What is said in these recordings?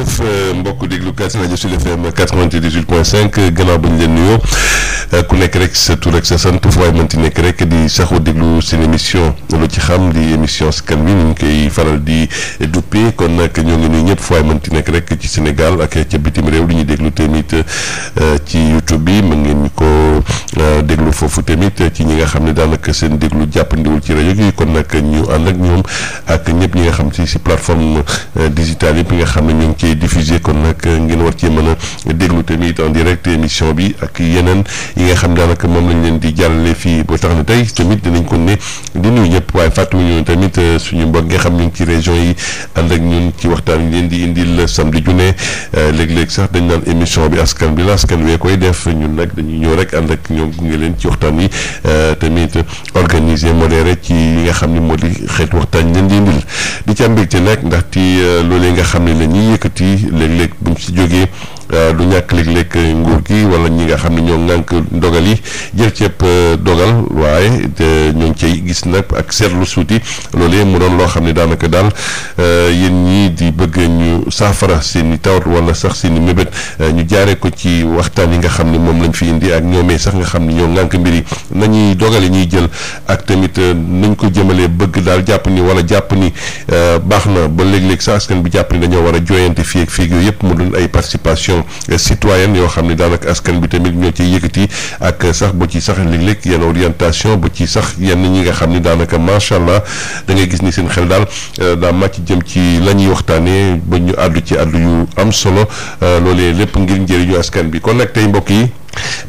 jërëjëf euh, mbokk déglukat rajo Sud FM 98 point 5 gannaaw ba ñu leen Euh, ku nekk rek sa tur ak sa sant fu waay mënti rek di saxu déglu seen émission lu ci xam di émission si kan wi ñu ngi koy faral di duppee kon nag ñoo ngi nuyu ñëpp fu waay mënti nekk rek ci Sénégal ak ca bitim réew li ñuy déglu tamit euh, ci YouTube bi mën ngeen ko euh, déglu foofu tamit ci ñi nga xam ne daanaka seen déglu jàppandiwul ci rajo gi kon nag ñu ànd ak ñoom ak ñëpp ñi nga xam si si plateforme digitale yëpp nga xam ne ñu ngi koy diffuser kon nag ngeen war cee mën a déglu tamit en direct émission bi ak yeneen. yi nga xam daanaka moom lañ leen di jàllale fii ba tax na tey tamit dinañ ko ne di nuyu ñëpp waaye fàttewuñu tamit euh, suñu mbokk nga xam ñu ngi ci région yi ànd ak ñun ci waxtaan yi leen di indil samedi junne euh, léeg-léeg sax dañ naan émission bi askan bi la askan wee koy def ñun nag dañuy ñëw rek ànd ak ñoom gunge leen ci waxtaan yi euh, tamit organisé modéré ci yi nga xam ne moo di xeetu waxtaan yi leen di indil di ci am mbégte nag ndax ti loolee nga xam ne la ñuy yëkkati léeg-léeg buñ si jógee Euh, du ñàkk léeg-léeg euh, nguur gi wala ñi nga xam ne ñoo ŋànk dogal yi jël ceeb euh, dogal waaye ñoo ngi cay gis nag ak seetlu suuti loolee mu doon loo xam ne daanaka daal yéen ñii di bëgg ñu saafara seen i wala sax seen i mébét ñu jaaree ko ci waxtaan yi xam ne moom lañ fi indi ak ñoomee sax nga xam ne ñoo ŋànk mbir yi nañuy dogale ñuy jël ak tamit nañ ko jëmalee bëgg daal jàpp ni wala jàpp ni baax na ba léeg-léeg sax askan bi jàpp war a jooyante fii fii yooyu yëpp mu doon ay participation Euh, citoyenne yoo xam ne daanaka askan bi tamit ñoo ciy yëkkati ak sax bu ci sax léeg-léeg yenn orientation bu ci sax yenn ñi nga xam ni daanaka macha allah da gis ni seen xel daal euh, daa màcc jëm ci la ñuy waxtaanee ba ñu àddu ci àddu yu am solo euh, loolee lépp ngir njëriñu askan bi kon nag tey mbokk yi.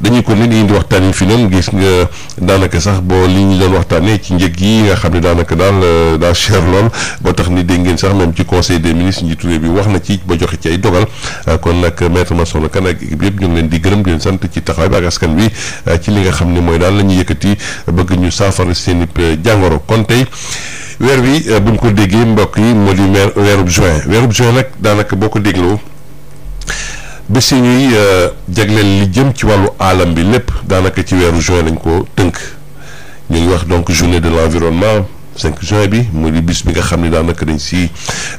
dañu ko ne di waxtaan yi fi noonu gis nga daanaka sax boo li ñu doon waxtaanee ci njëg yi nga xam ne daanaka daal euh, daa cher lool ba tax ni dégg ngeen sax même ci conseil des ministres njiitu réew bi wax na ci ba joxe ci ay dogal euh, kon nag maître Massokhna Kane ak équipe yëpp ñu ngi leen di gërëm di sant ci taxawaay bi ak askan bi euh, ci li nga xam ne mooy daal la ñuy yëkkati bëgg ñu saafara seen i jàngoro kon weer wi buñ ko déggee mbokk yi moo di weer weerub juin weerub juin nag daanaka boo ko dégloo. bés yi ñuy euh, jagleel li jëm ci wàllu aalam bi lépp daanaka ci weeru join lañ ko tënk ñu ngi wax donc journée de l'environnement cinq juin bi moo di bis bi nga xam ne daanaka dañ si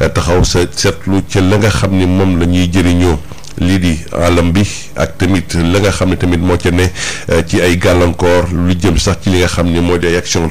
euh, taxaw sa seetlu ca la nga xam ni moom la ñuy jëriñoo lii di alam bi ak tamit la nga xam ne tamit moo ca ne euh, ci ay gàllankoor lu jëm sax ci li nga xam ne moo di ay action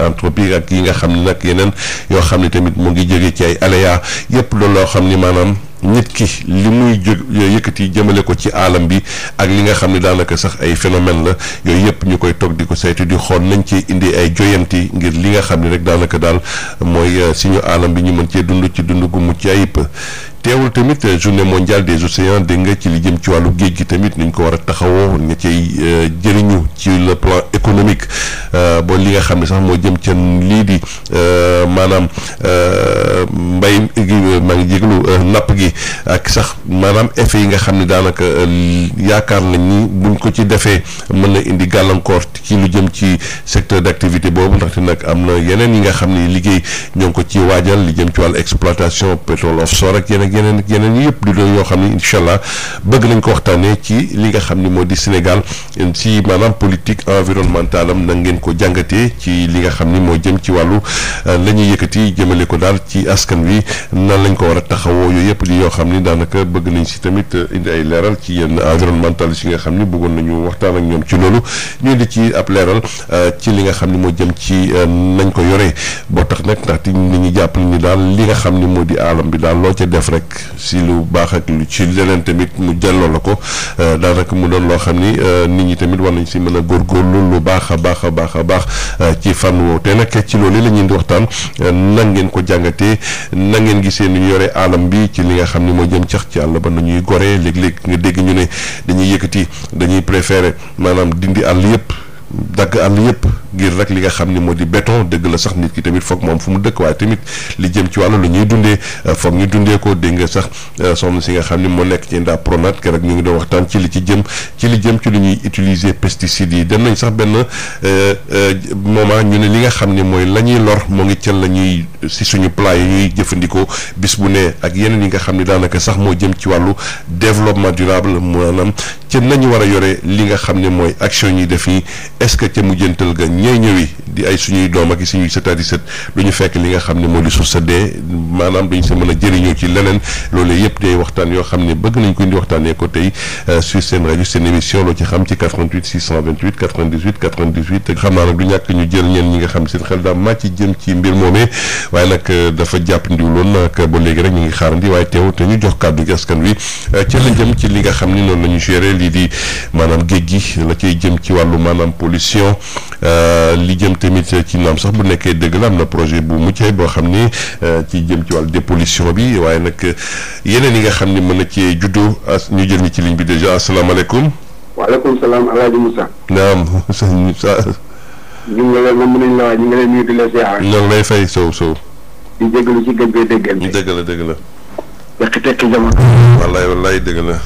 anthropique ak yi nga xam ne nag yeneen yoo xam ne tamit moo ngi jóge ci ay aléas yépp loolu loo xam ni maanaam nit ki li muy jë yëkkati jëmale ko ci aalam bi ak li nga xam ne daanaka sax ay phénomène la yooyu yëpp ñu koy toog di ko saytu di xool nañ ci indi ay joyanti ngir li nga xam ne rek daanaka daal mooy euh, suñu aalam bi ñu mën cee dund ci dund gu mucc ayib teewul tamit euh, journée mondiale des océans dégg nga ci li jëm ci wàllu géej gi tamit ni ñu ko war a taxawoo nga cay euh, jëriñu ci le plan économique ba li nga xam ne sax moo jëm ca lii di maanaam. mbay gi maa ngi jéglu euh, napp gi ak sax maanaam effet yi nga xam ne daanaka euh, yaakaar nañ ni buñ ko ci defee mën na indi gàllankoor ci lu jëm ci secteur d'activité boobu ndaxte nag am na yeneen yi nga xam ne liggéey ñoo ci waajal li jëm ci wàllu exploitation pétrole offshore ak yeneen yeneen ak yëpp di doon yoo xam ne incha allah bëgg nañ ko ci li nga xam ni moo di Sénégal si maanaam politique environnementale am na ngeen ko jàngatee ci li nga xam ni moo jëm ci wàllu euh, la ñuy yëkkati jëmale ko daal ci as askan wi nan lañ ko war a taxawoo yooyu yëpp di yoo xam ni daanaka bëgg nañ si tamit indi ay leeral ci yenn environnementaliste yi nga xam ni bëggoon nañu waxtaan ak ñoom ci loolu ñu di ci ab leeral euh, ci li nga xam ni moo jëm ci euh, nañ ko yoree boo tax nag ndaxte nit ñi jàpp ni daal li nga xam ni moo di aalam bi daal loo ca def rek si lu baax ak lu ci leneen tamit mu jëlloo la ko euh, daanaka mu doon loo xam ni nit ñi tamit war nañ si mën a góor góorgóorlu lu baax a baax a baax a baax ci fànn woowu te nag ci loolu la ñuy di waxtaan nan ngeen ko jàngatee. na ngeen seen nu ñu yore alam bi ci li nga xam ni moo jëm cax ci àll ba nu ñuy goree léeg-léeg nga dégg ñu ne dañuy yëkkati dañuy préféré maanaam dindi àll yëpp dagg àll yëpp ngir rek li nga xam ni moo di béton dëgg la sax nit ki tamit foog moom fu mu dëkk waaye tamit li jëm ci wàllu lu ñuy dundee euh, foog ñu dundee ko dégg nga sax euh, soxna si nga xam ni moo nekk ci ndaa pronate ke rek ñu ngi doon waxtaan ci li ci jëm ci li jëm ci lu ñuy utiliser pesticides yi dem nañ sax benn euh, moment ñu ne li nga xam ni mooy la ñuy lor moo ngi cël la ñuy si suñu plat yi ñuy jëfandikoo bis bu ne ak yenn yi nga xam ni daanaka sax moo jëm ci wàllu développement durable maanaam ca nañu war a yore li nga xam ne mooy action yi def yi est-ce que ca mujjantal ga ñooy ñëwi di ay suñuy doom ak i suñuy sëtaat yi sët du ñu fekk li nga xam ne moo di suuf sa dee maanaam duñ sa mën a jëriñoo ci leneen loolu yëpp day waxtaan yoo xam ne bëgg nañ ko indi waxtaanee ko tey euh, sur seen rajo seen émission loo ci xam ci 88 628 98 98 xam naa nag du ñàkk ñu jël ñeen ñi nga xam seen xel daal màcc jëm ci mbir moomee waaye nag euh, dafa jàpp ndiwloon nag ba léegi rek ñu ngi xaarandi waaye teew te ñu jox kàddu gi askan wi euh, ci la jëm ci li nga xam ni noonu la ñu géré lii di géej gi la cay jëm ci wàllu maanaam pollution li jëm tamit ci naam sax bu nekkee dëgg la am na projet bu muccay boo xam ni euh, ci jëm ci wàllu dépollution bi waaye nag yeneen yi nga xam ne mën na cee juddu ñu jël ñu ci liñ bi déjà asalaamaaleykum. waaleykum salaam El Hadj Moussa. naam sëñ Moussa. ñu ngi lay mën nañ la waay ñu ngi lay nuyu di la ziar. ñoo ngi lay fay sow sow. di jégalu ci gëj gee déggante. la dëgg la. yàq la.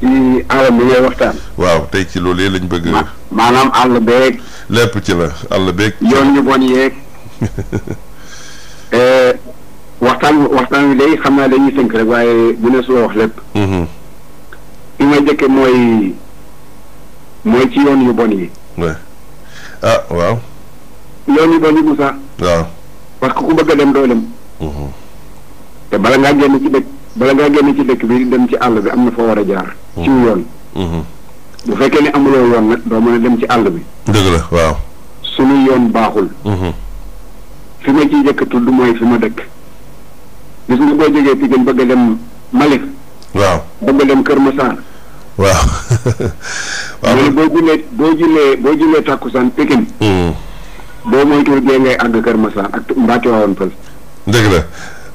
ci àll bi ngay waxtaan. waaw tey ci loolu lañ bëgg. maanaam àll beeg. lépp ci la àll beeg. yoon yu bon yeeg. Eh, waxtaan waxtaan wi day xam naa dañuy tënk rek waaye bu ne su wax lépp. Mhm. li may jëkke mooy mooy ci yoon yu bon yi. ah waaw. yoon yu bon yi Moussa. waaw parce que ku bëgg a dem doo dem. Mhm. te bala ngaa génn ci dëkk. bala ngaa génn ci dëkk bi dem ci àll bi am na foo war a jaar. Hmm. ci yoon. Hmm. bu fekkee ne amuloo yoon nag doo mën a dem ci àll bi. dëgg la waaw. suñu yoon baaxul. Hmm. fi ma ci njëkk a tudd mooy fi ma dëkk. gis nga boo jógee Pikine bëgg a dem Malick. waaw bëgg dem Kër Massar. waaw. waaw boo jullee boo jullee boo jullee tàkkusaan Pikine. boo moytuwul gee ngay àgg Kër Massar ak mbaa Tivaouane Pël. dëgg la.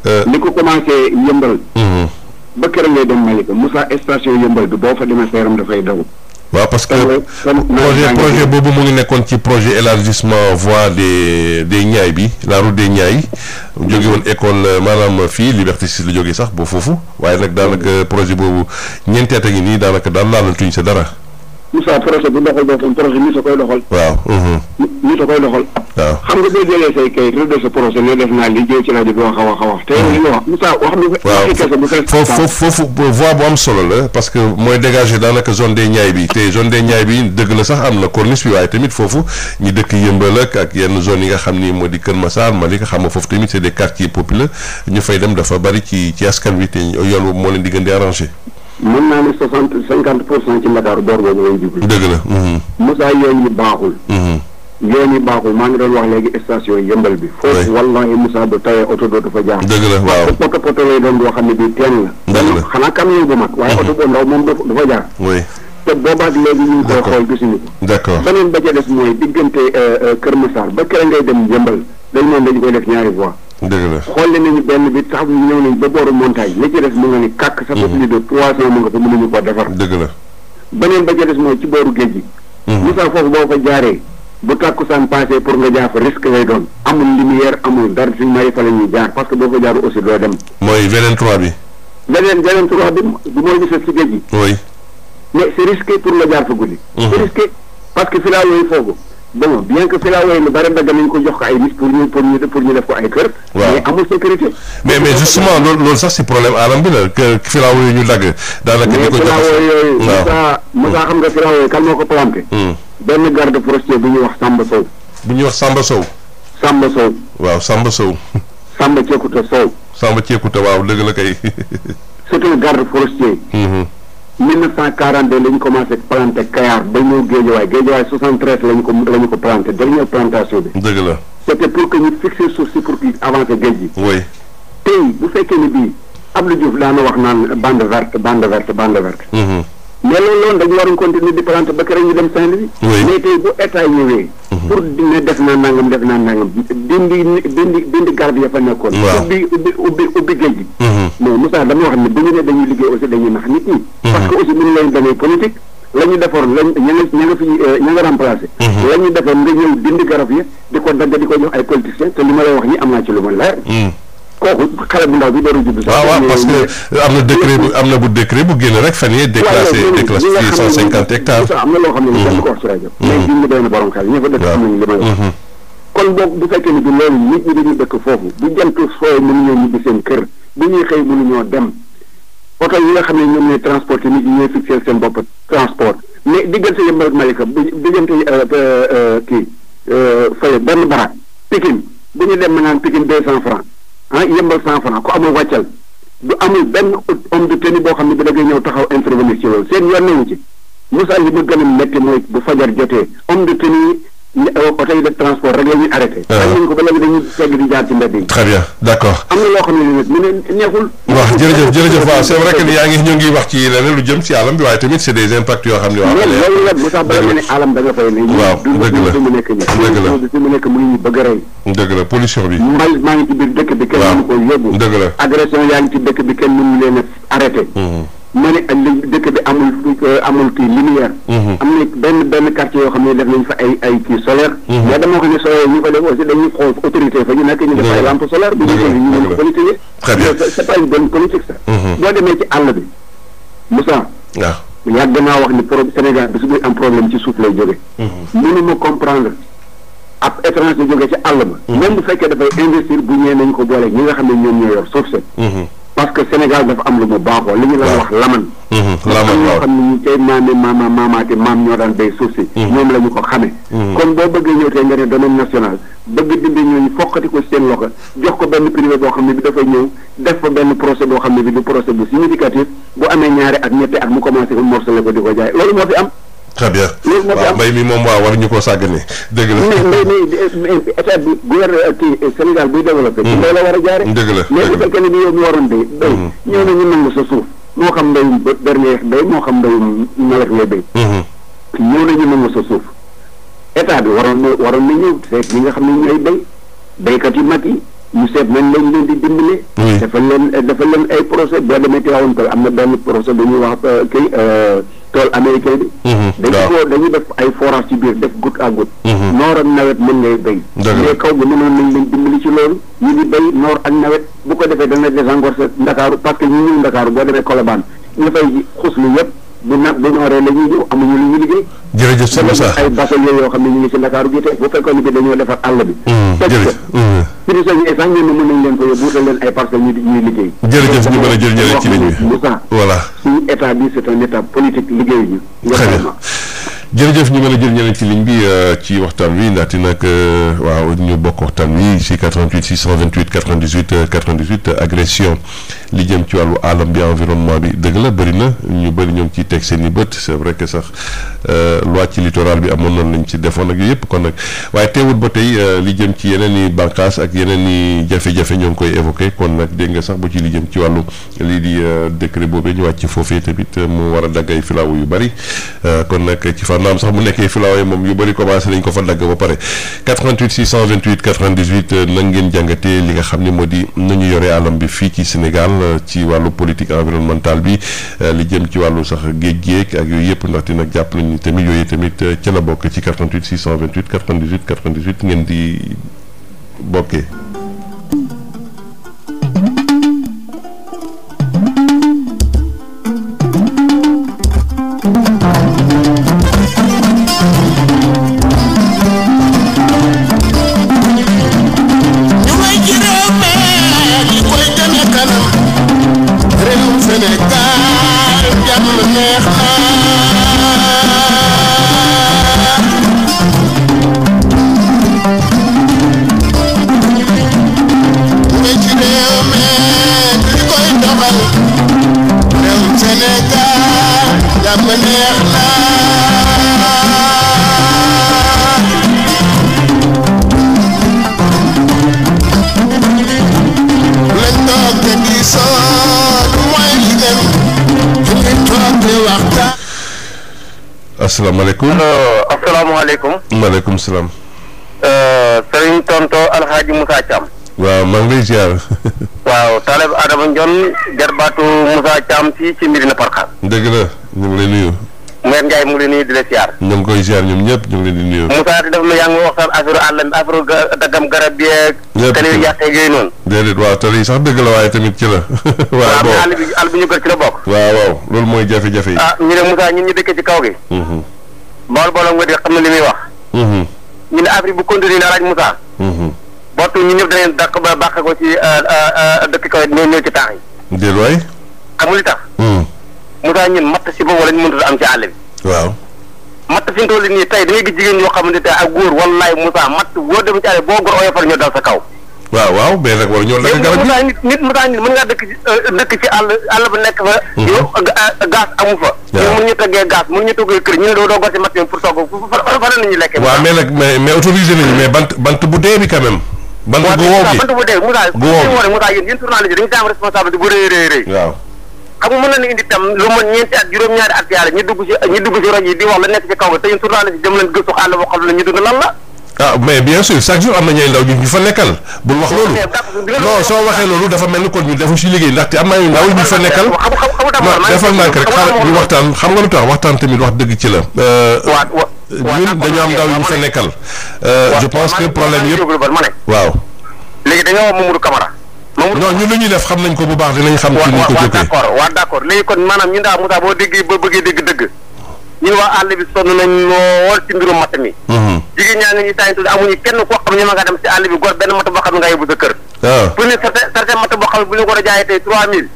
Euh, li ko commencé yëmbal. Mhm. ba kër ngay dem Malika Moussa station yëmbal bi boo fa demee sa yaram dafay daw. waaw parce que projet projet boobu mu ngi nekkoon ci projet élargissement voie de des Niayes bi la route des Niayes jóge woon école euh, maanaam fii Liberté 6 la jógee sax ba foofu waaye nag daanaka projet boobu ñeenti at a ngi nii daanaka daan laalatuñ si dara. Moussa projet bu doxal boppam projet nit a mhm. doxal. waaw. xam nga boo jëlee say kay rëdd sa projet ne def naa li jëw ci rajo bi wax foofu foofu voie bu am solo la parce que mooy dégager daanaka zone des Niayes bi te zone des Niayes bi dëgg la sax am na corniche bi waaye tamit foofu ñi dëkk yëmbal ak yenn zone yi nga xam ni moo di Kër Massar Malika xam nga foofu tamit c'est des quartiers populaires fay dem dafa bari ci ci askan wi te yoon moo leen di gën di arranger. mën naa ne soixante cinquante pour cent ci Ndakaaru boor boobu lay jublu. dëgg la. Mhm. Moussa yoon baaxul. Mhm. yoon yi baaxul maa ngi doon wax léegi station yëmbal bi. foofu wallahi Moussa du tawee oto dootu fa jaar. dëgg la waaw parce que poto lay doon boo xam ne bii teen la. dëgg la xanaa camion bu mag. waaye mhm. oto bu ndaw moom du fa jaar. te boobaag léegi ñu ngi koy xool gisuñu ko. d'accord beneen ba ca des mooy diggante euh, euh, Kër Massar ba kër ngay dem yëmbal dañ moom dañu koy def ñaari voies. dëgg la xolle nañu benn bi tax ñëw nañ ba booru montagne li ci mu nga ni kàkk. sa bopp li mm-hmm. de poisson mu nga fa mënuñu ko defar. dëgg la beneen ba ca mooy ci booru géej gi. Mm-hmm. li sax foofu boo fa jaaree. bu tàkkusaan passé pour nga jaar fa risque lay doon. amul lumière amul dara suñu may fa la jaar parce que boo fa jaar aussi doo dem. mooy vingt trois bi. beneen vingt trois bi bi mooy gisal ci géej gi. oui mais c'est risqué pour nga jaar fa guddi. c'est mm-hmm. bon bien que Sénégal lu bari dagg nañ ko jox ko ay nit pour ñu pour ñu pour ñu def ko ay kër. waaw mais amul sécurité. mais mais justement loolu loolu sax si problème alam bi la que filaaw yooyu ñu dagg. daanaka ñu ko jox filaaw yooyu. waaw Moussa hmm. xam nga filaaw yooyu kan moo ko planté. Hmm. benn garde forestier bu ñuy wax Samba Sow. bu ñuy wax Samba Sow. Samba Sow. waaw Samba Sow. Samba Ceekuta Sow. Samba Ceekuta waaw dëgg la kay. c'est un garde forestier. Hmm, 1942 la ñu commencé planté Kayar ba ñëw Géejawaay Géejawaay 73 la ñu ko la ñu ko plantation bi. c'était pour que ñu fixer suuf pour que avancer géej gi. oui tey bu fekkee ne bii Abdou Diouf daana wax naan bande verte bande verte bande verte. Mm-hmm. mais loolu loon dañu waroon continuer di planté ba keroog ñu dem Saint-Louis. mais bu état ñëwee. Mhm. pour dina def naa nangam def naa nangam dindi dindi garab ya fa nekkoon. waaw ubbi ubbi ubbi ubbi géej gi. mais mhm. Moussa dama wax ne bu ñu ne dañuy liggéey aussi dañuy nax nit ñi. Mhm. parce que aussi mënu leen demee politique. la ñu defoon lañ ña nga ña fi euh, ña nga remplacé. la ñu nga ñëw dindi garab ya di ko dagg di ko jox ay politiciens te li ma la wax ñi am naa ci lu ma leer. kooku xale bu ndaw bi dooru judd waaw waaw parce que am na décret bu am na bu décret bu génn rek fan yee déclassé déclassé cent cinquante hectares am na loo xam ne ni mhm. kenn ko wax ci rajo mhm. mais jim ñi doy mhm. bu fekkee ni bi dañu dëkk foofu bu jant sooy mënuñoo ñibbi seen kër bu ñuy xëy mënuñoo dem oto yi nga xam ne ñoom ñooy transporté nit ñi ñooy fixé seen bopp transport mais diggante Yeumbeul ak Malika bu diggante euh, euh, euh, kii faye benn bara Pikine bu ñu dem ma naan Pikine deux cent francs ah yëmbal cent franc ku amul wàccal du amul benn homme de tenue boo xam ne bi da ngay ñëw taxaw intervenir ci loolu seen yoon nañu ci Moussa li ma gën a métti mooy bu fajar jotee homme de tenue ne euh, oto yi def transport rek la ñuy arrêté. waaw ah. ko ba léegi dañuy segg di jaar ci mbedd yi. très bien d' accord. am na loo xam ne nii nag mu ne neexul. waaw jërëjëf jërëjëf waaw c' est vrai que ni yaa ngi ñu ngi wax ci leneen lu jëm si alam bi waaye tamit c' est des impacts yoo xam ne. waaw loolu nag bu sax ba nga ne alam da nga fay ne. waaw dëgg la du mu nekk nii. dëgg la du mu nekk mu ngi bëgg a rey. dëgg la pollution bi. mbal maa ngi ci biir dëkk bi. waaw kenn mënu ko yóbbu. dëgg la agression yaa ngi ci dëkk bi kenn mënu leen a arrêté hmm. ma ne dëkk bi amul euh, amul kii lumière. Mhm. am na benn benn quartier yoo xam ne def nañ fa ay ay kii solaire. Mhm. mais dama ko ne solaire ñu ko def aussi dañuy xool autorité fa ñu nekk ñu def ay lampe solaire. bu ko ñu mën ko politiquer. très bien c'est mhm. boo demee ci àll bi Moussa. Ah. yàgg naa wax ni pro Sénégal bi su muy am problème ci suuf lay jóge. mënu comprendre. ab étranger jóge ci àll ba. même bu fekkee dafay investir bu ñëwee nañ ko boole ñi nga xam ne ñoom ñoo yor suuf si. parce que Sénégal dafa am lu mu baaxoo li ñu la wax laman mhm. laman waaw xam ne ñu cay maame maama maamaate maam ñoo daan béy suuf si mhm. ñoom la ko xamee mhm. kon boo bëggee ñëw tey nga ne domaine national bëgg dindi ñooñu foqati ko seen loxo jox ko benn privé boo xam ne bi dafa ñëw def fa benn procès boo xam ne bi du procès bu significatif bu amee ñaari at ñetti at mu commencé ko morcelé ko di ko jaay loolu moo fi am très bien waaw mbay mi moom waaw war ñu koo sàggane dëgg la mais mais état bi gouvernement kii Sénégal buy développé ci mm. mbay la war a jaare dëgg la mais bu fekkee ne mm. moo xam mbéyum ber ngay béy moo xam mm-hmm. sa suuf état bi waroon na waroon na ñëw seet ñi nga xam ne ñooy béy béykat yu mag yi ñu seet nañ lañ leen di dimbale dafa leen dafa leen ay procès boo demee Tivaouane Peulh am na benn procès bu wax euh, kii euh, tool américain bi. Mhm. dañu ko dañu def ay forage ci biir def goutte à goutte. Mhm. noor ak nawet mën ngay béy. mais kaw bi mënoon nañ leen li ci loolu. ñu di béy noor ak nawet bu ko defee dana désengorger Ndakaaru parce que ñu ñëw Ndakaaru boo demee Colobane ñu fay xuslu yëpp. bu na bu nooree la ñuy ñëw amuñu lu ñu liggéey. jërëjëf sama sax ay bato yooyu yoo xam ne ñu ngi si Ndakaaru gi te bu fekkoon ni dañoo defar àll bi. Mm, mm. jërëjëf ñu mën a jël ñeneen ci ligne suñu état bi c'est un état politique liggéeyuñu. jërëjëf ñu mën na jël ñeneen ci ligne bi euh, ci waxtaan wi ndaxte nag euh, waaw ñu bokk waxtaan wi si 88 628 98 98 agression li jëm ci wàllu alam bi environnement bi dëgg la bëri na ñu bëri ñoo ngi ciy teg seen i bët c'est vrai que sax euh, loi ci littoral bi amoon noonu lañ ci defoon ak yëpp kon nag waaye teewul ba tey li jëm ci yeneen i bànqaas ak yeneen yi jafe-jafe ñoo ngi koy évoqué kon nag dégg nga sax bu ci li jëm ci wàllu lii di décret boobee ñu wàcc foofee tamit mu war a daggay filaawu yu bëri kon naam sax mu nekkee filaawaay moom yu bëri commencé nañ ko fa dagg ba pare 88 628 98 nan ngeen jàngatee li nga xam ne moo di nañu yore alam bi fii ci Sénégal euh, ci wàllu politique environnementale bi euh, li jëm ci wàllu sax géej géej ak yooyu yëpp ndaxte nag jàpp nañu tamit yooyu tamit euh, ca la bokk ci 88 628 98 98 ngeen di bokkee. asalaamaaleykum allo asalaamaaleykum. maaleykum salaam. Euh, sëriñ Tonto Alxaaji Moussa Thiam. waaw maa ngi lay ziar. waaw Talib Adama Ndione jarbaatu Moussa Thiam fii ci Médina Parkhane. dëgg la ñu ngi lay nuyu. Mouhamed Ndiaye mu ngi lay nuyu di la siyaar. ñu ngi koy siyaar ñoom ñëpp ñu ngi leen di nuyu. Moussa di def lu yaa ngi waxtaan affaire àll bi affaire daggam garab yeeg. ñëpp tali yu yàqee yooyu noonu. déedéet waaw tali yi sax dëgg la waaye tamit ci la. waaw boo àll bi àll bi ñu gër ci la bokk. waaw waaw loolu mooy jafe-jafe yi. ah ñu ne Moussa ñun ñu dëkkee ci kaw gi. Mm-hmm. bool booloo nga di xam na li muy wax. Mm-hmm. ñu ne Afrique bu continué na laaj Moussa. Mm-hmm. bottu ñu ñëpp danañ dàq ba bàq ko ci ah, ah, ah, dëkk kaw ñoo ñëw ci taax yi. déedéet waay. amul tax. Mm. Moussa ñun matt si boobu lañ mënut a waaw matt fi mu toll nii tey da gis jigéen yoo xamante ne ak góor wallaay Moussa matt boo dem ci àll boo nekk fa. Mhm. yow euh, euh, gaz amu fa. waaw mën toggee gaz mën ñu toggee kër ñu ne doo gor ci matt pour togg fa la ñu lekkee. waaw mais nag mais mais bant bant bu dee bi quand bant bu wow gi waaw bant bu dee Moussa. bu wow gi Moussa yéen dañu ci am responsabilité bu rëy rëy rëy. waaw xam nga mën na ni indi tam lu mën ñeenti at juróom-ñaari at yàlla ñu dugg ci ñu dugg ci rajo yi di wax la nekk ci kaw ga te ñun journaliste yi dem leen gëstu xaalis boo xam ne ñu dund lan la ah mais bien sûr chaque jour am na ñooy ndaw ñu fa ci liggéey ndaxte am na ñu ndaw ñu fa nekkal defal naa rek xam nga lu tax waxtaan tamit wax dëgg ci la euh, dañu am ndaw ñu fa nekkal euh, je pense que problème yëpp waaw léegi dañoo Mamadou Camara non ñun lu ñuy def xam nañ ko bu baax dinañ xam. ci ñu ko jógee waaw waaw d' accord léegi kon maanaam ñun daal Moussa boo déggee ba bëggee dégg dëgg. ñun waa àll bi sonn nañ ci mbirum matt mi. jigéen ñaa ngi ñu saa ñu amuñu kenn koo xam ne ma nga dem si àll bi gor benn matt boo xam ne nga yóbbu sa kër. waaw pour ne certain matt boo xam bu ñu ko war a jaayee tey 3000.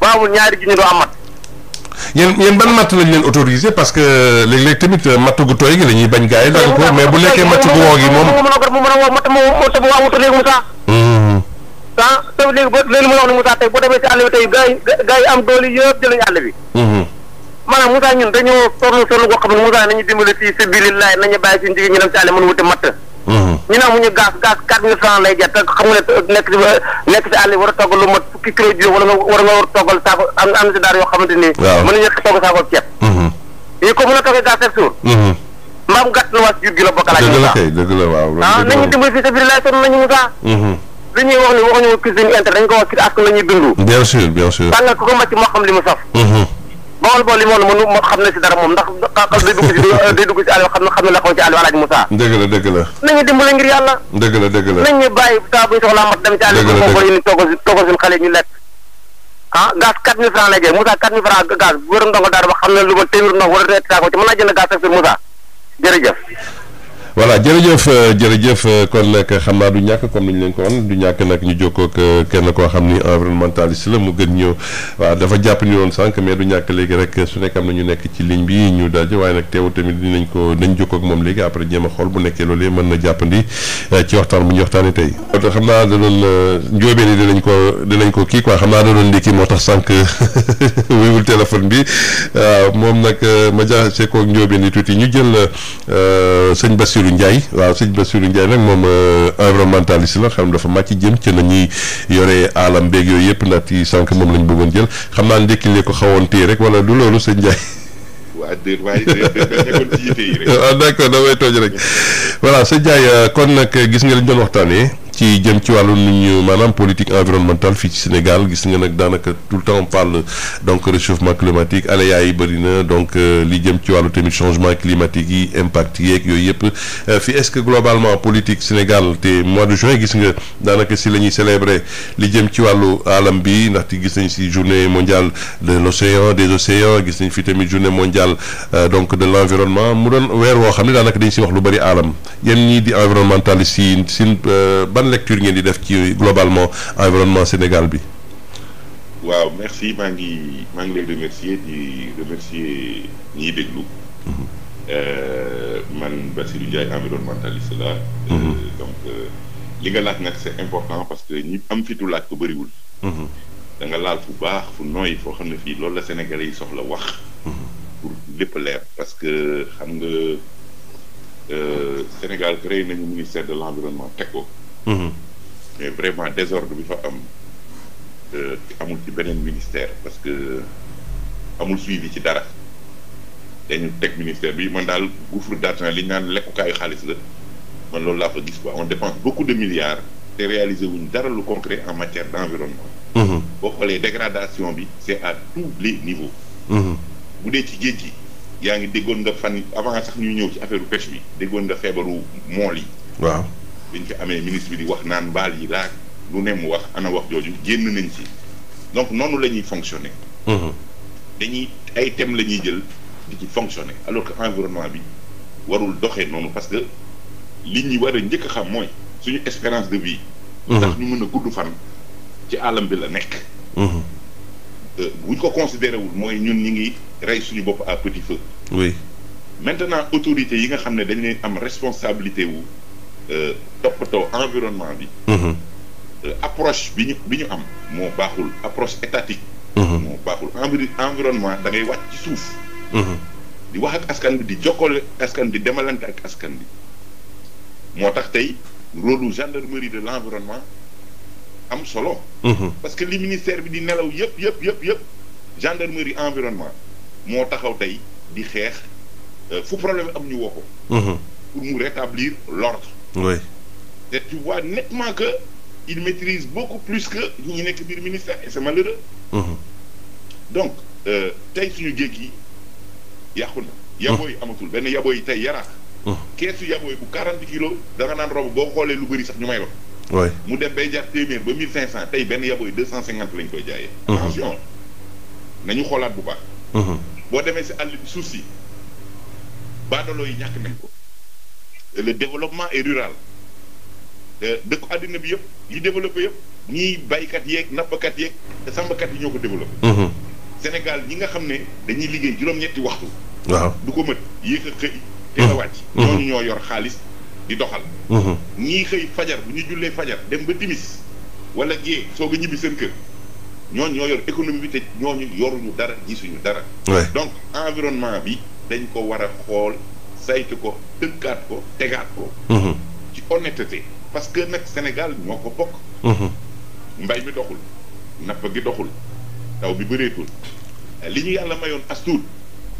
baamul ñaari junni doo am matt. yéen yéen ban matt lañ leen autorisé parce que léeg-léeg tamit matt gu tooy gi la ñuy bañ moom. mu mën moo moo ah soo dégg ba leen mën a wax ne Moussa tey boo demee si àll bi tey gars yi gars yi am doole yëpp jël nañu àll bi. Mhm. maanaam Moussa ñun dañoo sonn sonn boo xam ne Moussa nañu dimbali si mhm. ñu ne amuñu gaz gaz quatre lay jar te xam nga nekk si àll bi war a togg lu mat fukki kilo jiw wala nga war a toggal saako am na si daara yoo xamante ni. waaw mën nañu togg saako ceeb. Mhm. yi ko mën a toggee gaz chaque jour. mbaam gàtt na waa si jur gi la bokk. dëgg la kay la waaw. ah nañu dimbali li ñuy wax ni waxuñu ko ci suñu intérêt dañ ko wax ci askan la ñuy dund. bien sûr bien sûr. tàngal ku ko màcc moo xam li mu saf. Mhm. bool bool li mu wax moo xam ne si dara moom ndax xam day dugg si day dugg si àll xam na xam ne la xaw ci àll alaaj Moussa. dëgg la dëgg la. nañu dimbale ngir yàlla. dëgg la dëgg la nañu bàyyi saa bu ñu soxlaa mat dem ci àll bi boo ko ñu toggal toggal suñu xale ñu lekk. ah gaz 4000 francs lay jël Moussa 4000 francs gaz bu wér ndongo daara ba xam ne lu ma téeméer ndox wala téeméer saako ci mën naa jënd gaz sax sur Moussa jërëjëf voilà jërëjëf euh, jërëjëf euh, kon nag xam naa du ñàkk comme ni leen ko am du ñàkk nag ñu jokkoo ak euh, kenn koo xam ni environnementaliste la mu gën ñëw waaw dafa jàpp ni woon sànq mais du ñàkk léegi rek su nekk am na ñu nekk ci ligne bi ñu daje waaye nag teewu tamit nañ ko dañ jokkoo ak moom léegi après jéem a xool bu nekkee loolee mën na jàppandi ci waxtaan bu ñu waxtaanee tey. te xam naa da doon njóobeen yi dinañ ko dinañ ko kii quoi xam naa da doon ndékki moo tax sànq téléphone bi moom nag ma jaxase koog njóobeen yi tuuti ñu jël sëñ Bassirou Bassirou Ndiaye waaw sëñ Bassirou Ndiaye nag moom euh, environnementaliste la xam dafa màcc jëm ci na ñuy yore alam beeg yooyu yëpp ndax ci sànq moom lañ bëggoon jël xam naa njëkk li ko xawoon téye rek wala du loolu sëñ Ndiaye. waaw déet waaye nekkoon ci yite yi rek. waaw ah, d'accord damay tooj rek voilà sëñ Ndiaye euh, kon nag gis nga liñ doon waxtaanee. ci jëm ci wàllu nuñ maanaam politique environnementale fii ci Sénégal gis nga nag daanaka tout le temps on parle donc réchauffement climatique aléas yi bëri na donc euh, li jëm ci wàllu tamit changement climatique yi impact yeeg yooyu yëpp euh, fii est-ce que globalement politique Sénégal te mois de juin gis nga daanaka si la ñuy célébrer li jëm ci wàllu alam bi ndaxte gis nañ si journée mondiale de l'océan des océans gis nañ fi tamit journée mondial euh, donc de l'environnement mu doon weer woo xam ne daanaka dañ si wax lu bëri alam yéen ñii di environnementaliste yi ban lecture ngeen di def ci globalement environnement Sénégal bi. waaw merci maa ngi maa ngi lay remercier di remercier ñiy déglu. Mhm. Euh, man Bassirou Ndiaye environnementaliste la. Euh, mhm. donc euh, li nga laaj nag c'est important parce que ñi am fitu laaj ko bariwul mhm. danga laal fu baax fu nooy foo xam ne fii loolu la Sénégalais yi soxla wax. pour lépp leer parce que xam nga Sénégal créé nañu ministère de l'environnement teg ko. mais vraiment désordre bi fa am euh, amul ci beneen ministère parce que amul suivi ci dara dañu teg ministère bi man daal gouffre d'argent li ñu naan lekkukaayu xaalis la man loolu laa fa gis on dépense beaucoup de milliards te réaliser wuñ dara lu concret en matière d'environnement mhm. boo xoolee dégradation bi c'est à tous les niveaux mhm. bu dee ci géej gi yaa ngi déggoon nga fan avant sax ñuy ñëw ci affaire pêche bi déggoon nga feebaru mool yi biñ ko amee ministre bi di wax naan mbaal yi laa lu ne mu wax ana wax jooju génn nañ si donc noonu la ñuy fonctionner. Mhm. dañuy ay thèmes la ñuy jël di ci fonctionner alors que environnement bi warul doxee noonu parce que li ñu war a njëkk xam mooy suñu espérance de vie. Mhm. ndax ñu mën a gudd fan ci alam bi la nekk. Mhm. Euh, buñ ko considéré wul mooy ñun ñi ngi rey suñu bopp à petit feu. oui maintenant autorités yi nga xam ne dañu leen am responsabilité wu. Euh, toppatoo environnement bi. Mhm. Euh, approche bi ñu bi ñu am moo baaxul approche étatique. Mhm. moo baaxul environnement da ngay wàcc suuf. Mhm. di wax ak askan bi di jokkale askan bi di demalante ak askan bi moo tax tey rôle gendarmerie de l' am solo. parce que li ministère bi di nelaw yëpp yëpp yëpp yëpp gendarmerie environnement moo taxaw tey di xeex euh, fu problème am ñu woo ko. pour mu rétablir l'ordre oui. et tu vois nettement que il maîtrise beaucoup plus que ñi nekk biir ministère et c'est malheureux. Mmh. donc euh, tey suñu géej gi yàqu na. Mhm. yi amatul benn yabooy tey yaraax. Mhm. keesu yabooy bu 40 kilos da nga naan rob boo xoolee lu bëri sax ñu may la ko. mu dem bay jar téeméer ba cent tey benn yi cent 250 lañ koy jaayee. Mhm. attention nañu xoolaat bu baax. boo demee si àll bi suuf si baadaloo yi ñàkk nañ ko. le développement est rural dëkk àddina bi yëpp yi développé yëpp ñiy baykat yeeg nappkat yeeg te sàmmkat yi ñoo ko développé. Mhm. Sénégal ñi nga xam ne dañuy liggéey juróom-ñetti waxtu. waaw du ko mët yéex a xëy. teel mhm. a wàcc. Mhm. ñooñu ñoo yor xaalis di doxal. ñii xëy fajar bu ñu jullee fajar dem ba timis wala gée soog a ñibbi seen kër ñooñu ñoo yor économie bi te ñooñu yoruñu dara gisuñu dara. donc environnement bi dañ ko war a xool. saytu ko tënkaat ko tegaat ko. Mhm. ci honnêteté parce que nag Sénégal ñoo ko bokk. Mhm. mbay mi doxul napp gi doxul taw bi bëreetul li ñu yàlla mayoon as tuut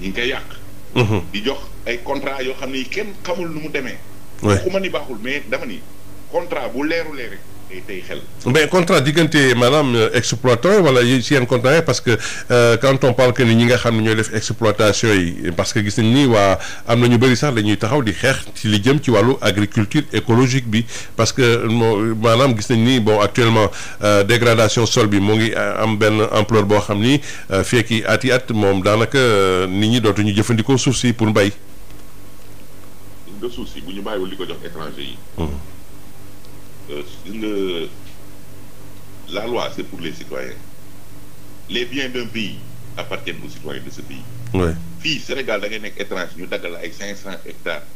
ñu ngi koy yàq. Mhm. di jox ay contrat yoo xam ni kenn xamul nu mu demee. waxuma ni baaxul mais dama ni contrat bu leeru leer day tey xel. mais contrat diggante maanaam euh, exploitant wala si yenn contrat yi parce que euh, quand on parle que ni ñi nga xam ne ñooy def exploitation yi parce que gis nañ nii waa am na ñu bëri sax dañuy taxaw di xeex ci li jëm ci wàllu agriculture écologique bi parce que maanaam gis nañ ni bon actuellement euh, dégradation sol bi moo ngi am benn ampleur boo xam ni fekki at yi at moom daanaka nit ñi dootuñu jëfandikoo suuf si pour mbay. nga bu ñu bàyyiwul li ko jox étranger gis euh, nga la loi c'est pour les citoyens les bien d'un pays appartiennent aux citoyens de ce pays. fii Sénégal da ngay nekk étranger ñu daggal ay cinq cent hectares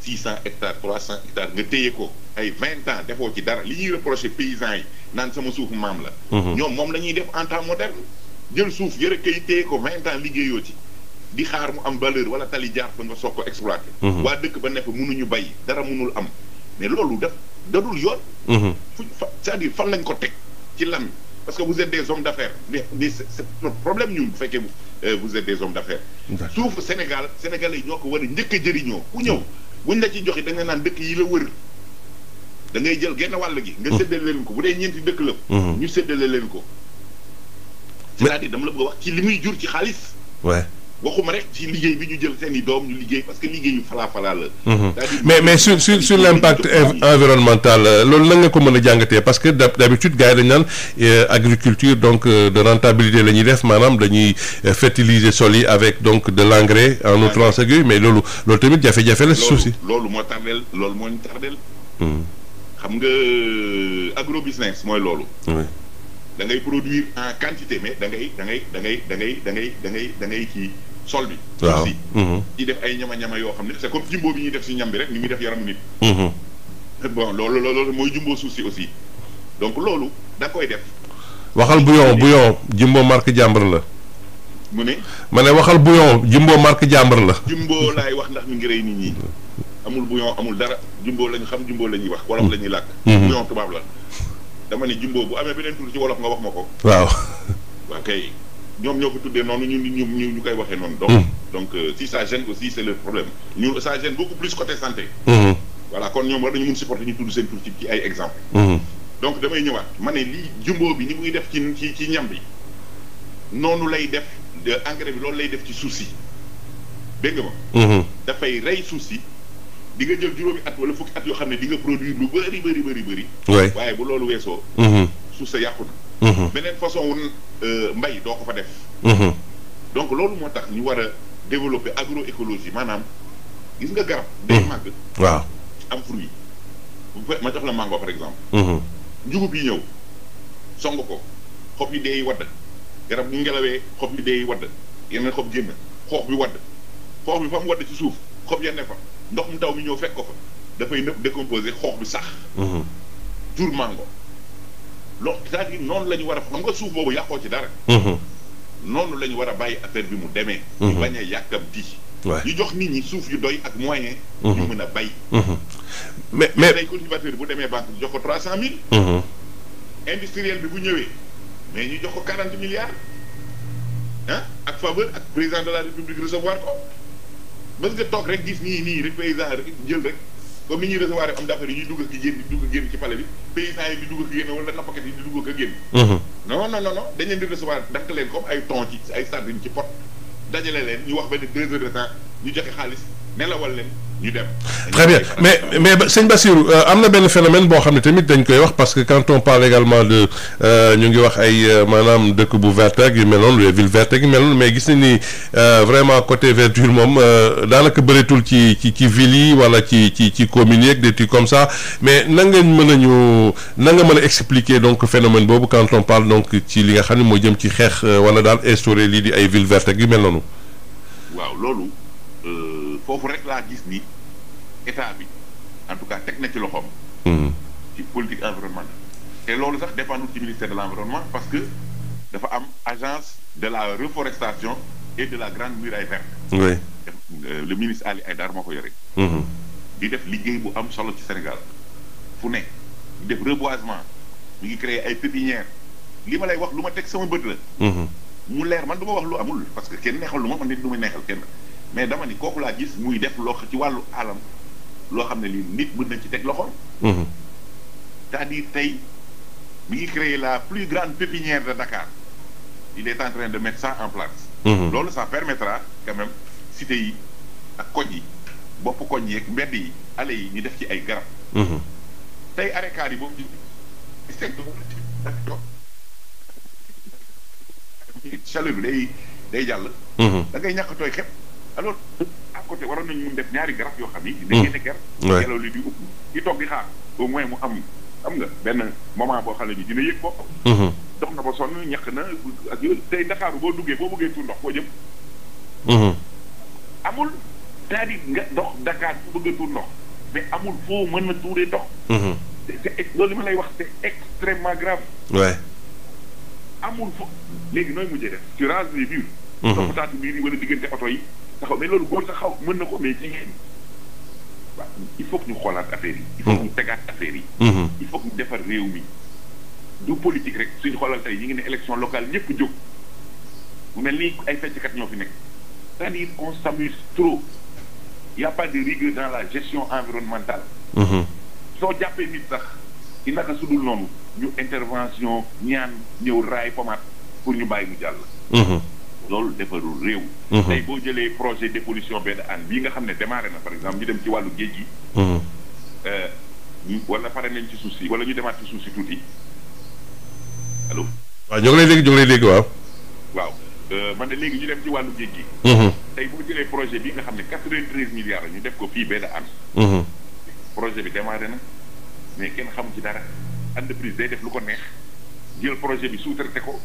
six cent hectares trois cent hectares nga téye ko ay vingt ans defoo ci dara li ñuy reproché paysans yi naan sama suuf maam la. Mhm. ñoom moom la ñuy def en temps moderne. jël suuf yëre kay téye ko vingt ans liggéeyoo ci di xaar mu am valeur wala tali jaar fa nga soog ko exploité. Mhm. waa dëkk ba nekk ñu bay dara mu am mais loolu def dadul yoon. Mhm. fu fa c'est-à-dire fan lañ ko teg ci lan parce que vous êtes des somme d'affaires mais mais c'est notre problème ñun bu fekkee vous euh, êtes des hommes d'affaires. suufu Sénégal sénégalais ñoo ko war a njëkk jëriñoo ku ñëw mhm. buñ la ci joxe da nga naan dëkk yi la wër. da ngay jël genn wàll gi. nga mhm. séddale leen ko bu dee ñeenti dëkk la. ñu séddale leen ko. cest à dama la bëgg a wax ci li muy jur ci xaalis. waxuma rek ci liggéey bi ñu jël seen i doom ñu liggéey parce que liggéeyu falaa falaa la. Mhm. mais mais sur sur sur l' environnemental euh, loolu nan nga ko mën a jàngatee parce que d' habitude gars yi dañu naan euh, agriculture donc euh, de rentabilité la ñuy def maanaam dañuy fertiliser sol yi avec donc de l' engrais en outrance ak yooyu mais loolu loolu tamit jafe-jafe la. suuf si loolu moo tardeel loolu moo ñu tardeel. Hmm. xam nga agro business mooy ngay produire en quantité mais da ngay da ngay da ngay da ngay da ngay da ngay da ngay kii. sol bi. waaw si. Mm-hmm. def ay ñama ñama yoo xam ne c'est comme jumbo bi ñuy def si ñam bi rek ni muy def yaramu nit. Mm-hmm. bon loolu loolu mooy jumbo suuf si aussi donc loolu da koy def. waxal bouillon bouillon jumbo mark jàmbur la. mu ne. ma ne waxal bouillon jumbo marque jàmbur la. jumbo laay wax ndax mi ngi rey nit ñi. amul bouillon amul dara jumbo lañ xam jumbo la ñuy wax. wolof mm-hmm. la ñuy làkk. bouillon tubaab la. dama ne jumbo bu amee beneen tur ci wolof nga wax ma ko. waaw. waaw ñoom ñoo ko tuddee noonu ñun ñu ñu ñu koy waxee noonu. Hmm. donc donc euh, si ça gêne aussi c' est le problème ñun ça gêne beaucoup plus côté santé. Hmm. voilà kon ñu tudd seen tur ci exemple hmm. donc damay ñëwaat ma ne lii jumbo bi ni muy def ci ci ci ñam bi noonu lay def engrais bi loolu lay def ci suuf si dégg nga ma. dafay rey suuf si di nga jël juróomi at wala fukki at yoo xam ne di nga produire lu bëri bëri bëri bëri. waaye bu loolu weesoo. suuf sa yàqu Mhm. beneen façon wun euh, mbay doo ko fa def mhm. donc loolu moo tax ñu war a agro écologie maanaam gis nga garab mhm. day màgg waaw am fruit bu ma jox la mango par exemple njugub yi ñëw song ko xob yi deey wadd garab bu ngelawee xob yi deey wadd yeneen xob génn xoox bi wadd xoox bi fa wadd ci suuf xob ya ne fa ndox mu taw mi ñëw fekk ko fa dafay nëpp décomposé xoox bi sax jur mango loo cest à noonu la ñu war a xam nga suuf boobu yàqoo ci dara. Mhm. noonu la ñu war a bàyyi affaire bi mu demee. ñu mhm. bañ a yàkkamti. ñu jox nit ñi suuf yu doy ak moyen. Mhm. ñu mën a bay. mais mais tey cultivateur bu demee banque jox ko trois cent mille. industriel bi bu ñëwee mais ñu jox ko quarante milliards ah ak faveur ak président de la république recevoir ko mës nga toog rek gis nii nii rek paysan rek jël rek. comme ni ñuy recevoir am d'affaires yi ñuy dugg ak génn di dugg ci palais bi paysans yi di dugg ak génn wala nappkat yi di dugg ak génn. Mm-hmm. non non non dañ leen di recevoir dakk leen comme ay thon ci ay sardines ci pot dajale leen ñu wax benn deux de temps ñu joxe xaalis nelawal leen ñu dem. très bien mais mais sëñ Bassirou euh, am na benn phénomène boo xam ne tamit dañ koy wax parce que quand on parle également de euh, ñu ngi wax ay euh, maanaam dëkk bu verte ak mel noonu les villes mel noonu mais gis nañ ni vraiment côté verdure moom daanaka bëreetul ci ci ci villes yi wala ci ci ci communes yeeg des comme ça mais na nga mën a ñu na nga mën a expliquer donc phénomène boobu quand on parle donc ci li nga xam ne moo jëm ci xeex wala daal instaurer lii di ay villes vertes ak mel noonu. foofu rek laa gis ni état bi en tout cas teg na ci loxoom. Hmm. ci politique environnementale. te loolu sax dépendul ci ministère de l' parce que dafa am agence de la reforestation et de la grande muraille verte. oui euh, le ministre Ali Haïdar moo ko yore. Hmm. di def liggéey bu am solo ci Sénégal fu ne di def reboisement mi ngi créer ay pépinières li ma lay wax lu ma teg sama bët la. Hmm. mu leer man du ma wax lu amul parce que kenn neexal lu ma man du ma neexal kenn. mais dama ni kooku laa gis muy def loo ci wàllu alam loo xam ne lii nit mën nañ ci teg loxo. Mhm. cest tey mi ngi créer la plus grande pépinière de Dakar il est en train de mettre ça en place. Mhm. loolu ça permettra quand même cité yi ak koñ yi bopp koñ yeeg mbedd yi allées yi ñu def ci ay garab. Mhm. tey arekaar yi boobu ñu. chaleur bi day day jàll. da ngay ñàkk tooy xepp. alors à côté waroon nañu mun def ñaari garab yoo xam ni. Hmm. dañuy nekker. ngelaw li di upp di toog di xaar au moins mu am xam nga benn moment boo xam ne dina yëg bopp. Hmm. dox na ba sonn ñaq na ak tey Ndakaaru boo duggee boo bëggee tuur ndox boo jëm. Hmm. amul dox Dakar ku ndox mais amul foo mën na tuuree ndox. loolu li ma lay wax c'est extrêmement grave. waay amul fo léegi nooy mujjee def ci rase les murs. toppataatu biir yi wala diggante oto yi. taxaw mais loolu góor sax xaw mën na ko mais jigéen waaw il faut ñu xoolaat affaire yi. il faut ñu yi. Mm-hmm. Mm-hmm. defar réew mi du politique rek suñu xoolal tey ñu ngi ne élection locale ñëpp jóg mu mel ni ay fecckat ñoo fi nekk c'est-à-dire on trop il pas de rigueur dans la gestion environnementale. Mm-hmm. soo jàppee nit sax ci naka su noonu ñu intervention ñaan ñëw raay pomaat pour ñu bàyyi mu jàll. loolu defarul réew. Mhm. tey boo jëlee projet dépollution benn ànd bii nga xam ne démarré na par exemple ñu dem ci wàllu géej gi. Mhm. Euh, wala pare nañ ci suuf si wala ñu demaat ci suuf si tuuti allo. waaw ñoo ngi lay dégg ñoo ngi lay dégg waaw. waaw euh, man de léegi ñu dem ci wàllu géej gi. Mhm. tey boo jëlee projet bi nga xam ne quatre-vingt-treize milliards ñu def ko fii benn ànd. projet bi démarré na mais kenn xam ci dara entreprise day def lu ko neex jël projet bi sous ko.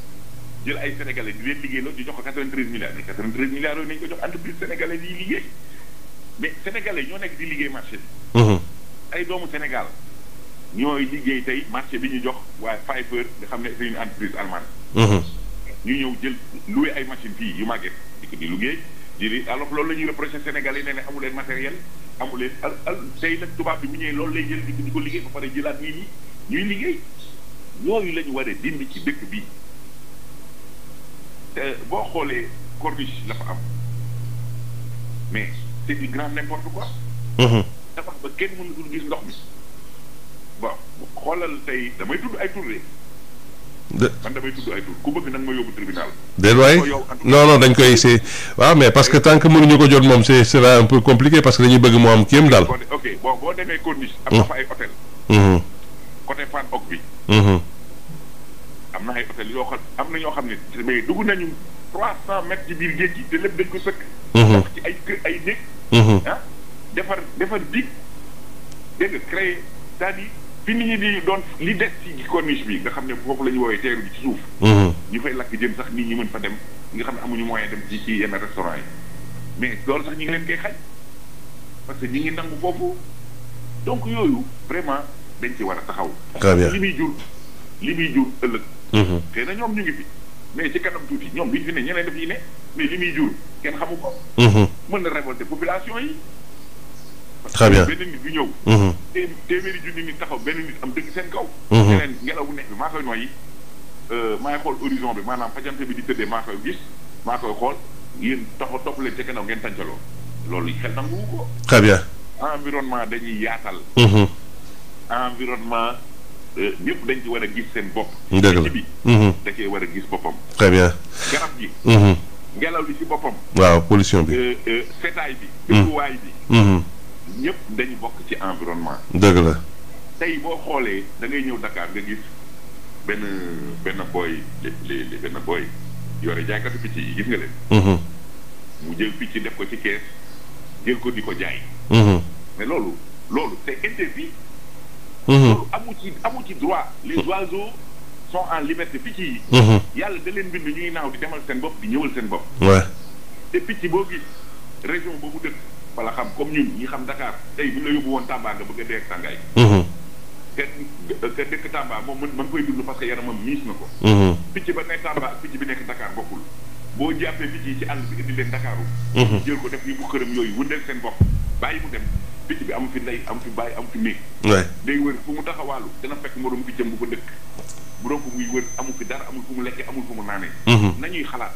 jël ay sénégalais di leen liggéey loolu di jox ko 93 milliards mais 93 milliards yooyu nañu ko jox entreprise sénégalais yi liggéey mais sénégalais ñoo nekk di liggéey marché mhm. ay doomu Sénégal ñooy liggéey tey marché bi ñu jox waaye Pfeiffer nga xam ne c'est une entreprise mhm. ñu ñëw jël loué ay machine fii yu màgget di ko di liggéey loolu la ñuy reproché sénégalais ne ne amu leen matériel amu leen al al tey nag tubaab bi mu ñëwee loolu lay jël di ko liggéey ba pare jëlaat nit ñi ñuy liggéey yooyu lañu ñu war dindi ci dëkk bi. boo xoolee corniche la fa am mais c'est du grand n'importe quoi. Mhm. dafa ba kenn mënatul gis ndox mi bon xoolal tey damay tudd ay tur de. man damay tudd ay tur ku bëgg nag ma yóbbu tribunal. déet waay non non dañ koy c'est waaw mais parce que tant que mënuñu ko jot moom c'est sera un peu compliqué parce que dañuy bëgg moo am kéem daal. ok bon boo demee corniche. am na mhm. fa ay hôtel. Mhm. côté Fann ok bi. am na ay hôtel yoo xam am na ñoo xam ne mais dugg nañu trois cent mètres ci biir géej gi te lépp dañ ko sëkk. wax mhm. ci ay kër ay néeg. Mhm. ah defar defar dig dégg nga créé c'est-à-dire fi nit ñi di doon li des ci corniche bi nga xam ne foofu la ñu woowee teeru bi ci suuf. Mhm. ñu fay lakk jëm sax nit ñu mën fa dem nga xam ne amuñu moyen dem ci ci yenn restaurant yi mais loolu sax ñu ngi leen koy xaj parce que ñu ngi nangu foofu donc yooyu vraiment dañ ci war a taxaw. très li muy jur li jur ëllëg. xëy mm-hmm. na ñoom ñu ngi fi mais ci kanam tuuti ñoom bi ñu fi ne ñeneen daf yi ne mais li muy jur kenn xamu ko. Mm-hmm. mën na révolter population yi. très bien benn nit du ñëw. Mm-hmm. té téeméeri junni nit taxaw benn nit am dëgg seen kaw. ngelaw bu nekk bi maa koy noyyi euh, maa ngi xool horizon bi maanaam fajante bi di tëddee maa koy gis maa koy xool yéen taxaw topp leen ca kanam ngeen tàncaloo loolu xel nanguwu ko. très bien environnement dañuy yaatal. environnement. Euh, ñëpp dañ ci war a gis seen bopp. dëgg la bi. Mhm. da war a gis boppam. très bien. garab mhm. ngelaw li ci boppam. waaw pollution bi. Euh, euh, setaay bi. Mhm. dëkkuwaay bi. ñëpp dañu bokk ci environnement. dëgg la. tey boo xoolee da ñëw Dakar nga gis benn benn booy li benn booy yore jaaykatu picc yi gis nga leen. mu jël picc def ko ci kees jël ko di ko jaay. mais loolu loolu c'est interdit. loolu mm-hmm. amu ci amu ci droit les mm-hmm. oiseaux sont en liberté picc yi mm-hmm. yàlla da leen bind ñuy naaw di demal seen bopp bi ñëwal seen bopp te picc boo gis région boobu dëkk wala xam comme ñun ñi xam Dakar tey bu ñu la yóbbu woon Tamba nga bëgg a dee ak tàngaay te te dëkk Tamba moom mën mën koy dund parce que yaramam miis na ko picc ba nekk Tamba ak picc bi nekk Dakar bokkul boo jàppee picc yi ci àll bi indi leen Dakaaru jël ko def yi bu këram yooyu wëndeel seen bopp bàyyi mu dem picc bi am fi ndey am fi bàyyi am fi néeg day wër fu mu taxawaalu dana fekk moroom piccam bu ko dëkk bu doon ko muy wër amul fi dara amul fu mu lekkee amul fu mu naanee mm-hmm. nañuy xalaat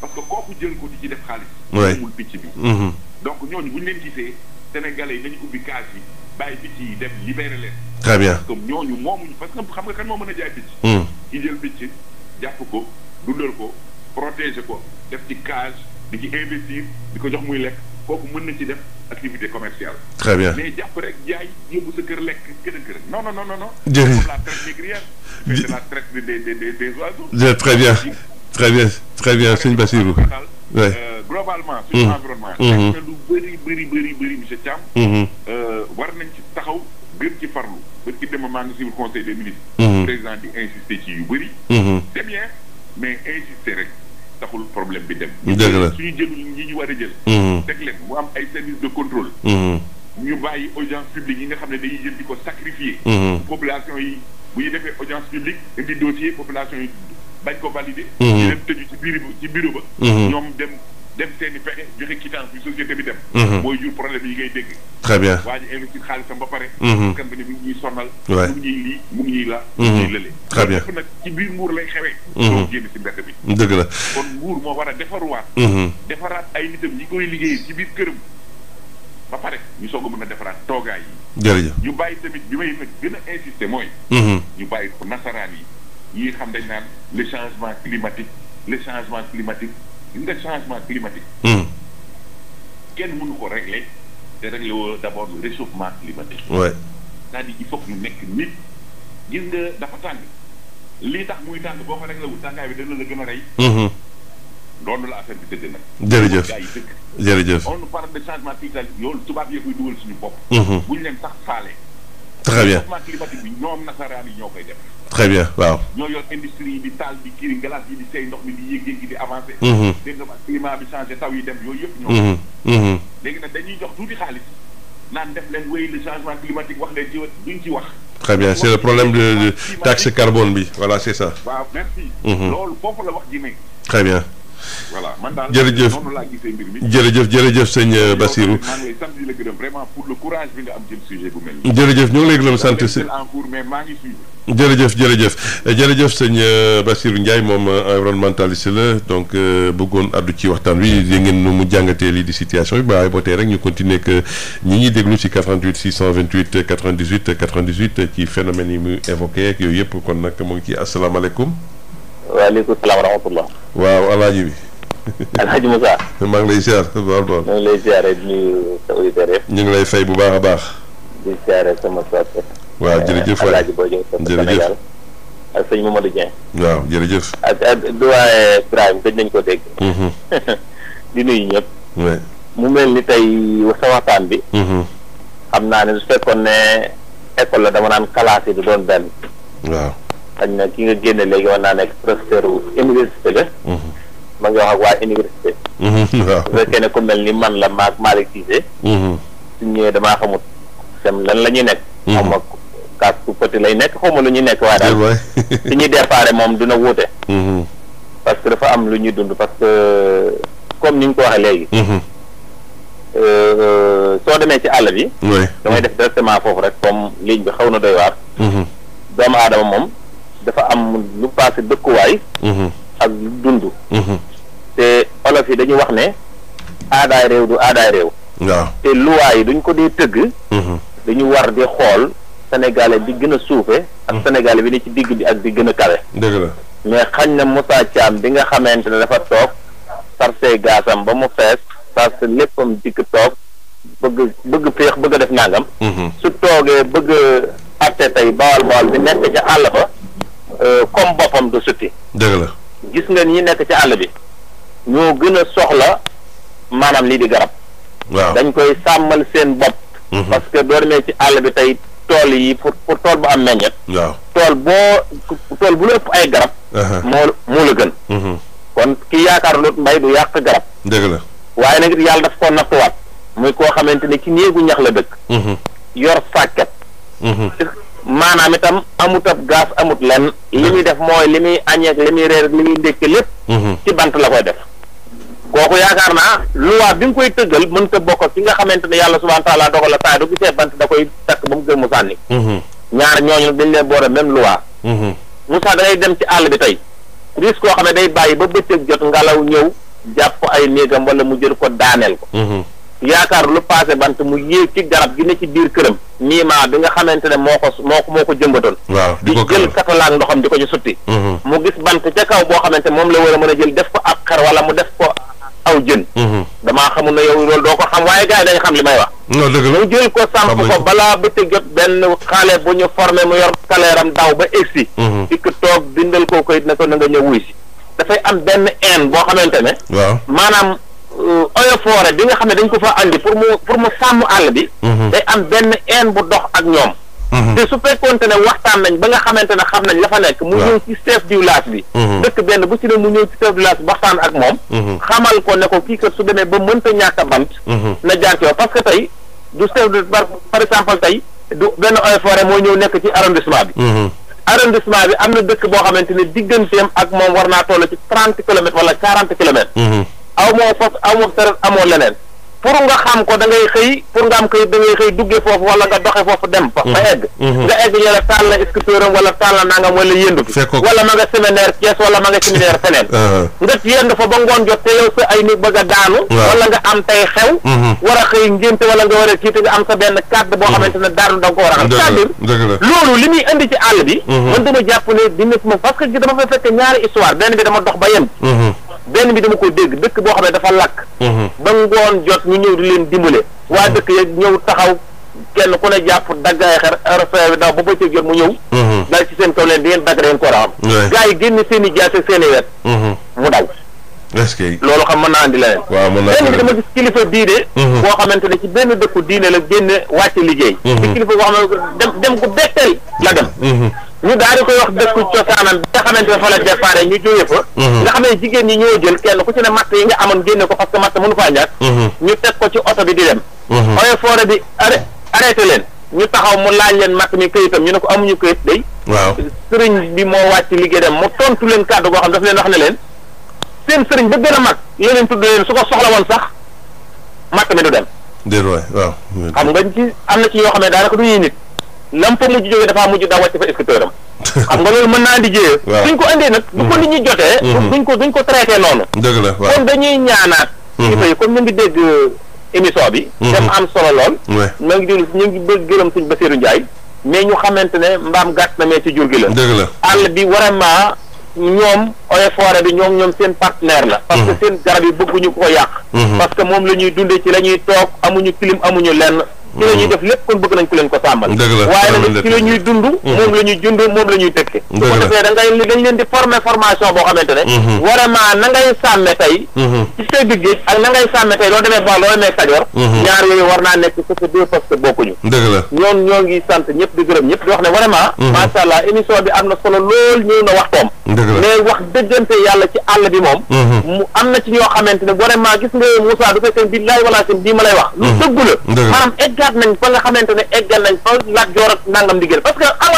parce que kooku jël ko di ci def xaalis amul picc bi mm-hmm. donc ñooñu bu ñu leen gisee sénégalais yi nañu ubbi cage yi bàyyi picc yi dem libéré leen très bien parce que ñooñu moomuñu parce que xam nga kan moo mën a jaay picc mm. ki jël picc jàpp ko dundal ko protéger ko def ci cage di ci investir di ko jox muy lekk kooku mën na ci def activité commerciale. très bien mais jàpp rek jaay yóbbu sa kër lekk gën a gën non non non nañ ci taxaw gën ci farlu ba ci dem maa ngi suivre conseil des taxul problème bi dem. dëgg la suñu jël ñi ñu war a jël. Mm-hmm. teg leen ay service de contrôle. Mm-hmm. ñu bàyyi audience publique yi nga xam ne dañuy jël di ko sacrifier. Mm-hmm. population yi bu ñu defee audience publique indi dossier population yi bañ ko valider. ñu dem tëju ci biir ci bureau ba. ñoom dem. dem seeni pexe joxe quittance bi société bi dem. Mhm. mooy jur problème yi ngay dégg. très bien waa ji investir xaalisam ba pare. Mhm. bi ne mu ngi ñuy sonal. waay mu ngi ñuy lii mu ngi ñuy la. mu mhm. ngi ñuy lële. très bien nag ci biir nguur lay xewee. doo génn si mbedd bi. dëgg la kon nguur moo war a defaruwaat. defaraat ay nitam ñi koy liggéey ci biir këram. ba pare ñu soog a mën a defaraat toogaay yi. jërëjëf ñu bàyyi tamit bi may gën a insister mooy. ñu bàyyi ko nasaraan yi yi xam dañ li nga changement climatique. Hmm. kenn mënu ko régler te régler woo d' abord le réchauffement climatique. oui c'est-à-dire il faut que ñu nekk nit. gis nga dafa tàng lii muy tàng boo ko réglé wul tàngaay bi dana la a rey. Hmm. loolu la affaire bi tëdd nag. jërëjëf jërëjëf on parle de changement climatique loolu tubaab yee koy dugal suñu bopp. Hmm. bu ñu leen sax faale. très bien changement climatique bi ñoom nasaraan yi ñoo koy def. très bien waaw. ñoo yor industrie yi di taal di kii glace yi di sey ndox mi di yéeg yéeg di avancé. Mm-hmm. dégg nga climat bi changé taw yi dem yooyu yëpp. ñoo mm-hmm. Mm-hmm. léegi nag c'est le problème de taxe carbone bi voilà c'est ça. waaw merci. voilà man daal jërëjëf laa jërëjëf jërëjëf sëñ euh, Basirou vraiment pour le courage bi jërëjëf ñoo ngi lay gërëm sant si mais maa ngi suivre jërëjëf jërëjëf jërëjëf sëñ euh, Bassirou Ndiaye moom euh, environnementaliste la donc bëggoon addu ci waxtaan wi di ngeen nu mu jàngatee lii di situation bi ba ba tey rek ñu continuer que ñi ñuy déglu ci 88 628 98 98 ci phénomène yi mu évoqué ak yooyu yëpp kon nag mu ngi ci asalaamaaleykum waaleykum salaam wa rahmatullah. waaw alaaji bi. alaaji Moussa. maa ngi lay ziar baal baal. maa ngi lay ziare ñu ngi lay fay bu baax a baax. di sama soppe. waaw jërëjëf waay alaaji boo jërëjëf ak sëñ Mamadou Dieng. waaw jërëjëf. ak ak doyen Ibrahima gëj nañ ko dégg. Mhm. di nuyu ñëpp. mu mel ni tey sa waxtaan bi. Mhm. xam naa ne su fekkoon ne la dama naan classe yi du doon benn. waaw. xañ na ki nga génne léegi war naa nekk professeur université la mhm. ma ngi wax ak waa université mhm. waaw fekkee ne ku mel ni man la maag Malick Cissé mhm. suñ ñëwee damaa xamut sem lan la ñuy nekk xaw ma kaas ku pëti lay nekk xaw ma lu ñuy nekk waaye daal su ñuy déparé moom dina wuute parce que dafa am lu ñuy dund parce que comme ni ñu ko waxee léegi euh, euh, soo demee ci àll bi damay def directement foofu rek comme ligne bi xaw na doy waar doomu aadama moom dafa am lu paase dëkkuwaay. Mhm. ak dund. Mhm. te olof yi dañu wax ne aadaay réew du aadaay réew. waaw te luwaay yi duñ ko dee tëgg. Mhm. dañu war di xool sénégalais bi gën a suufe ak sénégalais bi ne ci digg bi ak di gën a kawe. dëgg la mais xañ na Moussa Thiam bi nga xamante ne dafa toog sarse gaasam ba mu fees parce que léppam dikk toog bëgg bëgg féex bëgg a def nangam. su toogee bëgg atte tey bawal bawal bi nekk ca àll ba. Euh, comme boppam du sotti. dëgg la gis nga ñi nekk ci àll bi ñoo gën a soxla maanaam lii di garab. waaw dañ koy sàmmal seen bopp. Mhm. parce que boo demee ci àll bi tey tool yi pour pour tool bu am meññet. waaw tool boo tool bu ëpp ay garab. Uh-huh. moo moo la gën. Mhm. kon ki yaakaar lu mbay du yàq garab. dëgg la waaye nag yàlla daf ko nattuwaat. muy koo xamante ne ki néegu ñax la dëkk. Mhm. yor sàkket. maanaam itam amut ab gaz amut lenn li muy def mooy li muy añeek li muy reer li muy ndékke lépp mhm. ci bant la koy def kooku yaakaar naa luwaa bi nga koy tëggal mënta bokk ak ki nga xamante ne yàlla subhaana taala dogal la saa du gisee bant da koy takk ba mu gën mu sànni mhm. ñaar ñooñu nag dañ leen boole même luwaa mhm. Moussa da ngay dem ci àll bi tey risque koo xam ne day bàyyi ba bëccëg jot ngelaw ñëw jàpp ay néegam wala mu jël ko daaneel ko yaakaar lu paase bant mu yéeg ci garab gi ne ci biir këram niimaa bi nga xamante ne moo ko moo ko moo di jël katalaak ndoxam di ko ci sutti mhm. mu gis bant ca kaw boo xamante moom la war a mën a jël def ko ak xar wala mu def ko aw jën mhm. damaa xamul ne yow loolu doo ko xam waaye gars yi dañu xam li may wax mu jël ko samp ko balaa bëtt jot benn xale bu ñu formé mu yor kaleeram daw ba egsi mhm. dikk toog dindal koo koy ne ko na ñëw wuy si dafay am benn eaux bi nga xam ne dañ ko fa andi pour mu pour mu sàmm àll bi. Mhm. day am benn een bu dox ak ñoom. Mhm. te su fekkoonte ne waxtaan nañ ba nga xamante ne xam nañ la fa nekk. mu ñëw ci chef du bi. Mhm. dëkk benn bu ci ne mu ñëw ci chef du village bi waxtaan ak moom. xamal ko ne ko kii kat su demee ba mënta ñàkk a bant. na jaar ci yow parce que tey du chef de par par exemple tey du benn eaux et moo ñëw nekk ci arrondissement bi. arrondissement bi am na dëkk boo xamante ne digganteem ak moom war naa toll ci trente kilomètres wala quarante kilomètres. aw moo fas aw moo amoo leneen pour nga xam ko da ngay xëy pour nga am këyit da ngay xëy duggee foofu wala nga doxe foofu dem fa fa mm-hmm. egg mm-hmm. nga egg ñu la taal na scooter am wala taal na nangam wala yëndu bi wala ma nga séminaire Thiès wala ma nga séminaire feneen uh-huh. nga yënd fa ba ngoon jot te yow sa ay nit bëgg a daanu wala nga am tey xew mm-hmm. war a xëy ngénte wala nga war a kiite nga am sa benn carte boo xamante ne daanu da nga ko war a xam cest li muy indi ci àll bi man dama jàpp ne dina ma parce que dama fa fekk ñaari dama dox ba benn bi dama ko dégg dëkk boo xam ne dafa lakk. Mhm. ba ngoon jot ñu ñëw di leen dimbale. waa mhm. dëkk yeeg ñëw taxaw kenn ku ne jàpp daggaay xer RFA bi daaw ba bëccëg jot mu ñëw. Mhm. daal ci seen kaw leen di ngeen dagg reen ko raam. gaa yi génn seen i jaas ak seen i wet. mu daw. loolu xam mën naa leneen. benn bi dama gis kilifa diine. boo xamante ne ci benn dëkku diine la génn wàcc liggéey. ci kilifa boo xam ne dem dem ku betteel la dem. ñu daal di koy wax dëkku cosaanam bi nga xamante ne fa la départ ñu jógee fa. Mhm. nga xam jigéen ñi ñoo jël kenn ku ci ne matt yi nga amoon génne ko parce que matt mhm. mhm. leen ñu taxaw mu laaj leen matt mi këyitam ñu ne ko amuñu ko day. waaw sëriñ bi moo wàcc liggéey dem mu tontu leen kàddu goo xam daf leen wax ne leen seen sëriñ ba gën a mag leneen tudd leen su ko soxla woon sax matt mi du dem. déedéet waay xam nga ci am na ci yoo xam ne daanaka du ñuy nit. nam fa mujj jógee dafa mujj daa wàcc fa scooter xam nga loolu mën naa di jiyee duñ ko andee nag bu ko mhm. nit ñi jotee mhm. duñ ko duñ ko traité noonu dëgg la waaw kon dañuy ñaanaat ci mhm. fay comme ngi dégg euh, émission bi mu am solo lool ma ngi déglu ñu ngi bëgg gërëm suñ Basirou Ndiaye mais ñu xamante ne mbaam gàtt na mee ci jur gi la dëgg la àll bi vraiment ñoom eaux forêt bi ñoom ñoom seen partenaire la parce que seen garab yi bëgguñu ko yàq parce que moom la ñuy dundee ci la ñuy toog amuñu clim amuñu lenn ci la ñuy def lépp kon bëgg nañ ku leen ko sàmmal waaye nag dund mhm. moom la jund moom la ñuy tekki defee da leen di former formation boo xamante ne mhm. vraiment na sàmme tey mhm. ci say diggéej ak na sàmme tey loo demee baax loo demee Kajoor ñaar yooyu war naa nekk su ko deux bokkuñu dëgg la ñoon ñoo ngi sant ñëpp di gërëm ñëpp di wax ne vraiment macha allah émission bi am na solo lool ñëw na waxtoom mais wax dëggante yàlla ci àll bi moom eggaat nañ fa nga xamante ne eggal nañ fa laaj joor ak nangam liggéey parce que xam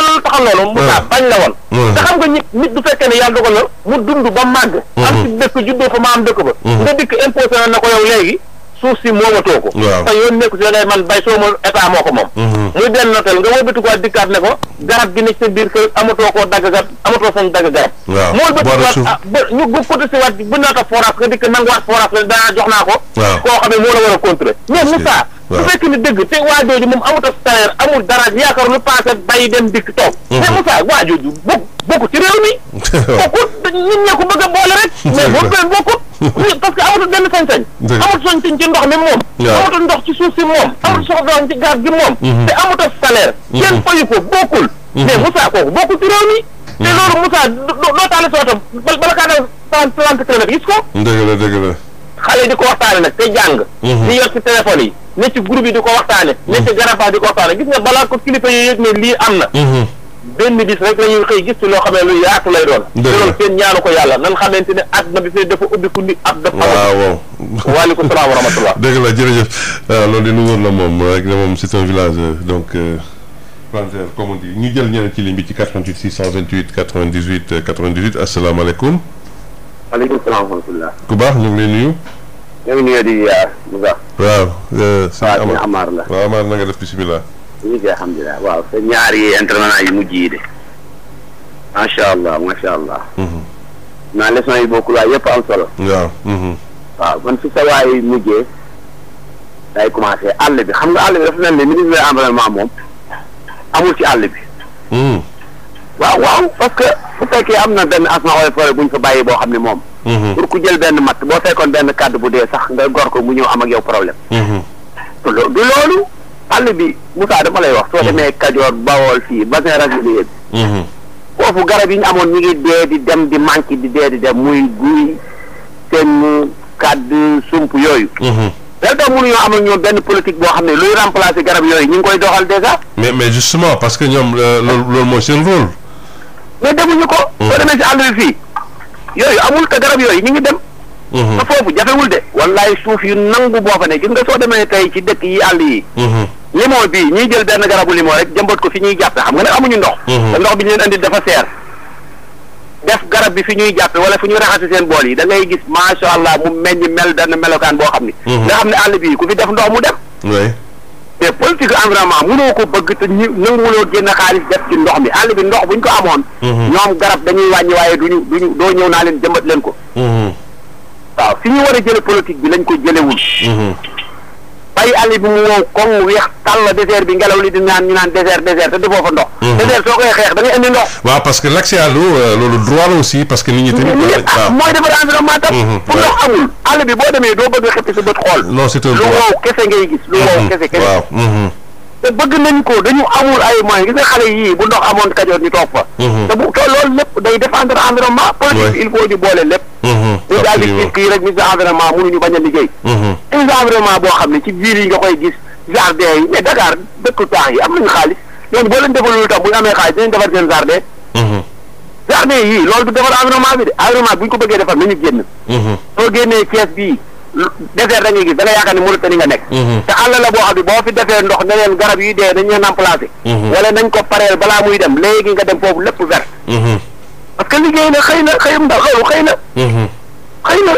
nga loolu taxal loolu hmm. Moussa bañ la woon hmm. te xam nga nit du fekkee ne yàlla dogal la mu dund ba màgg hmm. am ci dëkk juddoo fa ma am dëkk ba nga dikk imposé na ko yow léegi suuf si moomatoo ko te yoon nekku si da man bay soo ma état ko moom muy benn notel nga wëlbati ko dikkaat ne ko garab gi ne sa biir kër amatoo koo dagg amatoo sañ ah, nga dikk nanguwaat forage la danaa a waaw bu fekk ni dëgg te waa jooju moom amut ak salaire amul dara yaakaar lu paase bay dem dikk toog. Mhm. mais Moussa waa bokkut ci réew mi. bokkut nit ña ko bëgg a boole rek. mais boo ko bokkut. parce que amatul benn sañ-sañ. amatul sañ-sañ ci ndox mi moom. amatul ndox ci suuf si moom. Mhm. amatul soxla ci gaz gi moom. Mhm. te amut ak salaire. kenn fayu ko bokkul. mais Moussa kooku bokkul ci réew mi. te loolu Moussa doo taale sootam bala kaa def trente kilomètres ko. dëgg la dëgg la. xale yi di ko waxtaane nag te jàng mhm. di yor ci téléphone yi ne ci groupe yi di ko waxtaane ne mhm. ci garapas di ko waxtaane gis nga balaa ko kilifa yooyu yëg ne lii am na mhm. benn bis rek la ñuy xëy gis ci loo xamee lu yaatu lay doon loolu seen ñaanu ko yàlla nan xamante ne àdduna bi fee dafa ubbi ku ni ab dafa waaw waaleykum salaam wa rahmatullah la jërëjëf ah, loolu de la moom rek ne moom c'est un village euh, donc plantaire euh, on dit ñu jël ñeneen ci ligne bi ci maaleykum salaam wa rahmatulah. nuyu. ñu ngi nuyu di Moussa. Uh, waaw. Euh, sëñ la waaw Amar na nga def bisimilah. ñu ngi alhamdulilah waaw sa ñaari intervenant yi mujj yi de. macha allah macha allah. Mhm. naa leçon yi bokkul waaye yëpp am solo. waaw. Mhm. waaw man fi sa waay mujjee. day commencé àll bi xam nga àll bi dafa mel amul ci àll bi. waaw waaw parce que bu fekkee am na benn asma ooy forêt bu ñu fa bàyyi boo xam ne moom. Mhm. pour ku jël benn matt boo fekkoon benn kàddu bu dee sax nga gor ko mu ñëw am ak yow problème. Mhm. du loolu àll bi Moussa dama lay wax. soo mhm. demee Kajoor Bawol fii bassin régalier bi. foofu garab yi ñu amoon ñu ngi dee di dem di manqué di dee di dem muy guy seen kàdd sump yooyu. léegi daal mënuñoo am ak ñoom benn politique boo xam ne luy remplacer garab yooyu ñu ngi koy doxal déjà. parce que ñoom euh, mais demuñu ko. Mm. soo demee si àll bi fii yooyu amul te garab yooyu ñu ngi dem. Mm-hmm. te foofu jafewul de. wallaay suuf yu nangu boo fa ne gis a soo demee tey ci dëkk yi àll yi. Mm-hmm. limon bii ñuy jël benn garabu limon rek jëmbat ko fi ñuy jàppe xam nga ne amuñu ndox. Mm-hmm. te ndox bi ñu leen andi dafa seer. def garab bi fi ñuy jàppe wala fi ñu raxasi seen bool yi da ngay gis macha allah mu meññ mel benn melokaan boo xam ni. nga xam ne àll bii ku fi def ndox mu dem. mais politique environnement mënoo ko bëgg te ñu nanguwuloo génn xaalis def ci ndox mi àll bi ndox buñ ko amoon. Mhm. ñoom garab dañuy wàññi waaye du ñu doo ñëw naa leen jëmbat leen ko. Mhm. waaw fi ñu war a jële politique bi lañ ko jëlewul. Mhm. bàyyi àll bi wow comme mu weex tàll désert bi li di naan ñu naan désert désert te mhm. soo koy xeex da ngay indi waaw parce que l'accès à l'eau euh, loolu parce que nit ñi tamit. Ah, mooy defar environnement tam. Mhm. fu ndox amul bi boo demee doo bëgg a xëppi sa bët xool. non c'est un droit lu wow kese ngay gis. lu wow mhm. kese kese. te bëgg nañ ko dañu amul ay moyens gis nga xale yii bu ndox amoon kajoor ñu toog fa. Mhm. te bu te loolu lépp day défendre environnement. politique il faut ñu boole lépp. Mhm. ñu daal di kii rek ministre environnement mënuñu bañ a liggéey. ministre mhm. environnement boo xam ne ci biir nga koy gis jardin yi mais Dakar dëkku taax yi am nañu xaalis ñooñu boo leen defal loolu tax amee xaalis dinañ defar seen jardin. jardin yii loolu du defar environnement bi de environnement bi ñu ko bëggee désert dañuy gis da nga yaakaar a Mauritanie nga nekk mhm. te àll la boo xam ne boo fi defee ndox ne leen garab yuy dee nañ leen remplacé mhm. wala nañ ko pareel balaa muy dem léegi nga dem foofu lépp vert mhm. parce que liggéey na xëy na xëyum ndax xëy na xëy na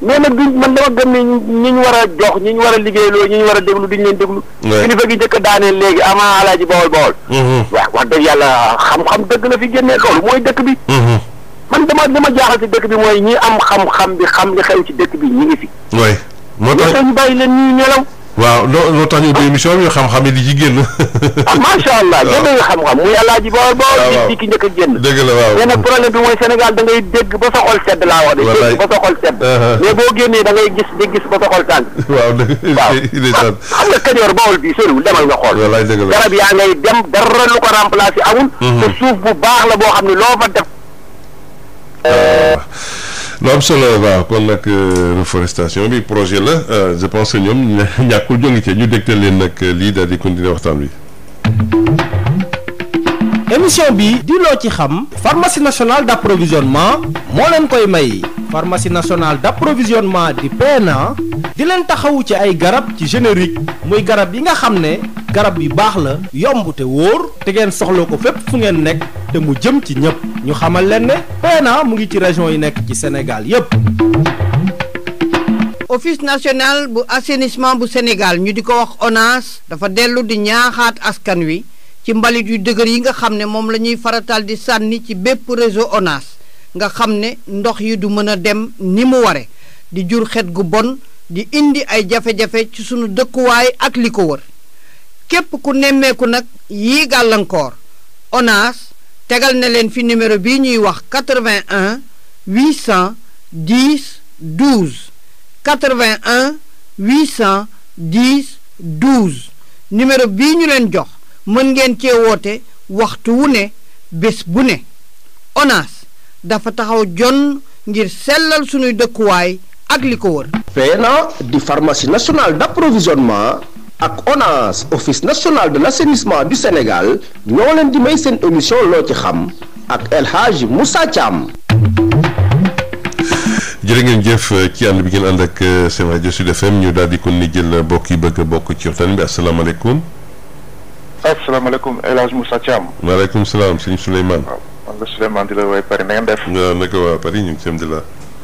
mais nag duñ man dama gëm ne ñi ñu war a jox ñu war a liggéeyloo ñi ñu war a déglu duñ leen déglu kilifa gi njëkk a daaneel léegi ama alaaji bawol bawol waaw wax dëgg yàlla xam-xam dëgg la fi génnee loolu mooy man dama li ma jaaxal ci dëkk bi mooy ñi am xam-xam bi xam li xew ci dëkk bi ñu ngi fi. moo tax ñu bàyyi nelaw. waaw loo loo tax ñu ubbi émission bi xam-xam yi di ci génn. ah allah xam-xam muy alaaji boor boor ah, di ki njëkk a dëgg la waaw mais nag problème bi mooy Sénégal da ngay dégg ba sa xol sedd laa wax de. wallaay dégg ba sa xol sedd. Uh-huh. mais boo génnee da ngay gis di gis ba sa xol tàng. waaw dëgg ah, xam nga Kajoor Bawol bi soriwul demal nga xool. wallaay dëgg la garab yaa ngay dem dara lu ko remplacer amul. Mm-hmm. te suuf bu baax la boo xam ne loo fa def. Euh, lu am kon nag euh, reforestation bi projet la euh, je pense que ñoom ñàkkul jóngi ci ñu dégtal leen nag lii di continuer waxtaan wi. bi di ci xam pharmacie nationale d'approvisionnement moo leen koy may pharmacie nationale d'approvisionnement di PNA di leen taxawu ci ay garab ci générique muy garab yi nga xam ne garab yu baax la yomb te wóor te ngeen soxla ko fépp fu ngeen nekk te mu jëm ci ñëpp ñu xamal leen ne PNA mu ngi ci région yi nekk ci Sénégal yépp office national bu assainissement bu Sénégal ñu di ko wax ONAS dafa dellu di ñaaxaat askan wi ci mbalit yu dëgër yi nga xam ne moom la ñuy faratal di sànni ci bépp réseau ONAS nga xam ne ndox yi du mën a dem ni mu ware di jur xet gu bon di indi ay jafe-jafe ci sunu dëkkuwaay ak li ko wër képp ku nemmeeku nag yii gàllankoor ONAS tegal na leen fi numéro bii ñuy wax 81 810 12 81 810 12 numéro bii ñu leen jox mën ngeen cee woote waxtu wu ne bés bu ne ONAS dafa taxaw jonn ngir sellal sunuy dëkkuwaay ak li ko wër. PNA di pharmacie nationale d'approvisionnement. ak ONAS office national de l'assainissement du Sénégal ñoo leen di may seen émission loo ci xam ak El Hadj Moussa Thiam. jërë ngeen jëf euh, ci ànd bi ngeen ànd ak euh, seen rajo Sud FM ñu daal di kon ni jël bokk yi bëgg bokk ci waxtaan bi asalaamaaleykum. asalaamaaleykum El Hadj Moussa Thiam. salaam sëñ Souleymane. waaw man la Souleymane di waa Paris ñu ngi seen di la.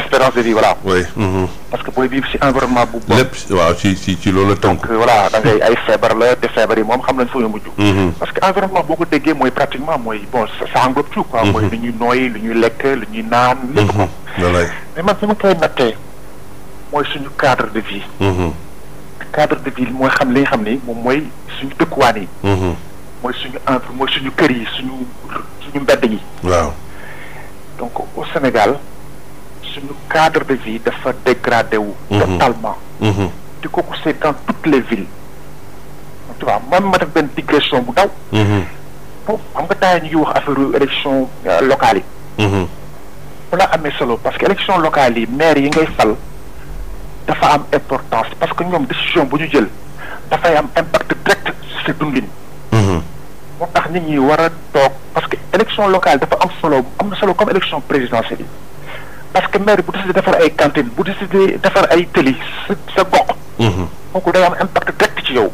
espérance de vie voilà. oui. Mhm. parce que booy vivre si environnement bu. lépp waaw si si si loolu la tënk. Euh, voilà da ay feebar la te feebar yi moom xam nañ foo ñu mujj. Mhm. parce que environnement boo ko déggee mooy pratiquement mooy bon ça englobe tout mhm. mooy lu ñuy nooy lu ñuy lekk lu ñuy naan. lépp ko mais man fi ma koy nattee mooy suñu cadre de vie. cadre de vie mooy xam li xam ni moom mooy suñu dëkkuwaan yi. mooy suñu entre mooy suñu kër yi suñu suñu mbedd yi. waaw donc suñu cadre de vie dafa dégradé wu. Mhm. totalement. Mhm. di ko c'est dans toutes les villes. tu vois man ma def benn digression bu daw. boobu mhm. xam nga taay ñu ngi wax affaire élection euh, locale yi. bu la amee solo parce que élection locale yi maire yi ngay fal dafa am importance parce que ñoom décision bu ñu jël dafay am impact direct sur sa dundin. moo tax nit ñi war a toog parce que élection locale dafa am solo am na solo comme élection présidentielle yi. parce que maire bu décidé defar ay cantine bu décidé defar ay tëli sa gox. Mhm. kooku day am impact direct ci yow.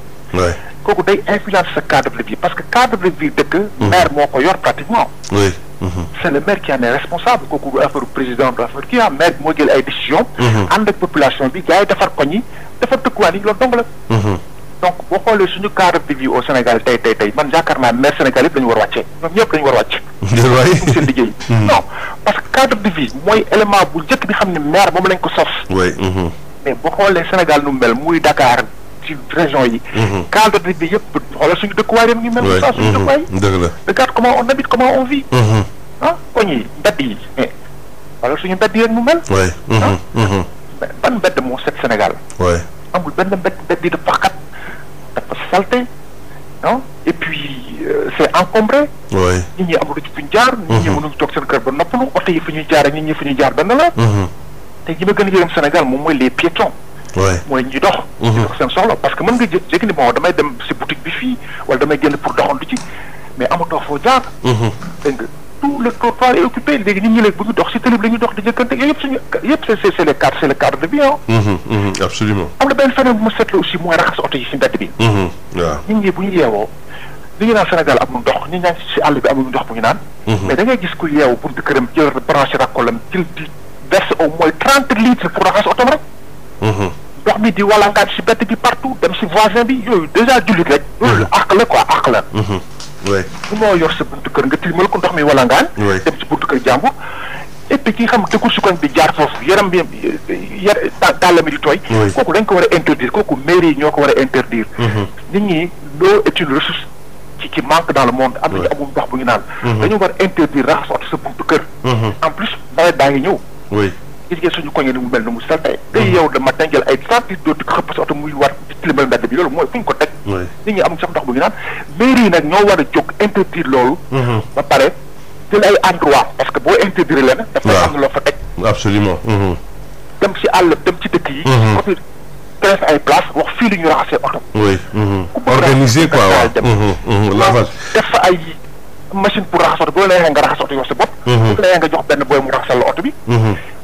kooku day influence cadre de vie parce que cadre de vie dëkk. Mhm. maire moo ko yor pratiquement. oui. Mhm. le maire qui en est responsable kooku du affaire président du affaire kii ah, bi moo jël ay décision ànd ak population bi gars defar koñ yi defar dëkkuwaay yi loolu dong donc boo xoolee suñu cadre de vie au Sénégal tey tey tey man yaakaar naa maire Sénégal yëpp dañu war wàcce ñoom ñëpp war wàcce waay seen liggéey hmm. non parce que cadre de vie mooy élément bu njëkk bi xam ne maire moom lañ ko sos mm-hmm. mais boo xoolee Sénégal nu mel muy Dakar ci région yi mm-hmm. cadre de vie yëpp xoolal suñu dëkkuwaay yém ñu mel sa suñu mm-hmm. dëkkuwaay dëgg la regarde comment on habite comment on vit ah koñ yi mbedd yi mais xoolal suñu mbedd yi rek nu mel ah. ban mbedd moo set Sénégal amul benn mbedd mbedd yi dafa xat dafa salté ah et puis euh, c'est encombré. waay nit ñi amul ci fuñ jaar. nit ñi mhm. mënuñ toog seen kër ba noppalu oto yi fu ñuy jaar ak nit ñi fu ñuy jaar benn la. Mhm. te li ma gën a yërëm Sénégal moom mooy les piétons. mooy ñi dox. Mhm. ñi dox seen soxla parce que mën nga jël ni bon damay dem si boutique bi fii wala damay génn pour dox doxantu ci mais amatoo foo jaar. dégg nga. le trottoir est occupé léegi nit ñi léegi bu ñu dox si tëlib dox di jëkkante yooyu yëpp suñu yëpp le cadre c'est le cadre de vie ah absolument am na benn aussi mooy raxas oto yi si mbedd bi mm-hmm, waaw nit bu ñu yeewoo li ñu Sénégal amul ndox ñu naan si àll bi amul ndox bu ñu naan mais da gis ku yeewu buntu këram jël branché rakkolam jël di verse au moins trente litres pour raxas otom rek ndox mi di walangaan si mbedd bi partout dem si voisin bi yooyu déjà jullit mënoo yor sa buntu kër nga tilimal ko ndox mi wala ngaan dem ci buntu kër jàmbur et puis ki xam dëkkul si koñ bi jaar foofu yaram bi yar tàllami di tooy kooku dañ ko war a interdire kooku mairie yi ñoo ko war a interdire mhm. nit ñi l'eau est une ressource ci ci manque dans le monde am na ci amum ndox bu ñu naan mhm. dañu war a interdire raxas oto sa buntu kër mhm. en plus nawet baa ngi ñëw gis ngeen suñu koñe ni mu mel ni mu salte tey yow dama jël ay centaine d'eau tilimal mbedd bi loolu mooy fu ñu ko teg. nit ñi amul sax ndox bu ñu naan mairie yi nag ñoo war a jóg interdire loolu. Mhm. ba pare jël ay endroit parce que boo interdire leen. dafa am loo fa teg. absolument. Mhm. dem ci àll def ay machine pour raxas oto bu la nga raxas oto yow sa bopp. Mhm. bu la neexee nga jox benn booy mu raxasal la oto bi.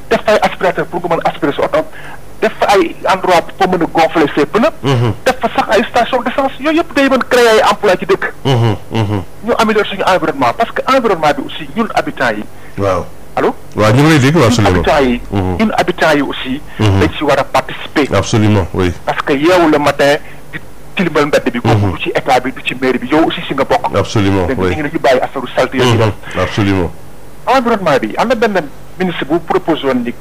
def fa ay aspirateur pour nga mën aspirer sa oto. def ay endroit bu mën a gonfler ses pneus. Mhm. def sax ay station d'essence yooyu yëpp day mën créer ay emploi ci dëkk. Mhm, mhm. ñu améliorer suñu environnement parce que environnement bi aussi ñun habitants yi. waaw ñu ngi lay dégg waaw ñun habitants yi. aussi. dañ si war a participer. absolument oui. parce que yeewu le matin di tilimal mbedd bi. kooku du ci état bi du ci mairie bi yow aussi si nga bokk. absolument oui da ñu bàyyi affaire salte yooyu def. absolument environnement bi am na benn ministre bu proposé woon ni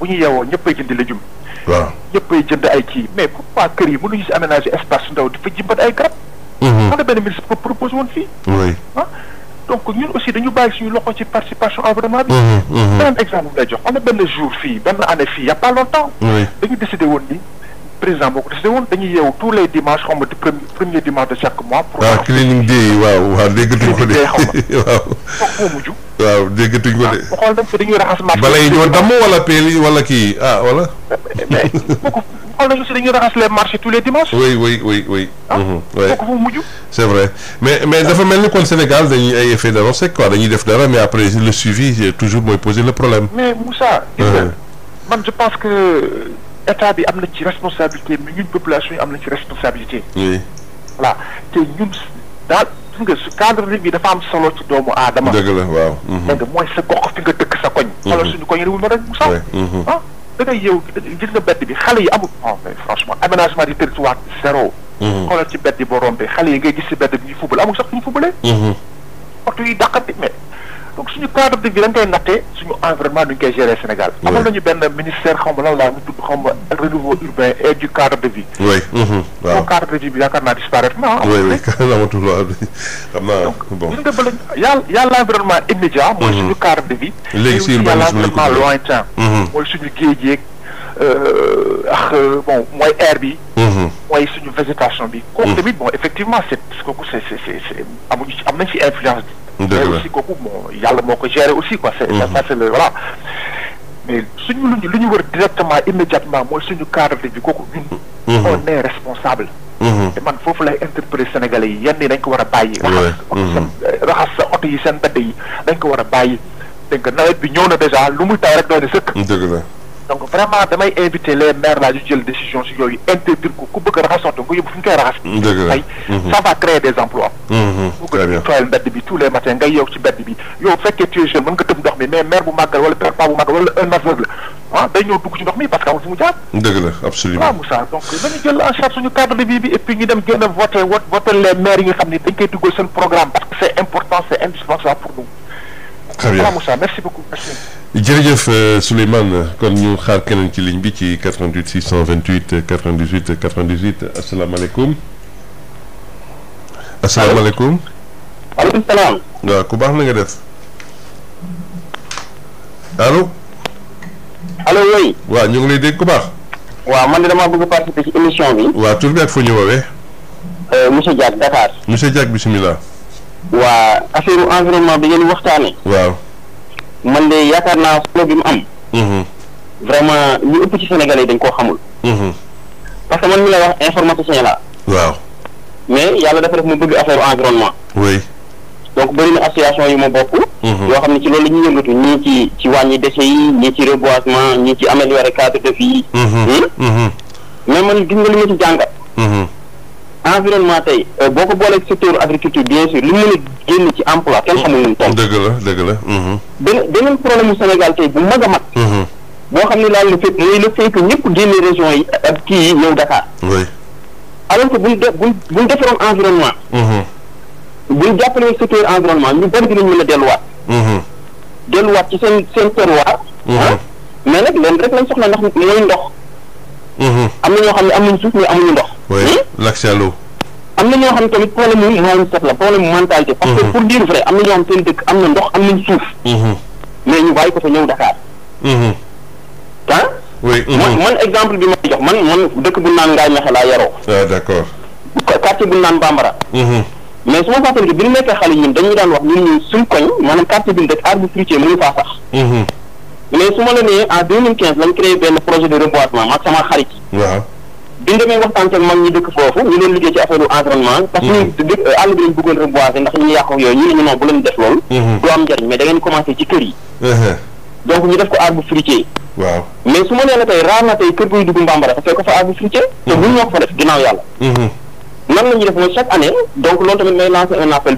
bu ñu yeewoo ñëppay jënd légume. waaw ñëppay jënd ay kii mais pourquoi kër yi mënuñu si aménager espace ndaw di fa jëmbat ay garab. xam mhm. na benn ministre pro proposé woon fii. oui ah donc ñun aussi dañu bàyyi suñu loxo ci participation environnement bi. Mhm, mhm. beneen exemple lay jox am na benn jour fii benn année fii y' a pas longtemps. dañu décidé woon ni. président moo ko décidé tous les dimanches ma di premier dimanche de chaque mois. pour ah, waaw cleaning day waaw waaw déggatuñ ko de. waaw foog moo mujj. waaw déggatuñ ko de. waaw ah, xool nañ ko dañuy raxas mat. balay ñoo damm wala peel wala kii ah wala. mais kooku tous les dimanches. oui oui oui oui. ah kooku mhm, fu vrai mais mais dafa mel ni kon Sénégal dañuy ay effet d'annonce def dara mais après le suivi toujours mooy poser le problème. état bi am na ci responsabilité mais ñun population am na ci responsabilité. oui voilà te ñun daal gis nga su cadre de vie dafa am solo ci doomu aadama. dëgg la waaw. Mhm. dégg nga mooy sa gox fi nga dëkk sa koñ. Mhm. xoolal suñu koñ réew mi rek mu sax. Mhm. ah da ngay yow bedd bi xale yi amul. non mais franchement aménagement du territoire zéro. xoolal ci bedd yi boo rombee xale yi ngay gis si bedd bi ñuy fubal amul sax fu ñu fubalee. waxtu yi dàqante mais. donc suñu cadre de vie dañ koy nattee suñu environnement duñ koy gérer Sénégal. amoon nañu benn ministère xaw ma lan laa mu tudd xaw ma renouveau urbain et du cadre de vie. oui mhm. waaw donc cadre de vie bi yaakaar naa disparaître na ah. oui oui amatul xam naa donc ñun de ba la yàlla yàlla environnement immédiat. mooy mhm. suñu cadre de vie. léegi si urbanisme la ñu ko yàlla environnement lointain. Mhm. mooy suñu géej yeeg euh, ak euh, air bi. mooy suñu végétation bi. kooku bon effectivement c'est kooku c'est am nañ ci influence. dëgg la aussi kooku bon yàlla moo ko gérer aussi quoi. que ça mhm. c'est le lu ñu lu ñu wër directement immédiatement mooy suñu cadre bi kooku ñun. Mhm. on est responsable. Mhm. te man foofu lay interpellé Sénégalais yi yenn yi dañ ko war a bàyyi. raxas sa oto yi seen mbedd yi dañ ko war a bàyyi. dégg nga nawet bi ñëw na déjà lu muy taw rek doy na sëkk. dëgg la. donc vraiment damay invité les maires là ñu jël décision si yooyu interdire ko ku bëgg a raxas oto nga yóbbu fu ñu koy raxas. dëgg la mhm. ça va créer des emplois. Mhm. très bien bu ko tous les matins ngay yow ci mbedd bi yow bu fekkee tu es jeune mën mais maire bu màggal wala père bu màggal wala un aveugle la ah day ñëw dugg ci parce que amul fu mu jaar. absolument waaw Moussa donc nañu jël en charge suñu cadre de vie et puis ñu dem très bien Moussa merci beaucoup. Euh, kon ñu xaar keneen ci ligne bi ci 88 628 98 98 asalaamaaleykum. asalaamaaleykum. maaleykum salaam. waaw ku baax na nga def. allo. allo oui. waaw ñu ngi lay dégg ku baax. waaw man de damaa bëgg participer ci émission bi. waaw tur bi fu ñu woowee. Euh, monsieur Diack Dakar. monsieur Diack bisimilah. waa affaire environnement bi ngeen waxtaanee. waaw man de yaakaar naa solo bi mu am. Mm-hmm. vraiment ñu ëpp ci Sénégalais yi dañ koo xamul. Mm-hmm. parce que man mi la wax informaticien la waaw mais yàlla dafa def ma bëgg affaire environnement. oui donc bëri na association yu ma bokk. Mm-hmm. yoo xam ne ci loolu la ñuy yëngatu ñii ci ci wàññi déchets yi ñii ci reboisement ñii ci améliorer cadre de vie. Hmm? mais man gis nga li ma ci jàngat. environnement tey euh, boo ko booleeg secteur agriculture bien sûr li mu mën a génn ci emploi kenn xamul nu mu toll. dëgg la dëgg la. Mhm. beneen beneen problème mu Sénégal tey bu mag a mag. Mhm. boo xam ne laal na fépp mooy le fait que ñëpp yi euh, ak kii yi ñëw Dakar. oui alors buñ de buñ buñ defaroon environnement. Mhm. buñ jàppalee secteur environnement ñu bëri dinañ mën a delluwaat. delluwaat ci seen seen terroir. Ah. mais nag loolu rek lañ soxla ndax mooy ndox. am na ñoo xam oui hmm? l'accès à l'eau am na ñoo xam tamit problème mu wàllum set la problème mu parce que hmm. pour dire vrai am na ñoo xam seen dëkk am na ndox am nañ suuf. Hmm. mais ñu bàyyi ko fa ñëw Dakar. ah. oui man exemple bi may jox man man dëkk bu naan Ngaye Mekhe laa yaroo. ah d'accord. quartier bu naan Bambara. mais su ma fàttali bi ñu nekkee xale ñun dañuy daan wax ñun ñun suñ koñ maanaam quartier bi ñu dëkk arbre fruitier mënu faa sax. mais su ma la nee en 2015 lañ créé projet de reboisement ak bi ñu waxtaan ak mag ñi dëkk foofu ñu leen liggéey ci affaire environnement parce que mhm. dëkk àll bi lañ bëggoon reboiser ndax ñu yàqu yooyu ñu ne ñu non bu leen def loolu mhm. du am njariñ mais da ngeen ci kër yi uh-huh. donc ñu def ko arbre fruitier waaw mais su ma nee la raar na tey kër guy dugg Mbambara dafay ko fa arbre fruitier te buñ mhm. ñoo ko fa def ginnaaw yàlla nan la def mooy chaque année donc loolu tamit may lancer un appel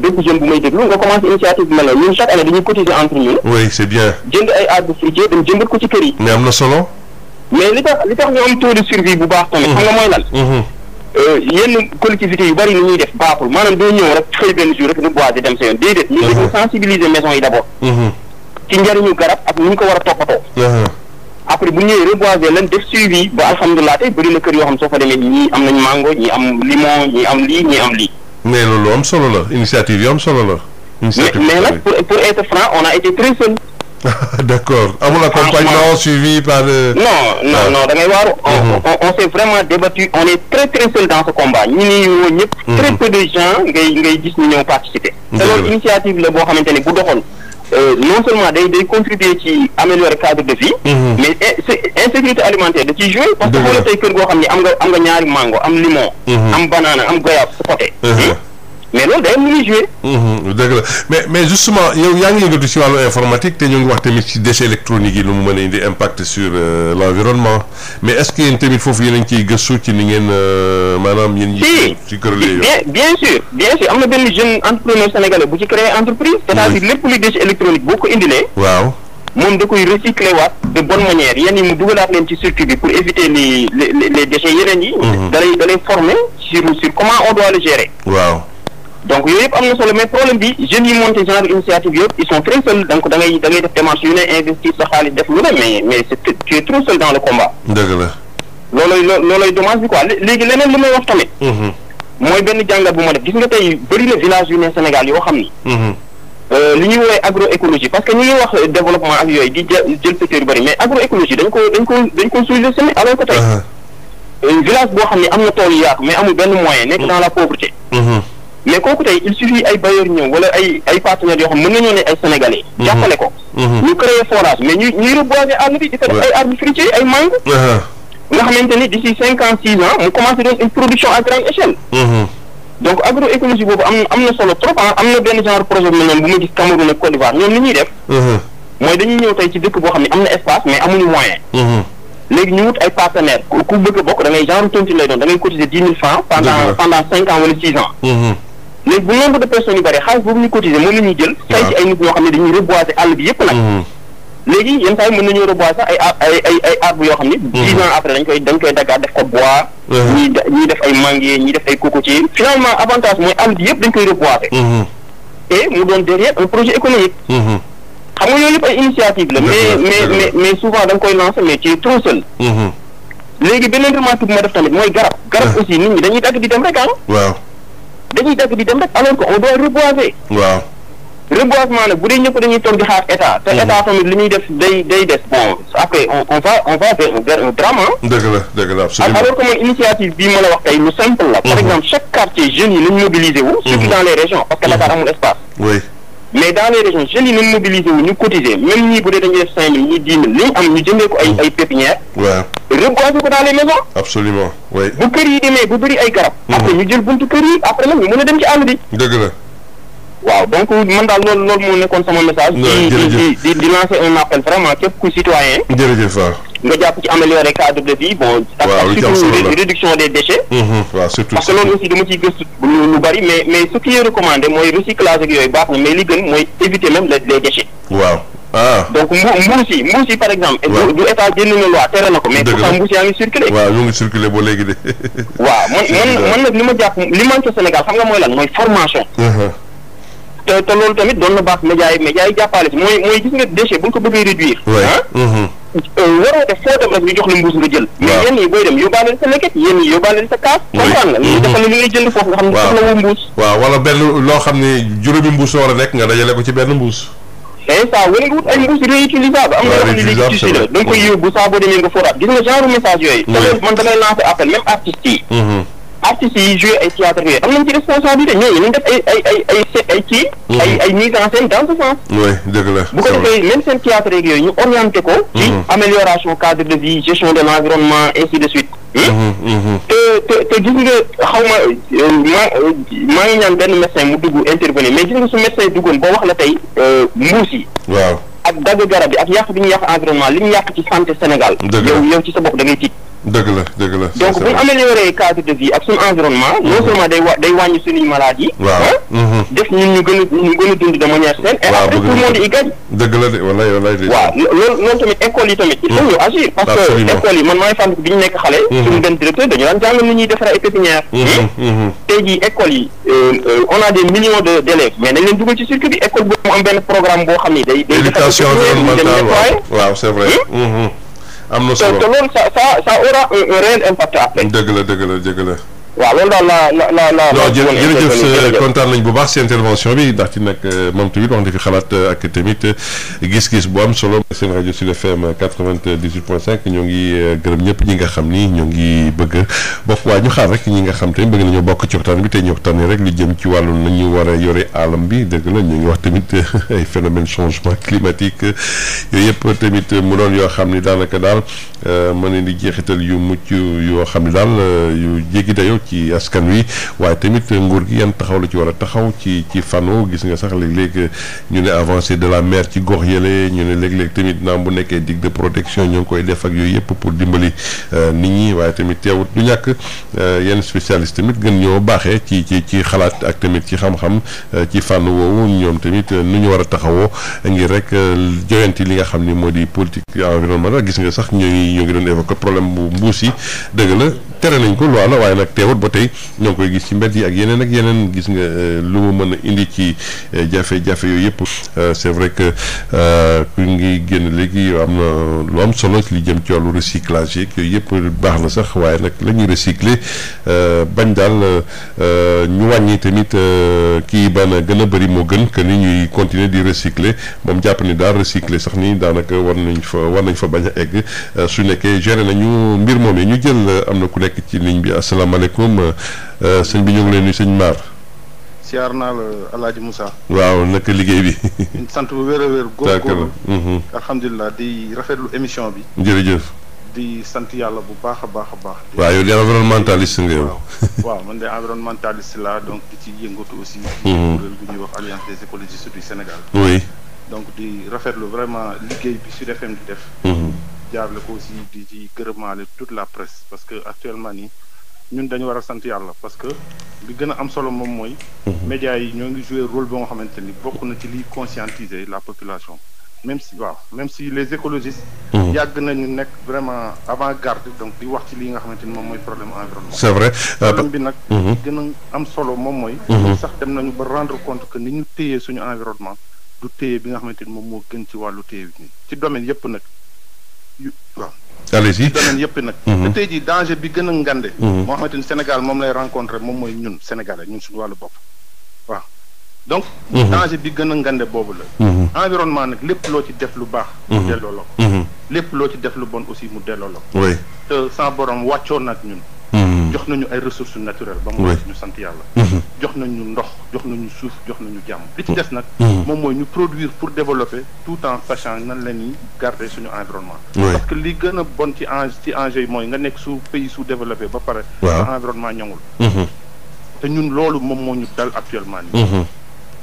mais li tax li tax ñu am taux de bu baax tamit. xam nga mooy lan. Mm-hmm. Mm-hmm. Euh, yenn collectivités yu bari ni ñuy def baaxul maanaam doo ñëw rek xëy benn jour rek reboiser dem sa yoon déedéet. ñu dañu mm-hmm. sensibiliser maison yi d'abord. ci njariñu garab ak ni ñu ko war a toppatoo. après bu ñëwee reboiser lan def suivi ba alhamdulilah tey bëri kër yoo xam soo fa demee ñii am nañ mango ñii am limon ñii am lii ñii am lii. mais loolu am solo la initiative yi am solo la. a d'accord amul ah, accompagnement ah, suivi par. Le... Euh, non non ah. non da ngay waaru. Mhm. on on s'est vraiment débattu on est très très seul dans ce ñu ni ñëpp. Mhm. très peu de gens ngay ngay gis participer. te initiative la boo xamante ne bu doxoon. Euh, non seulement day day contribuer ci améliorer cadre de vie. Mhm. mais insécurité alimentaire de ciy jouer. parce la tey kër goo xam ni am nga am nga ñaari mango am limon. am banana am goyave su côté. mais loolu day am lu muy joué. Mmh, dëgg la mais mais justement yow yaa ngi ci wàllu informatique te ñu ngi wax tamit ci déchets électroniques yi lu mu mën a indi impact sur euh, l' mais est foofu yéen a ngi ciy gëstu ci ni ngeen euh, maanaam yéen. ci ci kër yooyu bien bien sûr bien sûr am na benn jeune entrepreneur sénégalais bu ci créer entreprise. c' à dire lépp luy déchet électronique boo ko indilee. waaw. moom da koy recycler waat de bonne manière yenn yi mu dugalaat leen ci circuit bi pour éviter les les les déchets yeneen yi. Mmh. da lay waaw. donc yooyu yëpp am na solo mais problème bi jeunes yi monté genre initiative yëpp ils sont très seuls donc da ngay da ngay def yu ne investir sa xaalis def lu ne mais mais c'est trop seul dans le combat. dëgg la. loolooy loolooy dommage bi quoi léegi leneen li may wax tamit. Mhm. mooy benn jàngat bu ma def gis nga tey bëri na village yu ne Sénégal yoo xam ni. Mhm. Euh, li ñuy woowee agroécologie parce que ñu ngi wax euh, développement ak yooyu di jël secteur yu bëri uh-huh. euh, boo xam ne am na tool yu yaatu mais amul mais kooku tey il suffit ay bailleurs ñëw wala ay ay partenaires yoo xam mën nañoo ne ay sénégalais. Mhm. jàppale ko. Mhm. ñu créé forage mais ñuy ñuy reboiser àll bi di ay arbres fruitiers ay mango. Uh-huh. nga xamante ni d'ici cinq ans six ans mu commencé doon une production à grande échelle. Mhm. donc agroécologie boobu am am na solo trop ah am na benn genre projet bu noonu bu ma gis Cameroun ak Côte d'Ivoire ñoom li ñuy def. Uh-huh. mooy dañuy ñëw tey ci dëkk boo xam ne am na espace uh-huh. a bokk da léegi bu nombre de personnes yu bëri xaalis boobu ñu cotiser mën nañu jël say ah. si ay nit ñoo xam ne dañuy reboiser àll bi yëpp nag mm-hmm. léegi yenn saa yi mën nañoo reboiser sax ay ay ay ay arbre yoo xam ne mm-hmm. dix ans après dañ koy dañ def ko bois mm-hmm. ñuy def ay manguier ñuy def ay cocotier finalement avantage mooy àll bi yëpp dañ koy reboiser et mu doon derrière un projet économique xam nga yooyu yëpp ay initiative la mais mais souvent da nga koy lancer mais ci trop seul léegi beneen remarque bu ma def tamit mooy garab garab aussi nit dañuy dagg di dem rek alors que on doit reboiser. waaw reboisement nag bu dee ñëpp dañuy état. te mhm. état tamit def day day des bon après on on va on un drame ah. alors que man initiative bii ma la wax tey lu simple la. par mhm. exemple chaque quartier jeunes yi lañ mobiliser wu. Mhm. surtout dans les régions parce que Dakar amul espace. mais dans les régions jeunes yi nañ mobiliser ñu cotiser même ñii bu dee dañuy def cinq mille ñuy dix li ñu jëndee ko ay ay pépinière waaw ko dans les maisons absolument bu kër yi demee bu bëri ay garab mhm. après ñu jël buntu kër yi après nag ñu mën a dem ci àll bi dëgg la waaw donc man daal loolu loolu moo nekkoon sama message di di di lancer un appel vraiment képp ku citoyen jërëjëf waaw nga jàpp ci améliorer cadre de vie bon. waaw surtout réduction des déchets. Mm-hmm. waaw surtout parce que loolu aussi dama ciy gëstu lu bari mais mais ce qui est recommandé mooy recyclage ak yooyu baax na mais li gën mooy éviter même les déchets. waaw ah. donc mbuus yi mbuus yi par exemple. waaw du état génn na loi tere na ko. mais pourtant mbuus ngi circulé. waaw man nag li ma jàpp li manqué Sénégal xam nga mooy lan mooy formation. Uh-huh. te te loolu tamit doon na baax médias yi médias yi jàppale si mooy mooy gis Euh, waroo def foo dem rek ñu jox la mbuus nga jël. mais yéen ñi booy dem yóbbaale sa lekket yéen ñi yóbbaale sa kaas. comprendre nga li mhm. defal li ngay jënd foofu nga xam ne soxla woo mbuus. waaw wala benn loo xam ne juróomi mbuus la nekk nga dajale ko ci benn mbuus. c'est ça wala nga wut ay mbuus réutilisable am na loo xam ne la saa boo demee nga fóoraat gis nga genre message yooyu. man damay lancer appel même artistes yi. Mhm. artistes yi joué ay théâtre yooyu am nañ ci responsabilité ñooñu nañ def ay ay ay ay ay kii. Mhm. ay ay mise en scène dans ce sens. oui dëgg la bu ko defee même seen théâtre ñu orienté ko. ci mhm. amélioration cadre de vie gestion de l'environnement ainsi de suite. Hmm? Mhm, te te gis nga xaw ma euh, maa euh, maa ngi ñaan benn médecin mu dugg intervenir mais gis nga su médecin duggoon ba wax la tey euh, mbuus yi. waaw ak dagg garab yi ak yàq bi ñu yàq environnement li ñu yàq ci santé Sénégal. yow yo ci sa bopp da ngay tiit. dëgg la dëgg la donc bu ñu amélioré cadre de vie ak suñu environnement. non mhm. seulement day wa day wàññi suñuy maladies. waaw ah, mhm. def ñun ñu gën a ñu a dund de manière saine. et après tout le monde y gagne. dëgg la de wallaay wallaay de. waaw loolu tamit école yi tamit. il faut mhm. ñu agir parce que école yi man maa ngi fàttali bi ñu nekk xale. suñu benn directeur dañu daan jàngal ni ñuy defaree ay pépinière. Hmm? tey jii école yi euh, euh, on a des millions de d'élèves mais nañ leen dugal ci circuit bi école am na solo te loolu ça ça ça aura un réel impact après. dëgg la dëgg la dëgg la. waaw loolu daal laa la la la. non jërëjëf kontaan nañ bu baax si intervention bi ndax ci nag euh, moom tamit wax na fi xalaat euh, ak tamit euh, gis-gis bu am solo. seen rajo Sud FM quatre-vingt-dix-huit point cinq ñoo ngi gërëm ñëpp ñi nga xam ni ñoo ngi bëgg bokk waaye ñu xaar rek ñi nga xam te bëgg nañoo bokk ci waxtaan bi te ñu waxtaanee rek li jëm ci wàllu na ñu war a yore alam bi dëgg la ñu ngi wax tamit ay phénomène changement climatique yooyu yëpp tamit mu doon yoo xam ni daanaka daal mën nañ di jeexital yu mucc yoo xam ni daal yu jéggi dayoo ci askan wi waaye tamit nguur gi yan taxaw la ci war a taxaw ci ci fano gis nga sax léeg léegi ñu ne avancé de la mer ci gox yële ñu ne léeg-léeg tamit naam bu nekkee digue de protection ñoo ngi koy def ak yooyu yëpp pour dimbali euh, nit ñi waaye tamit teewut du ñàkk euh, yenn spécialiste tamit gën ñoo baaxee ci ci ci xalaat ak tamit ci xam-xam euh, ci fànn woowu ñoom tamit nu ñu war a taxawoo ngir rek joyanti li nga xam ni moo di politique environnement gis nga sax ñooy ñoo ngi doon évoqué problème bu mbuus yi dëgg la tere nañ ko loi la waaye nag teewut ba tey ñoo ngi koy gis ci mbedd yi ak yeneen ak yeneen gis nga euh, lu mu mën a indi ci euh, jafe-jafe yooyu yëpp euh, c'est vrai que ku ngi génn léegi am na lu am solo li jëm ci wàllu recyclage yeeg yooyu yëpp baax na sax waaye nag la ñuy recycler bañ daal ñu wàññi tamit kii ba na gën a bëri moo gën que ni ñuy continuer di recycler moom jàpp ni daal recycler sax ni daanaka war nañ fa war nañ fa bañ a egg su nekkee géré nañu mbir moom ñu jël am na ku nekk ci ligne bi asalaamaaleykum euh, sëñ bi ñu ngi leen nuyu sëñ Maar. siyaar naa la El Hadj Moussa. waaw naka liggéey bi. sant bu wér a wér. góorgóorlu mhm. alhamdulilah di rafetlu émission bi. jërëjëf. di sant yàlla bu baax a baax a baax. waaw yow di environnementaliste nga yow. waaw man de environnementaliste laa donc di ci yëngatu aussi. Mhm. kuréel gu ñuy wax alliance des écologistes du Sénégal. oui donc di rafetlu vraiment liggéey bi Sud FM di def. Mhm. jaarle ko aussi di ci gërëmaale toute la presse parce que actuellement nii ñun dañu war a sant yàlla parce que li gën a am solo moom mooy. Mhm. médias yi ñoo ngi joué rôle boo nga xamante ni bokk na ci liy conscientiser la population même si waaw même si les écologistes. Mhm. yàgg nañu nekk vraiment avant-garde donc di wax ci lii nga xamante ni moom mooy problème environnement. c'est vrai euh, problème bi nag. Mhm. gën a am solo moom mooy. sax dem nañu ba rendre compte que ni ñu téye suñu environnement du bi nga xamante ni moom moo gën ci wàllu téye ci domaine yépp nag. yu waaw. allez-y domaine yëpp nag. te mhm. tey jii danger bi gën a ngande. Mhm. moo xamante ni Sénégal moom lay rencontré moom mooy ñun Sénégalais ñun suñu wàllu bopp waaw. donc. Mhm. danger bi gën a ngande boobu la. environnement nag lépp loo ci def lu baax. mu delloo la ko. lépp loo ci def lu bon aussi mu delloo la ko. te sa borom wàccoon nag ñun. Mm-hmm. jox nañu ay ressources naturelles ba mu ñu sant yàlla mm-hmm. jox nañu ndox jox nañu suuf jox nañu jàmm li ci des nag mm-hmm. moom mooy ñu produire pour développer tout en sachant nan la ñuy garder suñu environnement parce que li gën a bon ci en ci enjeu mooy nga nekk su pays su développé ba pare sa environnement ñoŋul te ñun loolu moom moo ñu dal actuellement nii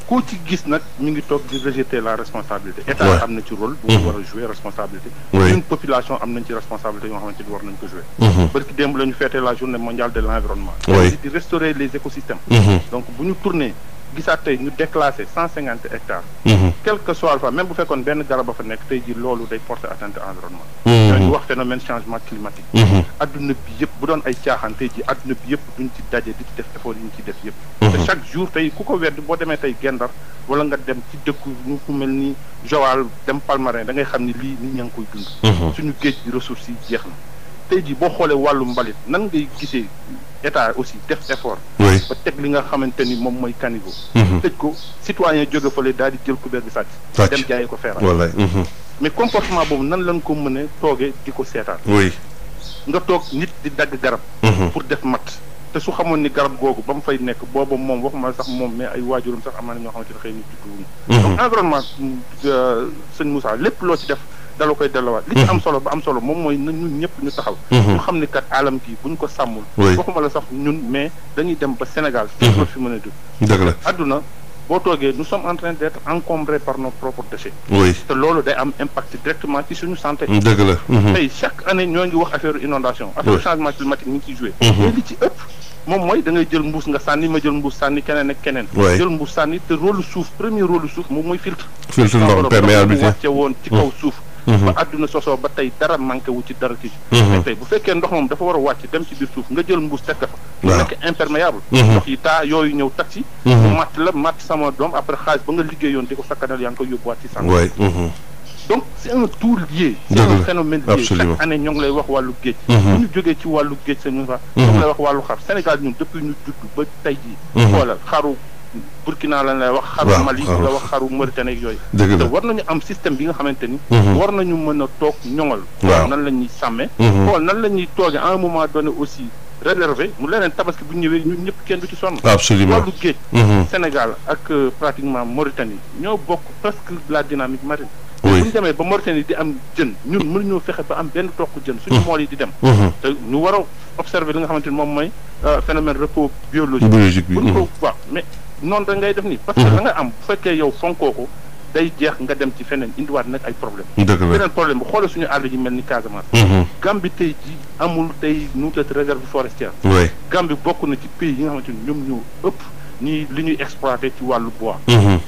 koo ci gis nag ñu ngi toog di rejeter la responsabilité. état am na ci rôle. bu mhm. war a jouer responsabilité. ñun population am nañ ci responsabilité yoo xamante ni war nañ ko jouer. parce mhm. que démb la ñu la journée mondiale de l' environnement. restaurer les écosystèmes. Mhm. donc bu ñu tourner. gisaat tey ñu déclassé cent cinquante hectares. Mhm. quel que soit fa même bu fekkoon benn garab fa nekk tey ji loolu day porter atteinte environnement. ñooñu mhm. wax phénomène changement climatique. Mhm. adduna bi yëpp bu doon ay caaxaan tey ji adduna bi yëpp duñ ci daje di ci def effort yi ñu ci def yëpp. te chaque jour tey ku ko wedd boo demee tey Gendar wala nga dem ci dëkku ñu mel ni Joal dem Palmarin da xam ni lii nit ñaa ngi koy dund. suñu géej gi ressources yi ji boo xoolee wàllu mbalit nan ngay gisee. état aussi def effort. oui ba teg li nga xamante ni moom mooy caniveau. Mhm. tëj ko citoyen jóge fële daal di jël couvert bi sàcc. dem jaayee ko feeraat. wallaay. Mhm. mais comportement boobu nan lañ ko mën a toogee di ko seetaan. oui nga toog nit di dagg garab. Mhm. pour def mat. te su xamoon ni garab googu ba mu fay nekk booba moom waxuma sax moom mais ay waajuram sax am na ñoo xamante ne xëy na juddu wuñu. donc environnement euh, sëñ lépp loo ci def. dala koy delluwaat li ci am solo ba am solo moom mooy na ñun ñëpp ñu taxaw mhm. ñu xam ne kat alam gi buñ ko sàmmul waxuma la sax ñun mais dañuy dem ba Sénégal mhm. fépp a dugg par nos propres déchets te loolu day am impact directement ci suñu santé mm, dëgg la mhm. tey chaque année ñoo ngi wax affaire inondation affaire changement climatique ñu ngi ciy joué li ci ëpp moom mooy da jël mbuus nga sànni ma jël mbuus sànni keneen ak keneen jël mbuus sànni te rôle suuf premier rôle suuf moom Mhm. ba àdduna sosoo ba tey dara manqué wu ci dara ci mhm. bu fekkee ndox moom dafa war a wàcc dem ci biir suuf nga jël mbuus teg ko fa mhm. matt la matt sama doom après xaalis ba nga liggéeyoon di ko sakkanal yaa ngi koy yóbbuwaat ci sànq donc c' est un tout lié. c' est ñoo ngi lay wax wàllu géej. bu ñu jógee ci wàllu géej sax fa. ñoo ngi lay wax wàllu xar Sénégal ñun depuis ñu judd ba tey jii. xoolal xaru Burkina lañ lay wax. xaru Mali la wax xaru Mauritanie yooyu. dëgg la te war nañu am système bi nga xamante ni. Mhm. war nañu mën a toog ñoŋal. waaw nan la ñuy sàmmee. Mhm. xool nan la ñuy toogee à un moment donné aussi. réservé mu leneen tabaski bu ñëwee ñun ñëpp kenn du ci sonn. absolument wàllu géej. Mhm. Sénégal ak euh, pratiquement Mauritanie ñoo bokk presque la dynamique marine. oui bu ñu demee ba Mauritanie di am jën ñun mënuñoo fexe ba am benn toq jën. suñu mool yi di dem. te ñu war a observer li nga xamante ni moom mooy euh, phénomène repos biologique. biologique bi bu ñu ko waaw mais. noonu da ngay def nii. parce que mhm. la am bu fekkee yow fonkoo ko day jeex nga dem ci feneen indiwaat nag ay problème beneen problème bu xoolal suñu àll ji mel ni Casamance. Mhm. Gambie tey ji amul tey nu mu tuddati réserve forestière. Gambie bokk na ci pays yi nga xamante ni ñoom ñoo ëpp ñii li ñuy exploité ci wàllu bois. Mhm.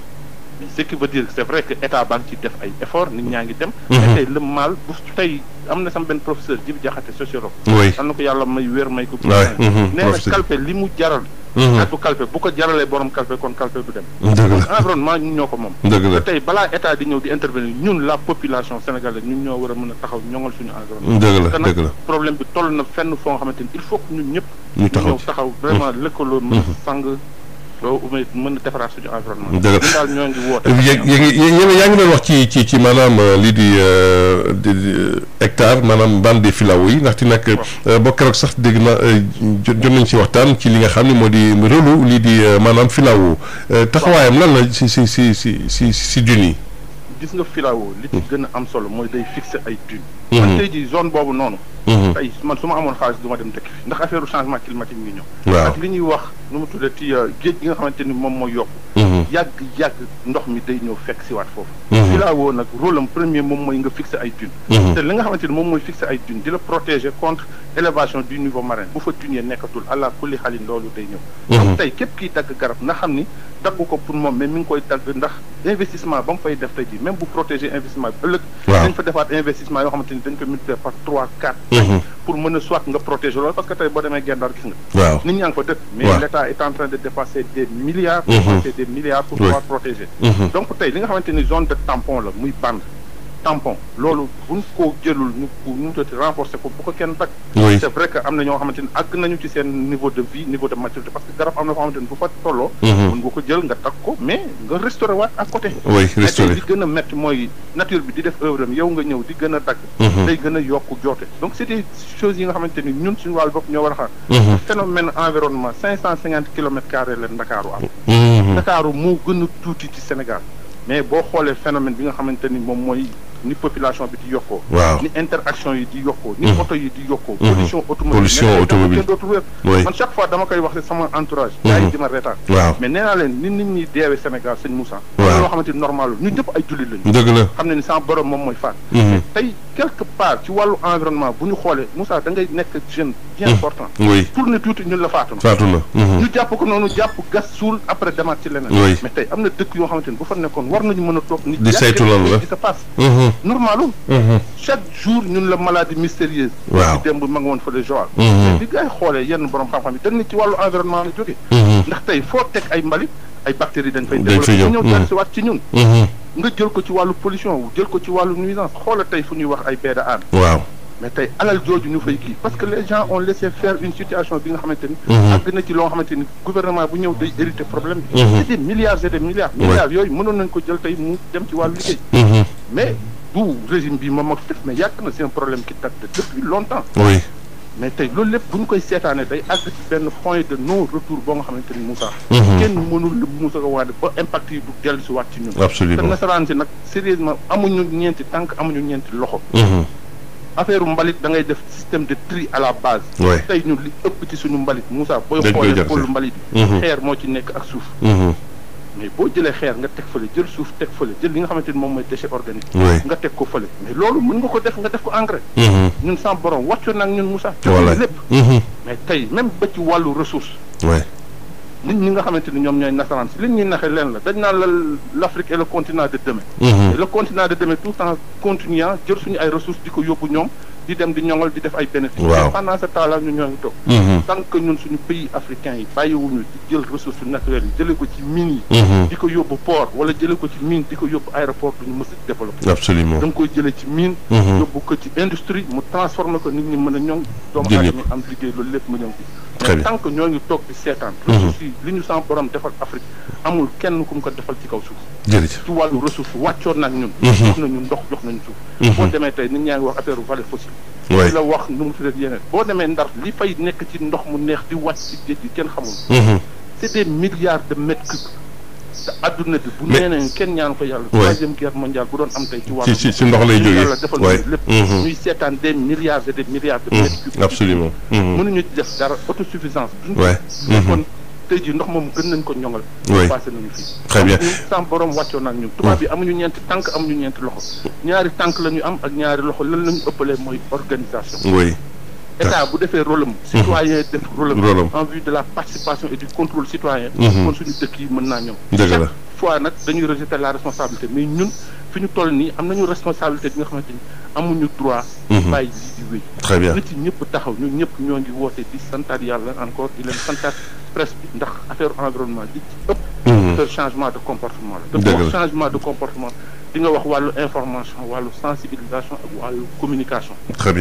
mais ce qui veut dire que c' vrai que état baa ngi ciy def ay effort nit ñaa ngi dem. mais tey le mal bu tey am na sama benn professeur Djibi Diakhaté sociologue. oui am na ko yàlla may wér ko. waay nee Mhm. ak bu calfe bu ko jaralee borom calfe kon calfe du dem environnement ñun ñoo ko moom te tey balaa état di ñëw di intervenir ñun la population sénégalaise ñun ñoo war a mën a taxaw ñoŋal suñu environnement te nag problème bi toll na fenn foo nga ni il faut que ñun ñëpp ñu ñëw taxaw vraiment mhm. lëkkaloo mën a mhm. doo umay mën a defaraat suñu environnement. dëgg la daal ngi woote. yaa ngi doon wax ci ci ci maanaam euh, lii euh, di hectare maanaam bande de filaos yi ndaxte nag. Euh, ba keroog sax dégg na jot nañ ci waxtaan ci li nga xam ne moo di rôle lii di maanaam filao taxawaayam lan la si si si si si si dunes yi. gis nga filao li hmm. gën a am solo mooy day fixer ay dunes. man mhm. tey jii zone boobu noonu mhm. tey su ma amoon xaalis du ma dem dëkk fi ndax affaire changement climatique ngi ñëw ak li ñuy wax nu mu tuddee ci euh, géej gi nga xamante ni moom mooy yokk mhm. yàgg mi day fekk si waat foofu fi laa woo nag rôle am premier moom mooy nga te li nga xamante ni moom mooy fixer ay dunes di la protéger contre élévation du niveau marin bu fa dunee nekkatul àla kulli xalin loolu day ñëw am tey képp kiy dagg garab na xam ni dagg ko pour moom mais mi ngi koy dagg ndax investissement ba mu fay def tey ji bu ni dañ ko multiplier par trois quatre. Mhm. pour mën a soit nga protéger loolu parce que tey boo demee Gendar gis nga. waaw nit ñi dëkk. mais l' est en train de dépasser des milliards. Mhm. des milliards pour pouvoir protéger. Mhm. donc tey li nga xamante ni zone de tampon la muy bande. tampon loolu buñ ko jëlul ñu ñu toti renforcer ko bu ko kenn takk c'est vrai am na ñoo xamante ni nañu ci seen niveau de vie niveau de maturité parce que garab am na foo xamante ni bu fa tolloo mhm. mën nga ko jël nga takk ko mais nga restaurer waat à bi di def nga ñëw di gën a dagg mhm. day a yokk joote donc c'est des choses yi nga xamante ni ñun suñu wàllu bopp ñoo war a xam mhm. phénomène environnement cinq cent cinquante kilomètres carrés la Ndakaaru am Ndakaaru moo gën a tuuti ci Sénégal mais boo xoolee phénomène bi nga xamante ni moom mooy ni population bi di yokkoo. ni interaction yi di yokkoo. ni mm-hmm. oto yi di yokkoo. Mm-hmm. pollution automobile man chaque fois dama koy wax sama entourage. gars mm-hmm. di ma reetaan. waaw mais nee naa leen ni nit ñi deewee Sénégal sëñ Moussa. waaw loo xamante ni normal ñu ñëpp ay jullit lañu. dëgg la xam ne ni sama borom moom mooy faat. tey quelque part ci wàllu environnement bu ñu xoolee Moussa da nekk jeune. bien important. oui pour ne tuuti ñun la faatu na. ñu jàpp a normalul mhm. chaque jour ñun la maladie mystérieuse waaw dem bu ma nga woon fa de Joal mhm. mais bi ngay xoolee yenn borom xam-xam yi dañ ne ci wàllu environnement la jógee mhm. ndax tey foo teg ay mbalit ay bactéries dañ fay développé ñëw dellusi waat ci ñun nga jël ko ci wàllu pollution jël ko ci wàllu nuisance xoola tey fu ñuy wax ay baie de Hann waaw mais tey alal jooju ñu fay kii parce que les gens ont laissé faire une situation bi nga xamante ni àgg na ci loo nga xamante ni gouvernement bu ñëw day hérité problème bi c'est des milliards et des milliards jël tey mu dem ci wàllu du régime bi moom ak def mais yàgg na c'est un problème qui date de depuis longtemps. oui mais tey loolu lépp bu ñu koy seetaanee day àgg ci benn point de non retour boo nga xamante ni Moussa. Mhm. kenn mënul lu Moussa ko wax ba impact yi du dellu si waat ci ñun. absolument te nasaraan si nag sérieusement amuñu ñeenti tànk amuñu ñeenti loxo. Mhm. affaire mbalit da def système de tri à la base. tey ñun li ëpp ci suñu mbalit Moussa. booy xoolee xool mbalit. Mhm. xeer moo ci nekk ak suuf. mais boo jëlee xeer nga teg fële jël suuf teg fële jël li nga xamante moom mooy déchet organique nga teg ko fële mais loolu mën nga ko def nga def ko engrais mhm. ñun sans borom wàccu nag ñun Moussa coxi lépp mhm. mais tey même ba ci wàllu ressource nit ñi nga xamante ni ñoom ñooy nasaraan si li ñuy naxee leen la dañ naan la l'Afrique est le continent de demain mhm. le continent de demain tout en continuant jël suñu ay ressources di ko yóbbu ñoom di dem di ñoŋol di def ay bénéfice waaw pendant ce temps là ñu ñoo ngi toog mm-hmm. tant que ñun suñu pays africain yi bàyyiwuñu di jël ressources naturelles yi jële ko ci mine yi mm-hmm. di ko yóbbu port wala jële ko ci mine di ko yóbbu aéroport duñu mës a développé absolument da koy jële ci mine mm-hmm. yóbbu ko ci industrie mu transformer ko nit ñi mën a ñoŋ doomu aadama am liggéey loolu lépp mu ñoŋ mais ñoo ngi toog di seetaan ressources yi li ñu sans defal Afrique amul kenn ku mu ko defal ci kaw suuf jërëjëf ci wàllu ressource wàccoon nag ñun mhm. jox nañu ndox jox nañu suuf mhm. boo demee tey nit ñaa ngi wax affaire vallée fossile la wax nu mu tuddee yeneen boo demee ndar li fay nekk ci ndox mu neex di wàcc ci géej kenn xamul mhm. c'est des milliards de mètres cubes te adduna bi bu nee nañ kenn ñaan ko yàlla troisième guerre mondiale bu doon am tey ci wàllu ci ndox lay jógee ñuy seetaan des milliards et milliards de mètres cubes absolument mënuñu ci def dara autosuffisance tey jii ndox moom gën nañ ko ñoŋal. oui passé nañu fii. très bien sam borom wàccoon na ak ñun. tubaab bi hmm. ñeenti tànk amuñu ñeenti loxo. ñaari tànk la am ak ñaari loxo lan la ëppalee mooy organisation. oui. bu defee rôle am. Hmm. citoyen def rôle am. de la participation et du contrôle citoyen. Hmm. kon suñu dëkk yi mën naa ñëw. fois nag dañuy rejeter la responsabilité mais ñun. fi ñu toll nii am nañu responsabilité bi nga xamante ni amuñu droit. Mhm. bàyyi ji di wéy. nit ñi ñëpp taxaw ñu ñëpp ñoo ngi woote di santaat yàlla encore di leen santaat presse bi ndax affaire environnement bi ci ëpp. Mhm. affaire changement de comportement la. dëgg changement de comportement di nga wax wàllu information wàllu sensibilisation ak wàllu communication. très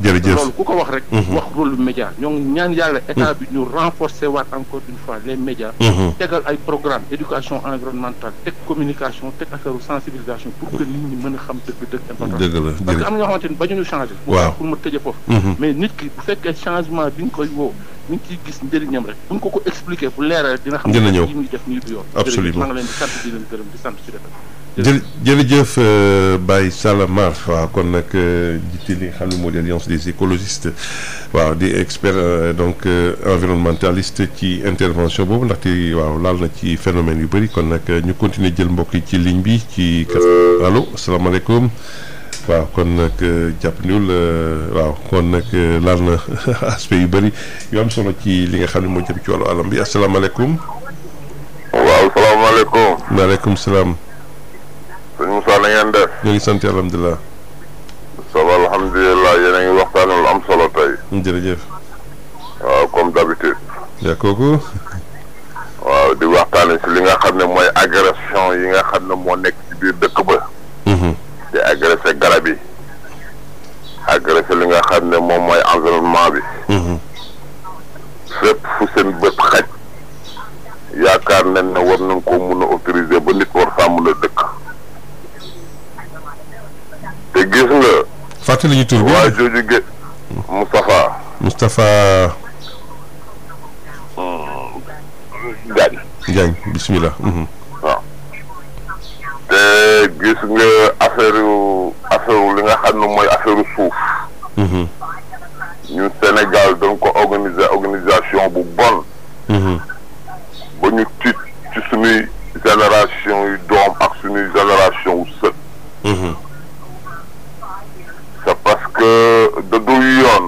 jërëjëf loolu ku ko wax rek. Mhm. wax rôle lu média ñoo ngi ñaan yàlla mhm. état bi ñu renforcer waat encore une fois les médias. Mhm. tegal ay programme éducation environnementale teg communication teg affaire sensibilisation pour que nit ñi mën a xam dëgg dëgg importance. dëgg la parce que am na ñoo xamante ni ba ñu ñu changé. waaw pour nit ki bu fekkee changement bi ñu koy woo. ñu ngi ciy gis njëriñam rek bu ñu ko ko expliquer bu leeral dina xam. dina ñëw li muy def ngi leen di gërëm di sant ci defal. jërëjëf jërëjëf euh, Baye Salamar waaw kon nag euh, jiite li nga xam ne moo di alliance des écologistes waaw di expert euh, donc environnementaliste ci intervention boobu ndaxte waaw laal na ci phénomène yu bëri kon nag ñu continuer jël mbokk yi ci ligne bi ci. allo asalaamaaleykum. waaw kon nag jàpp waaw kon nag laal na aspect yu bëri yu am ci li nga xam ne moo jëm ci wàllu alam bi asalaamaaleykum. waaw salaamaaleykum. maaleykum salaam. sëñ Moussa na ngeen def. ñu ngi sant yàlla ngi waxtaan lu am solo tey. jërëjëf. waaw comme d'habitude. yaa kooku. waaw di waxtaanee si li nga xam ne mooy agression yi nga xam ne moo nekk ci biir dëkk ba. Mhm. di agressé garab yi. agressé li nga xam ne moom mooy environnement bi. Mhm. fépp fu seen bët xaj. yaakaar nañ ne war nañ ko mun a autoriser ba nit war faa mun a dëkk. gis nga. fàttali ñu tur bi waa jooju gé Moustapha. Moustapha. Hmm. Diagne. Hmm. gis nga affaire yu affaire yu li nga xam ne mooy affaire suuf. Hmm. ñun Sénégal dañ ko organiser bu bon. ba ñu tiit ci suñuy génération yu doom ak suñuy génération wu sët. da dul yoon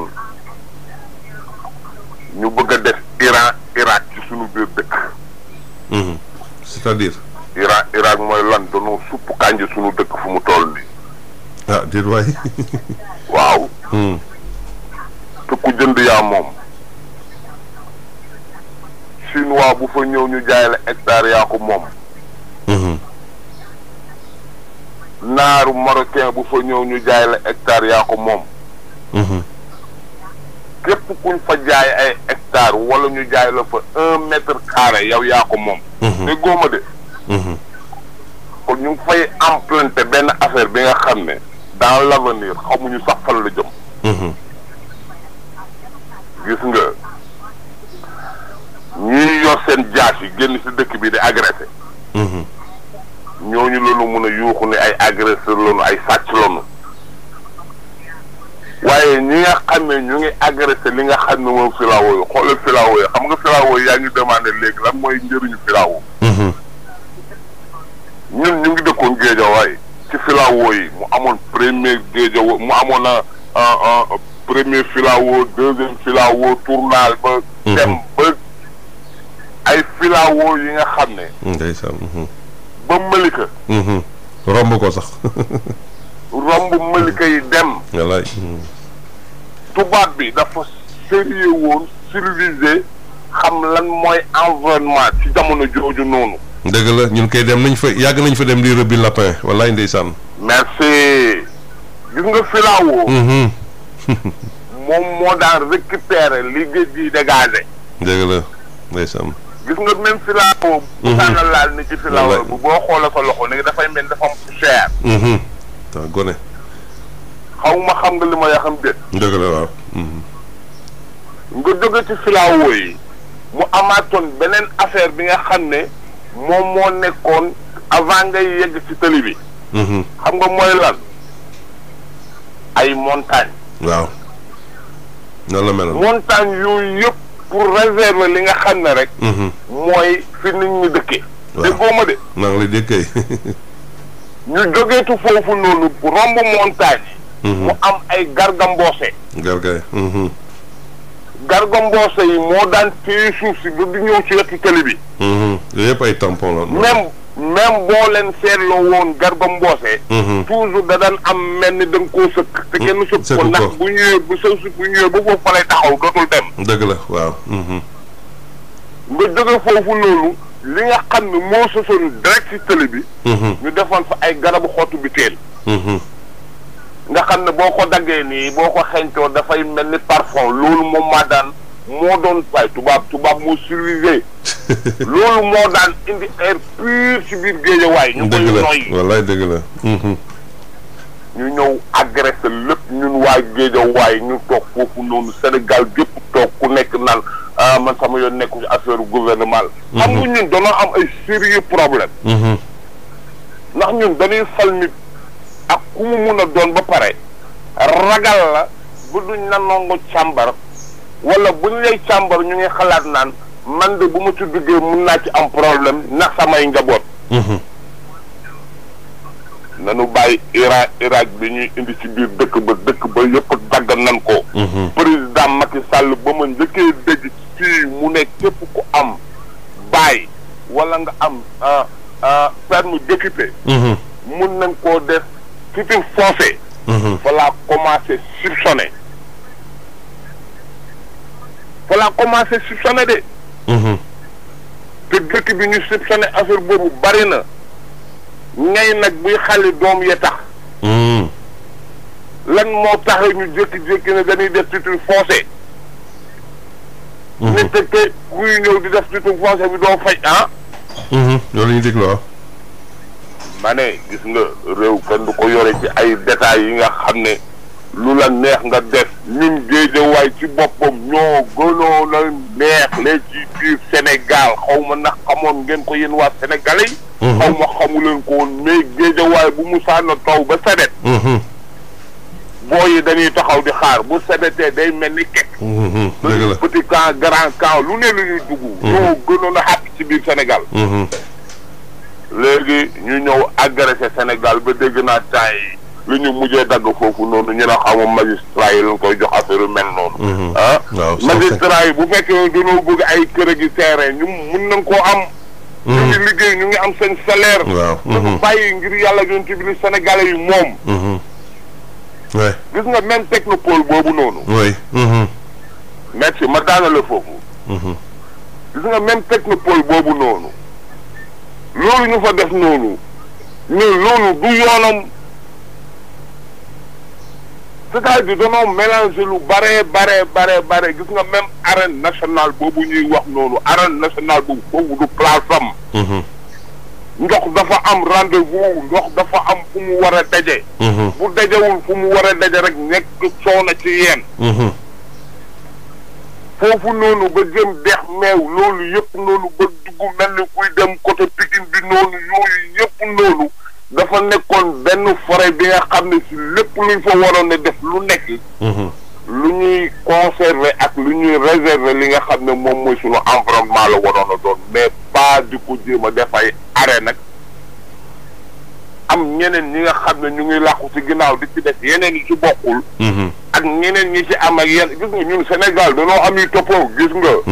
ñu bëgg a def Iran Irak ci suñu biir dëkk. Mhm. c'est-à-dire. Iran Irak mooy lan dañoo supp kànja suñu dëkk fu toll nii. ah déet waay. waaw. Mhm. te ku jënd yaa moom. chinois bu fa ñëw ñu jaay la hectare yaa ko moom. naaru marocain bu fa ñëw ñu jaay la hectare yaa ko moom mhm. képp kuñ fa jaay ay hectare wala ñu jaay la fa un mètre carré yow yaa ko moom te mhm. góoma de mhm. kon ñu ngi fay emprunté benn affaire bi nga xam ne dans l'avenir xamuñu sax la jëm gis nga ñuy yor seen jaas yi génn ci dëkk bi di agressé ñooñu la ñu mun a yuuxu ne ay agresseur lanu ay sàcc lanu waaye ñi nga xam ne ñu ngi agressé li nga xam ne moom filaawo yi xoolal xam nga filaawo yi yaa ngi demandé léegi lan mooy njëriñu filaawo mhm. ñun ñu ngi dëkkoon géejawaay ci filaawo mu amoon premier géejawa mu amoon na ah, ah, premier filaawo deuxième filaawo tournal ba mhm. dem ba ay filaawo yi nga xam ne mhm. ba Malika. Mhm. romb ko sax. romb Malika yi dem. wallaay. tubaab bi dafa sérieux woon civilisé xam lan mooy environnement ci jamono jooju noonu. dëgg la ñun koy dem nañ fa yàgg nañ fa dem di rëbbi lapin wallaay ndeysaan. merci. gis nga filawoo. Mhm. moom moo daan récupérer li géej gi dégagé. dëgg la gis nga même filao mhm. bu tàngal laal ni ci filao bu boo xoolee sa loxoo léegi dafay mel dafa am cher mhm. gone xaw xam nga li ma yaa xam dét la waaw mhm. nga jóge ci filao yi mu amaatoon beneen affaire bi nga xam ne moom moo nekkoon avant ngay yegg ci tëli bi xam nga mooy lan ay montagne waaw noonu la meloon montagne yooyu yëpp pour réserver li nga xam ne rek. Mhm. mooy fi nit ñi dëkkee. waaw déggoo ma de. maa ngi lay dëkkee. ñu jógeetu foofu noonu romb montagne. Mhm. mu am ay gargamboose. garga. Mhm. gargamboose yi moo daan téye suuf si ba ñëw ci wetu télé bi. yëpp ay tampon la. même même boo leen seetloo woon Garga Mbossé. Mhm. toujours da daan am mel ni da nga koo sëkk. te kenn mhm. sëkk ko ndax bu ñëwee bu sëw si bu ñëwee ba foofu dëgg la waaw. Mhm. nga jóge loolu li nga xam ne moo sosoon direct ci télé bi. ñu defoon fa ay garabu xottu bi teel. nga xam ne boo ko daggee nii boo ko xeeñtoo dafay mel ni parfum loolu moom maa daan. moo doon waay tubaab tubaab moo survivé loolu moo daan indi air pur ci biir géejawaay ñu koy noyyi wallaay dëgg la mhm. ñu ñëw agressé lépp ñun waa géejawaay ñu toog foofu noonu Sénégal gépp toog ku nekk naan ah, man sama yoon nekku affaire gouvernement la mhm. xam nga ñun danoo am ay sérieux problème mhm. ndax ñun dañuy fal nit ak ku mu mun a doon ba pare ragal la bu duñ na nongo càmbar wala bu ñu lay càmbar ñu ngi xalaat naan man de bu ma ci duggee mun naa ci am problème ndax samay njaboot. Mhm. nanu bàyyi Iran Irak bi ñuy indi ci biir dëkk ba dëkk ba yëpp dagg nan ko. Mhm. président Macky Sall ba ma njëkkee dégg fii mu ne képp ku am bàyyi wala nga am permis ah, ah, d'occuper. Mhm. mun nañ koo def titre foncier. fa laa commencé fa laa commencé soupçonné de. Mhm. te dëkk bi ñu soupçonné affaire boobu bari na. ñay nag buy xale doom ya tax. Mhm. lan moo tax ñu jékki-jékki ne dañuy def titre foncé. ne te te kuy ñëw di def titre foncé bi doo faj ah. Mhm. loolu ñu déglu ah. gis nga réew kenn du ko yore ci ay détails yi nga xam ne. lu la neex nga def ñun géejawaay ci boppam ñoo gënoon a neex le ci biir Sénégal xaw ma ndax xamoon ngeen ko yéen waa sénégalais yi mhm. xamu leen ko woon mais géejawaay bu mu saana taw ba sabet mhm. booy yi dañuy taxaw di xaar bu sebetee day mel ni kekk mhm. dañuy petit camp grand camp lu ne lu ñuy dugg ñoo gënoon a xàpp ci biir Sénégal léegi ñu ñëw agressé Sénégal ba dégg naa temps yi lu ñu mujjee dagg foofu noonu ñu ne xaw ma magistrat yi lañ koy jox affaire yu mel noonu. Mhm. ah yi bu fekkee dañoo bëgg ay kër gi terrain ñu mun nañ koo am. Mhm. ñu ngi liggéey ñu ngi am seen salaire. waaw dafa mhm. bàyyi ngir yàlla yonent bi li Sénégalais yi moom. oui gis nga même technopole boobu noonu. oui. merci ma daanale foofu. gis nga même technopole boobu noonu. loolu ñu fa def noonu. mais loolu du yoonam. c'est-à-dire dañoo mélanger lu bare bare bare bare gis nga même arène nationale boobu ñuy wax noonu arène nationale boobu boobu du place mhm. ndox dafa am rendez-vous ndox dafa am fu mu war a daje. Mhm. bu dajewul fu mu war a daje rek nekk coono ci yeen mhm. foofu noonu ba jëm dex meew loolu yëpp noonu ba dugg mel ni kuy dem côté Pikine bi noonu yooyu yëpp noonu. dafa nekkoon benn forêt bi nga xam ne si lépp luñ fa waroon a def lu nekk. Mhm. lu ñuy conserver ak lu ñuy réserver li nga xam ne moom mooy suñu environnement la waroon a doon mais pas di ko jéem a def ay arrêt nag. am ñeneen ñi nga xam ne ñu ngi làqu ci ginnaaw di ci def yeneen yi ci bokkul. Mhm. ak ñeneen ñi ci am ak yenn gis nga ñun Sénégal dañoo am yu toppoo gis nga.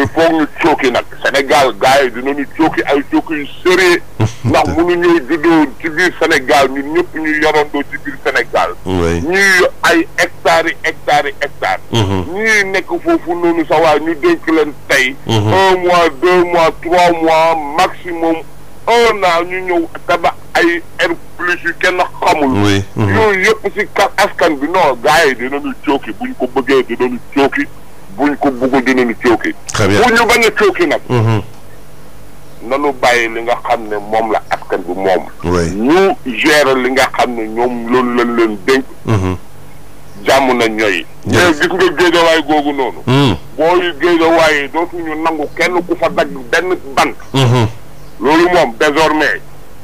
il faut cooki nag Sénégal gars yi dinañu cooki ay cooki yu sérieux. ndax mënuñoo juddoo ci biir senegal ñun ñëpp ñu yorandoo ci biir Sénégal. ñuy ay hectares yi hectares yi hectares. Mhm. ñuy nekk foofu noonu sax waaye ñu dénk leen tey. Mhm. un mois deux mois trois mois maximum. un naa ñu ñëw tabax ay air plus yu kenn xamul. yooyu yëpp si askan bi non gars yi dinañu cooki buñ ko bëggee dinañu cooki buñ ko bëggul dinañu cooki. très ñu bañ a cooki nag. Mhm. nanu bàyyi li nga xam ne moom la askan bi moom. ñu gérer li nga xam ne ñoom loolu lañ leen dénk. Mhm. jàmm na ñooy. mais gis nga géejawaay googu noonu. Mhm. booy géejawaay dootuñu nangu kenn ku fa dagg benn bant. loolu moom désormais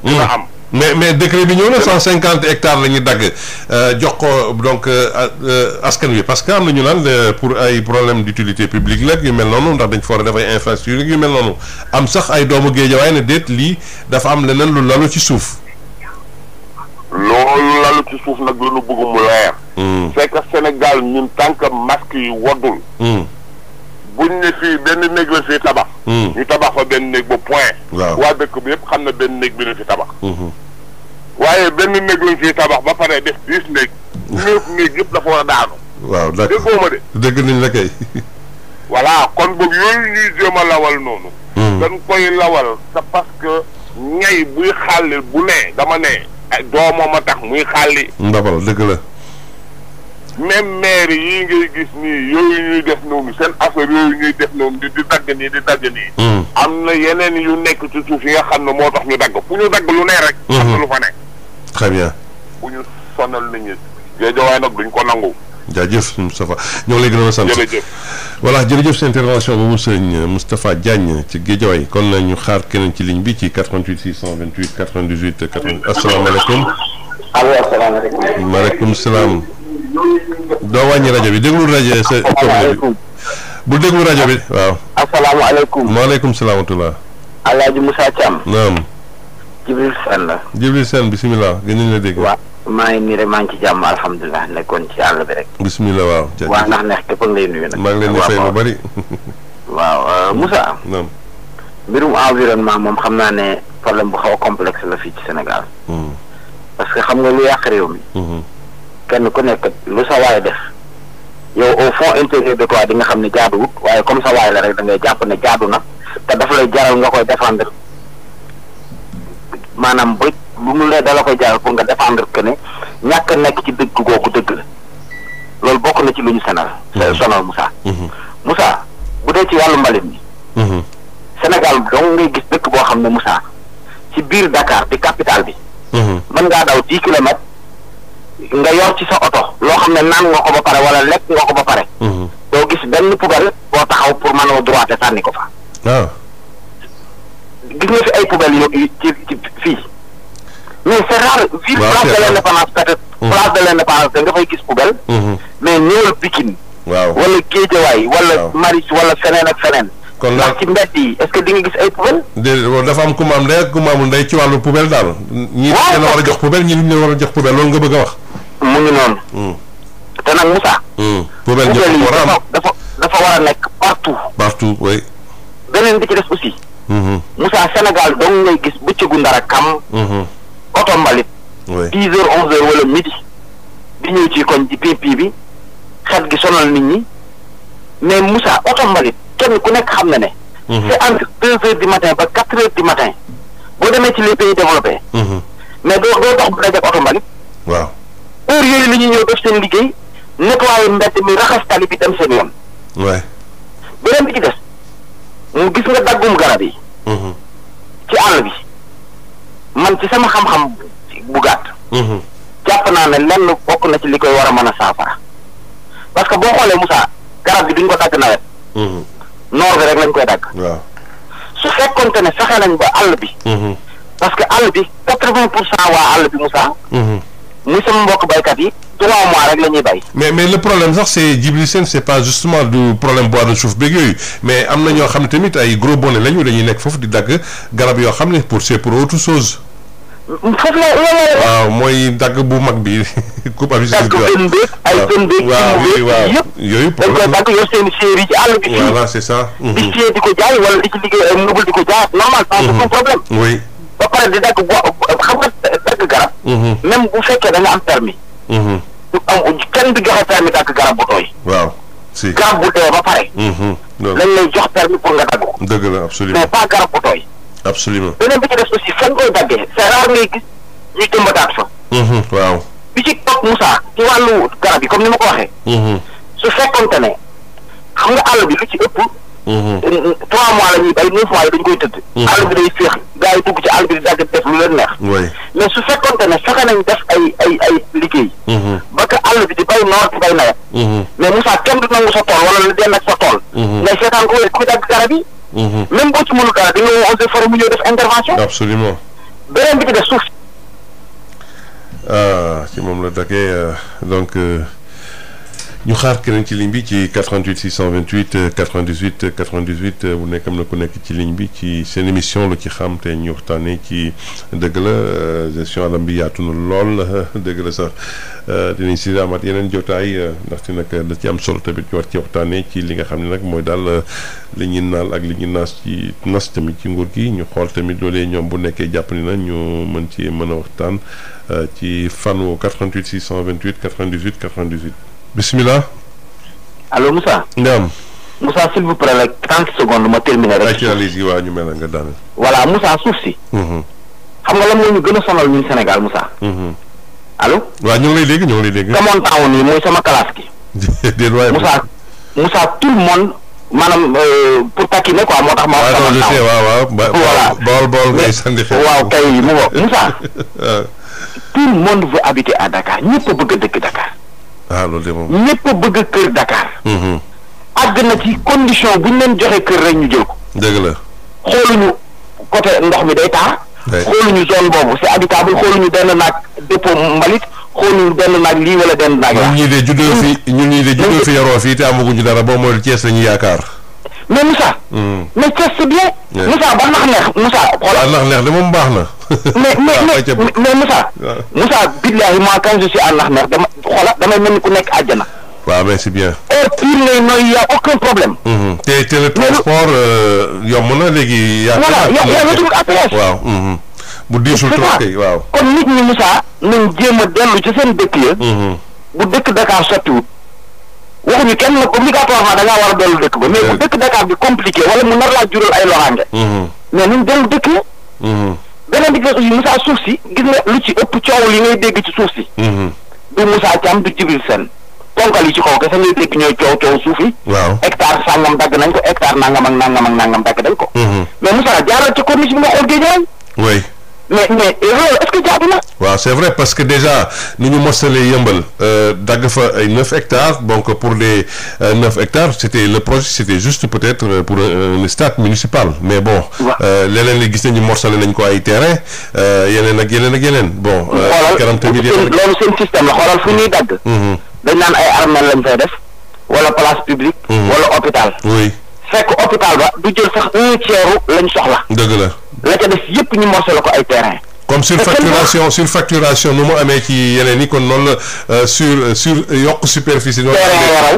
hmm. dina am mais mais décret bi ñëw na cent cinquante hectares la ñuy dagg euh, jox ko donc euh, euh, askan wi parce que am na ñu naan pour ay problème d'utilité piblique la yu mel noonu ndax dañ fa war a def ay yu mel noonu am sax ay doomu waaye ne déet lii dafa am leneen lu lalu ci suuf loolu lalu ci suuf nag lu nu bëgg mu leer hmm. c'est que Sénégal ñun tant que yi woddul hmm. buñ ne fii benn néeg la fii tabax. Hmm. ñu tabax fa benn néeg ba point. waaw waa dëkk bi yëpp xam na benn néeg bi la fi tabax. Hmm. waaye benn néeg lañ fii tabax ba pare def dix néeg. neuf néeg yëpp dafa war a daanu. waaw d' accord déggoo ma de. dégg nañ la kay. voilà kon boobu yooyu ñuy jéem a lawal noonu. Hmm. dañ koy lawal c'est parce que ñay buy xàlli bu ne dama ne. ay doomam a tax muy xàlli. ndabal dëgg la. même maire yi ngay gis nii yooyu ñuy def noonu seen affaire yooyu ñuy def noonu di di dagg nii di dagg nii. Hmm. am na yeneen yu nekk ci suuf yi nga xam ne moo tax ñu dagg fu ñu dagg lu ne rek. Hmm. am na lu fa nekk. très bien. bu ñu sonal nit ñi. géejawaay nag duñ ko nangu. jaajëf Moustapha ñoo ngi lay gërëm a sant jërëjëf. voilà jërëjëf seen intervention boobu sëñ Moustapha Diagne ci Géejawaay kon la ñu xaar keneen ci ligne bi ci 88 628 98 98 asalaamaaleykum. allo asalaamaaleykum. maaleykum salaam. doo wàññi rajo bi déglul rajo sa bi bu rajo bi waaw. asalaamaaleykum. maaleykum salaam wa rahmatulah. El Hadj Moussa naam. Jibril Sène la. Jibril Sène bismillah gën nañ la dégg. maa ngi nii rek maa ngi ci jàmm alhamdulilah nekkoon ci àll bi rek. bisimilah waaw. waaw ndax neex képp nga maa ngi leen di bari. waaw euh, Moussa. naam. mbirum environnement moom xam naa ne problème bu xaw a complexe la fii ci Sénégal. Hmm. parce que xam nga lu yàq réew kenn ku nekk lu sa waay def yow au fond intérieur de toi di nga xam ne jaaduwut waaye comme sa waay la rek da ngay jàpp ne jaadu na te dafa lay jaral nga koy défendre maanaam ba lu mu lay dala koy jaral pour nga défendre que ne ñàkk nekk ci dëgg googu dëgg la loolu bokk na ci lu ñu sonal. Mhm. sonal Moussa. musa mhm. bu dee ci wàllu mbalit mi. Mhm. Sénégal dong ngay gis dëkk boo xam ne Moussa ci biir Dakar di capitale bi. mën ngaa daw dix kilomètres. nga yor ci sa oto loo xam ne naan nga ko ba pare wala lekk nga ko ba pare. Mhm. doo gis benn poubelle boo taxaw pour mën a droité sànni ko fa. waaw. Ah. gis nga fi ay poubelles yu ci ci fii. mais c'est rare. ville place de l'indépendance peut-être. Mhm. place de l'indépendance da nga fay gis poubelle. Mhm. mais ñëwal Pikine. waaw wala Géejawaay wala Maris wala feneen ak feneen. kon daal ci mbedd yi est-ce que di nga gis ay poubelle. déedéet dafa am ku ma am ku ma amul ci wàllu poubelle daal. ñii dañ war a jox poubelle ñii dañ leen war a jox a wax. mu ngi noonu. Hmm. te nag Moussa. Hmm. dafa dafa war a nekk partout. partout oui. beneen bi ci des aussi. Hmm. Moussa Sénégal dong ngay gis bëccëgu ndara kam. oto mbalit. oui dix heures onze heures wala midi. di ñëw ci koñ ci pipi bi xet gi sonal nit ñi mais Moussa oto mbalit kenn ku nekk xam ne ne. c'est entre deux heures du matin ba quatre heures du matin boo demee ci les pays développés. mais doo doo bu dajek oto waaw. heure yooyu la ñuy ñëw def seen liggéey nettoyé mbedd mi raxas tali bi dem seen yoon. waay beneen bi ci des mu gis nga daggum garab yi. Mhm. ci àll bi man ci sama xam-xam bu gàtt. Mhm. jàpp naa ne lenn bokk na ci li koy war a mën a saafara parce que boo xoolee musaa garab gi duñ ko dagg nawet. Mhm. noor bi rek lañ koy dagg. waaw su fekkonte ne fexe nañ ba àll bi. parce àll bi quatre-vingt pour cent waa àll bi Moussa. muy sama mbokk baykat yi trois mois rek la ñuy bay. mais mais le problème sax c'est Djibril Sène c'est pas justement du problème bois de suuf beeg mais am na ñoo xam ne tamit ay gros la lañu dañuy nekk foofu di dagg garab yoo xam ne pour c'est pour autre chose. foofu la loolu waaw mooy dagg bu mag bi coupe avisé. bi ay tën beeg. waaw waaw yëpp yooyu problème dañ koy dagg yor seen séeri ci àll bi. voilà c'est mhm. di séer di ko wala di ci liggéey ay di ko mhm. di dagg bo xam nga. dagg garab. Mhm. même bu fekkee da nga am permis. Mhm. du am kenn du joxe permis dagg garab bu tooy. waaw si garab bu dee ba pare. Mhm, lañ lay jox permis pour nga dagg ko. dëgg la absolument mais pas garab bu tooy. absolument beneen bi ci des aussi fan koy daggee c'est rare ngay gis ñuy jëmbataat fa. waaw bi ci topp Moussa ci wàllu garab yi comme ni ma ko waxee. su fekkonte ne xam nga àll bi lu ci ëpp. trois mois la ñuy bay neuf mois yi dañ koy tëdd. àll bi day féex gars yi dugg ci àll bi di dagg def lu leen neex. mais su fekkonte ne fexe nañ def ay ay ay liggéey. ba que àll bi di bay noor di bay nawet. mais Moussa kenn du nangu sa tool wala la den ak sa tool. mais seetaan ko kuy dagg garab yi. même boo ci mënu dara di nga woo eaux et forêt mu ñëw def intervention. absolument beneen bi ci def suuf. ah ci moom la daggee euh, donc. Euh, ñu xaar keneen ci ligne bi ci 88 628 98 98 bu nekk am na ku nekk ci ligne bi ci seen émission lu ci xam te ñu waxtaanee ci dëgg la euh, gestion alam bi yaatu na lool dëgg la sax euh, dinañ si amaat yeneen jotaay euh, ndaxte nag da ci am solo tamit ñu war ci waxtaanee ci li nga xam ne nag mooy daal li ñu naal ak li ñu naas ci nas tamit ci nguur gi ñu xool tamit loolee ñoom bu nekkee jàpp ni na ñu mën ci mën a waxtaan ci fan woo 88 628 98 98. bisimilah. allo Moussa. Naam. Moussa s'il vous plaît rek trente secondes ma terminer rek. ayca allez-y ñu mel nga daaneel. voilà Moussa suuf mhm. xam nga la moo ñu gën a sonal ñun Sénégal Moussa. Mhm. allo. waaw ñu ngi lay léegi ñu ngi lay dégg. kamoon taxaw nii mooy sama classe gi. déedéet waaye Moussa Moussa tout le monde maanaam euh, pour taquiner quoi moo tax. ma wax kamoon taxaw waaw waaw bool bool ngay sandi xeet waaw kay mu bokk ah. tout le monde veut habiter à Dakar ñëpp bëgg a dëkk Dakar. waaw ah, loolu de moom ñëpp bëgg kër Dakar. agg mm-hmm. na ci condition bu ñu leen joxe kër rek ñu jël ko. dégg la xooluñu côté ndox mi day taa. ñu doon boobu c'est habitable xooluñu benn naag dépôt mbalit xooluñu benn naag lii wala benn naag. ñun ñii de juddoo fi ñun ñii de juddoo fi yaroo fii te amaguñu dara boo mooy Thiès la yaakaar. mais Moussa. Hmm. mais Thiès c'est bien. Moussa ba nax neex Moussa xoolal. nax neex de moom baax na. mais mais mais Moussa. Moussa billahi moi quand je suis à nax neex dama xoolal damay mel ku nekk àjjana. waaw mais c'est bien. heure pire ngay nooy y' a aucun problème. Hmm. te te le transport euh, yomb na léegi. yaa ngi waaw hmm. bu diisul trop waaw. kon nit ñi Moussa nañ jéem a dellu ci seen dëkk ya. bu dëkk Dakar sottiwut. waxuñu kenn obligatoirement da ngaa war a dellu dëkk ba mais bu dëkk Dakar bi compliqué wala mu nar laa jural ay loxaange mm-hmm. mais nañ dellu dëkk ya mm-hmm. beneen bi ci des aussi suuf si gis nga lu ci ëpp coow dégg ci suuf si mm-hmm. du Moussa Thiam du Jibril Sène tonkal yi ci kaw kese ngay dégg ñooy coow coow suuf yi waaw hectare sàngam dagg nañ ko hectare nangam ak nangam ak nangam dagg nañ ko mais Moussa jaaral ci corniche bi nga xool géej mais mais loolu est-ce que jaadu na. waaw c'est vrai parce que déjà nu ñu mosalee yëmbal euh, dagg fa ay neuf hectares donc pour les euh, neuf hectares c'était le projet c'était juste peut-être euh, pour un stade municipal mais bon. leneen li gis nañu morcelé nañ ko ay terrain yeneen ak yeneen ak yeneen. bon kanam tamit yeneen loolu seen système la xoolal fu ñuy mm-hmm. dagg. Mm-hmm. dañ naan ay armel lañ fay def wala place publique. Mm-hmm. wala hôpital. oui fekk hôpital ba du jël sax un tiers lañ soxla. dëgg la. la ca des yëpp ñu morcelé ko ay terrain. comme surfacturation surfacturation nu mu amee ci yeneen yi kon noonu la euh, sur euh, sur yokk superficie. noonu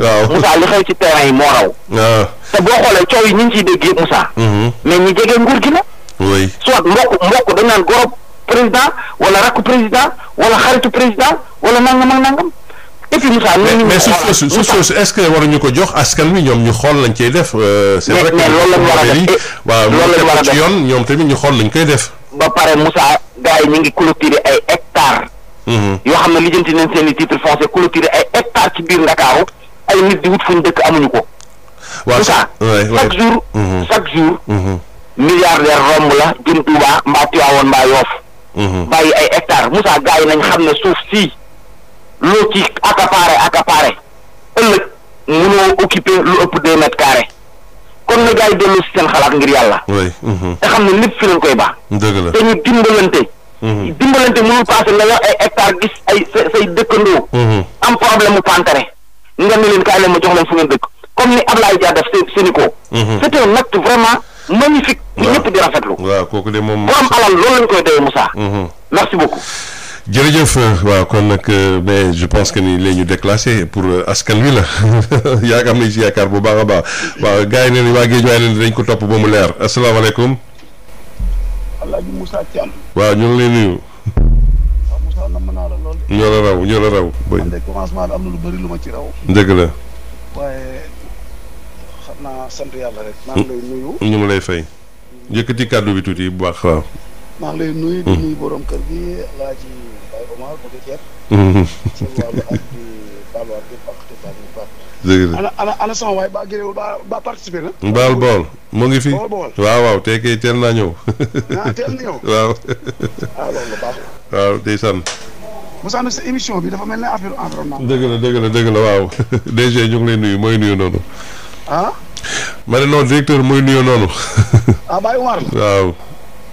waaw Moussa li xew ci yi moo raw. waaw ah. te boo xoolee coow yi ñu ngi ciy dégg yëpp Moussa. Mm-hmm. mais ñi jege nguur gi la. oui soit mbokk mbokk dañ naan gorob président wala rakku président wala xaritu président wala nangam ak mais suuf soosu est-ce que waruñu ko jox askan wi ñoom ñu xool lañ koy def. Euh, c'est vrai que waaw loolu la eh, ci yoon ñoom tamit ñu xool lañ koy def. ba pare Moussa gars yi ñu ngi clôturer ay hectares. Mm-hmm. yoo xam ne lijjanti nañ seen i titre foncier clôturer ay hectares ci biir Ndakaaru ay nit di wut fuñ dëkk amuñu ko. waaw chaque jour mm-hmm. chaque jour. Mm-hmm. milliardaire romb la jëm Touba mbaa Tivaouane mbaa Yoff. bàyyi ay hectares Moussa gars yi nañ xam ne suuf sii. loo ci accaparé accaparé ëllëg mënoo occupé lu ëpp deux mètres carrés kon na gars yi dellu si seen xalaat ngir yàlla. Mhm. te xam ne lépp fi lañ koy baax. la te ñu dimbalante. Mhm. dimbalante mënul passé nga yor ay hectare gis ay say say dëkkandoo. Mhm. am problème mu pantare nga ne leen kaay leen ma jox leen fu ngeen dëkk comme ni Ablaye Dia def seen seen ko. c'est un acte vraiment magnifique. waaw ñëpp di rafetlu. waaw kooku de moom. bu am alal loolu lañ koy doyee Moussa. merci beaucoup. jërëjëf waaw kon nag euh, mais je pense que nii léegi ñu déclassé pour euh, askan wi la yaakaar nañ si yaakaar bu baax a baax waaw gars yi nee nañ waa géej waaye dañ ko topp ba leer asalaamaaleykum. Alaaji Moussa Thiam. waaw ñu ngi lay nuyu. waaw Moussa naa la lool. ñoo raw ñoo la raw. man de am na lu bëri lu ma ci raw. dëgg la. waaye xam naa sant yàlla rek. ñu ngi lay fay. yëkkati kàddu bi tuuti bu baax maa ngi lay nuyu di hmm. mahal bëgg ceeb. ngi fi. waaw waaw tey kay teel naa ñëw. Ah, waaw. ah émission bi dafa mel ne affaire environnement. dëgg la dëgg la dëgg la waaw DG ñu ngi lay nuyu mooy nuyu noonu. ah. ma directeur mooy nuyu noonu. Ah, waaw.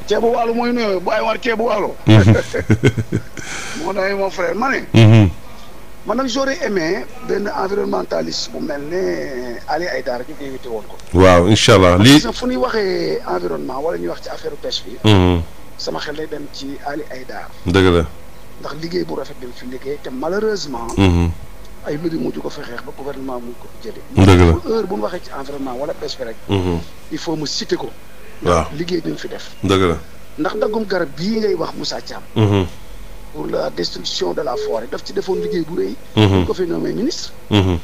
ceebu waalo mooy nuyoo bu ay war ceebu waalo. Mhm. moo tax mon frère ma ne. Mhm. man nag j'aurais aimé benn environnementaliste bu mel ne Ali Aydara ñu invité woon ko. waaw incha allah lii parce fu ñuy waxee environnement wala ñuy wax ci affaire pêche bi. Mhm. sama xel lay dem ci Ali Aydara. dëgg la. ndax liggéey bu rafet bi mu fi liggéey te malheureusement. ay lobby mu ko fexeex ba gouvernement mu ko jëlee. dëgg la heure bu ñu waxee ci environnement wala pêche bi rek. il faut mu citer ko. waaw liggéey bi fi def. la ndax daggum garab bii ngay wax Moussa Thiam. Mm-hmm. pour la destruction de la forêt daf ci defoon liggéey bu rëy. bu mm-hmm. ko fi ministre. Mm-hmm.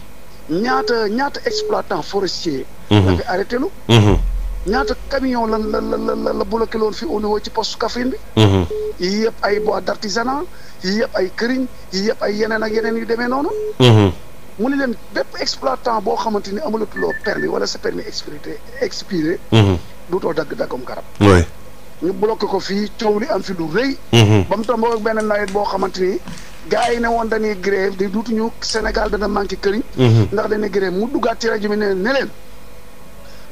ñaata ñaata exploitant forestier. da fi arrêté lu. ñaata camion la la la la la bloqué loon fi au niveau ci poste Kaffrine bi. yii yëpp ay bois d'artisanat yii yëpp ay këriñ yii yëpp ay yeneen ak yeneen yu demee noonu. mu ne leen bépp exploitant boo xamante ni amulatuloo permis wala sa permis expiré expiré. duutoo dagg daggum garab. ñu bloqué ko fii coow li am fi lu rëy. Mhm. ba mu tomboo benn nawet boo xamante ni gars yi ne woon dañuy grève di duutuñu Sénégal dana manqué këriñ. Mhm. ndax dañuy grève mu duggaat ci rajo bi ne ne leen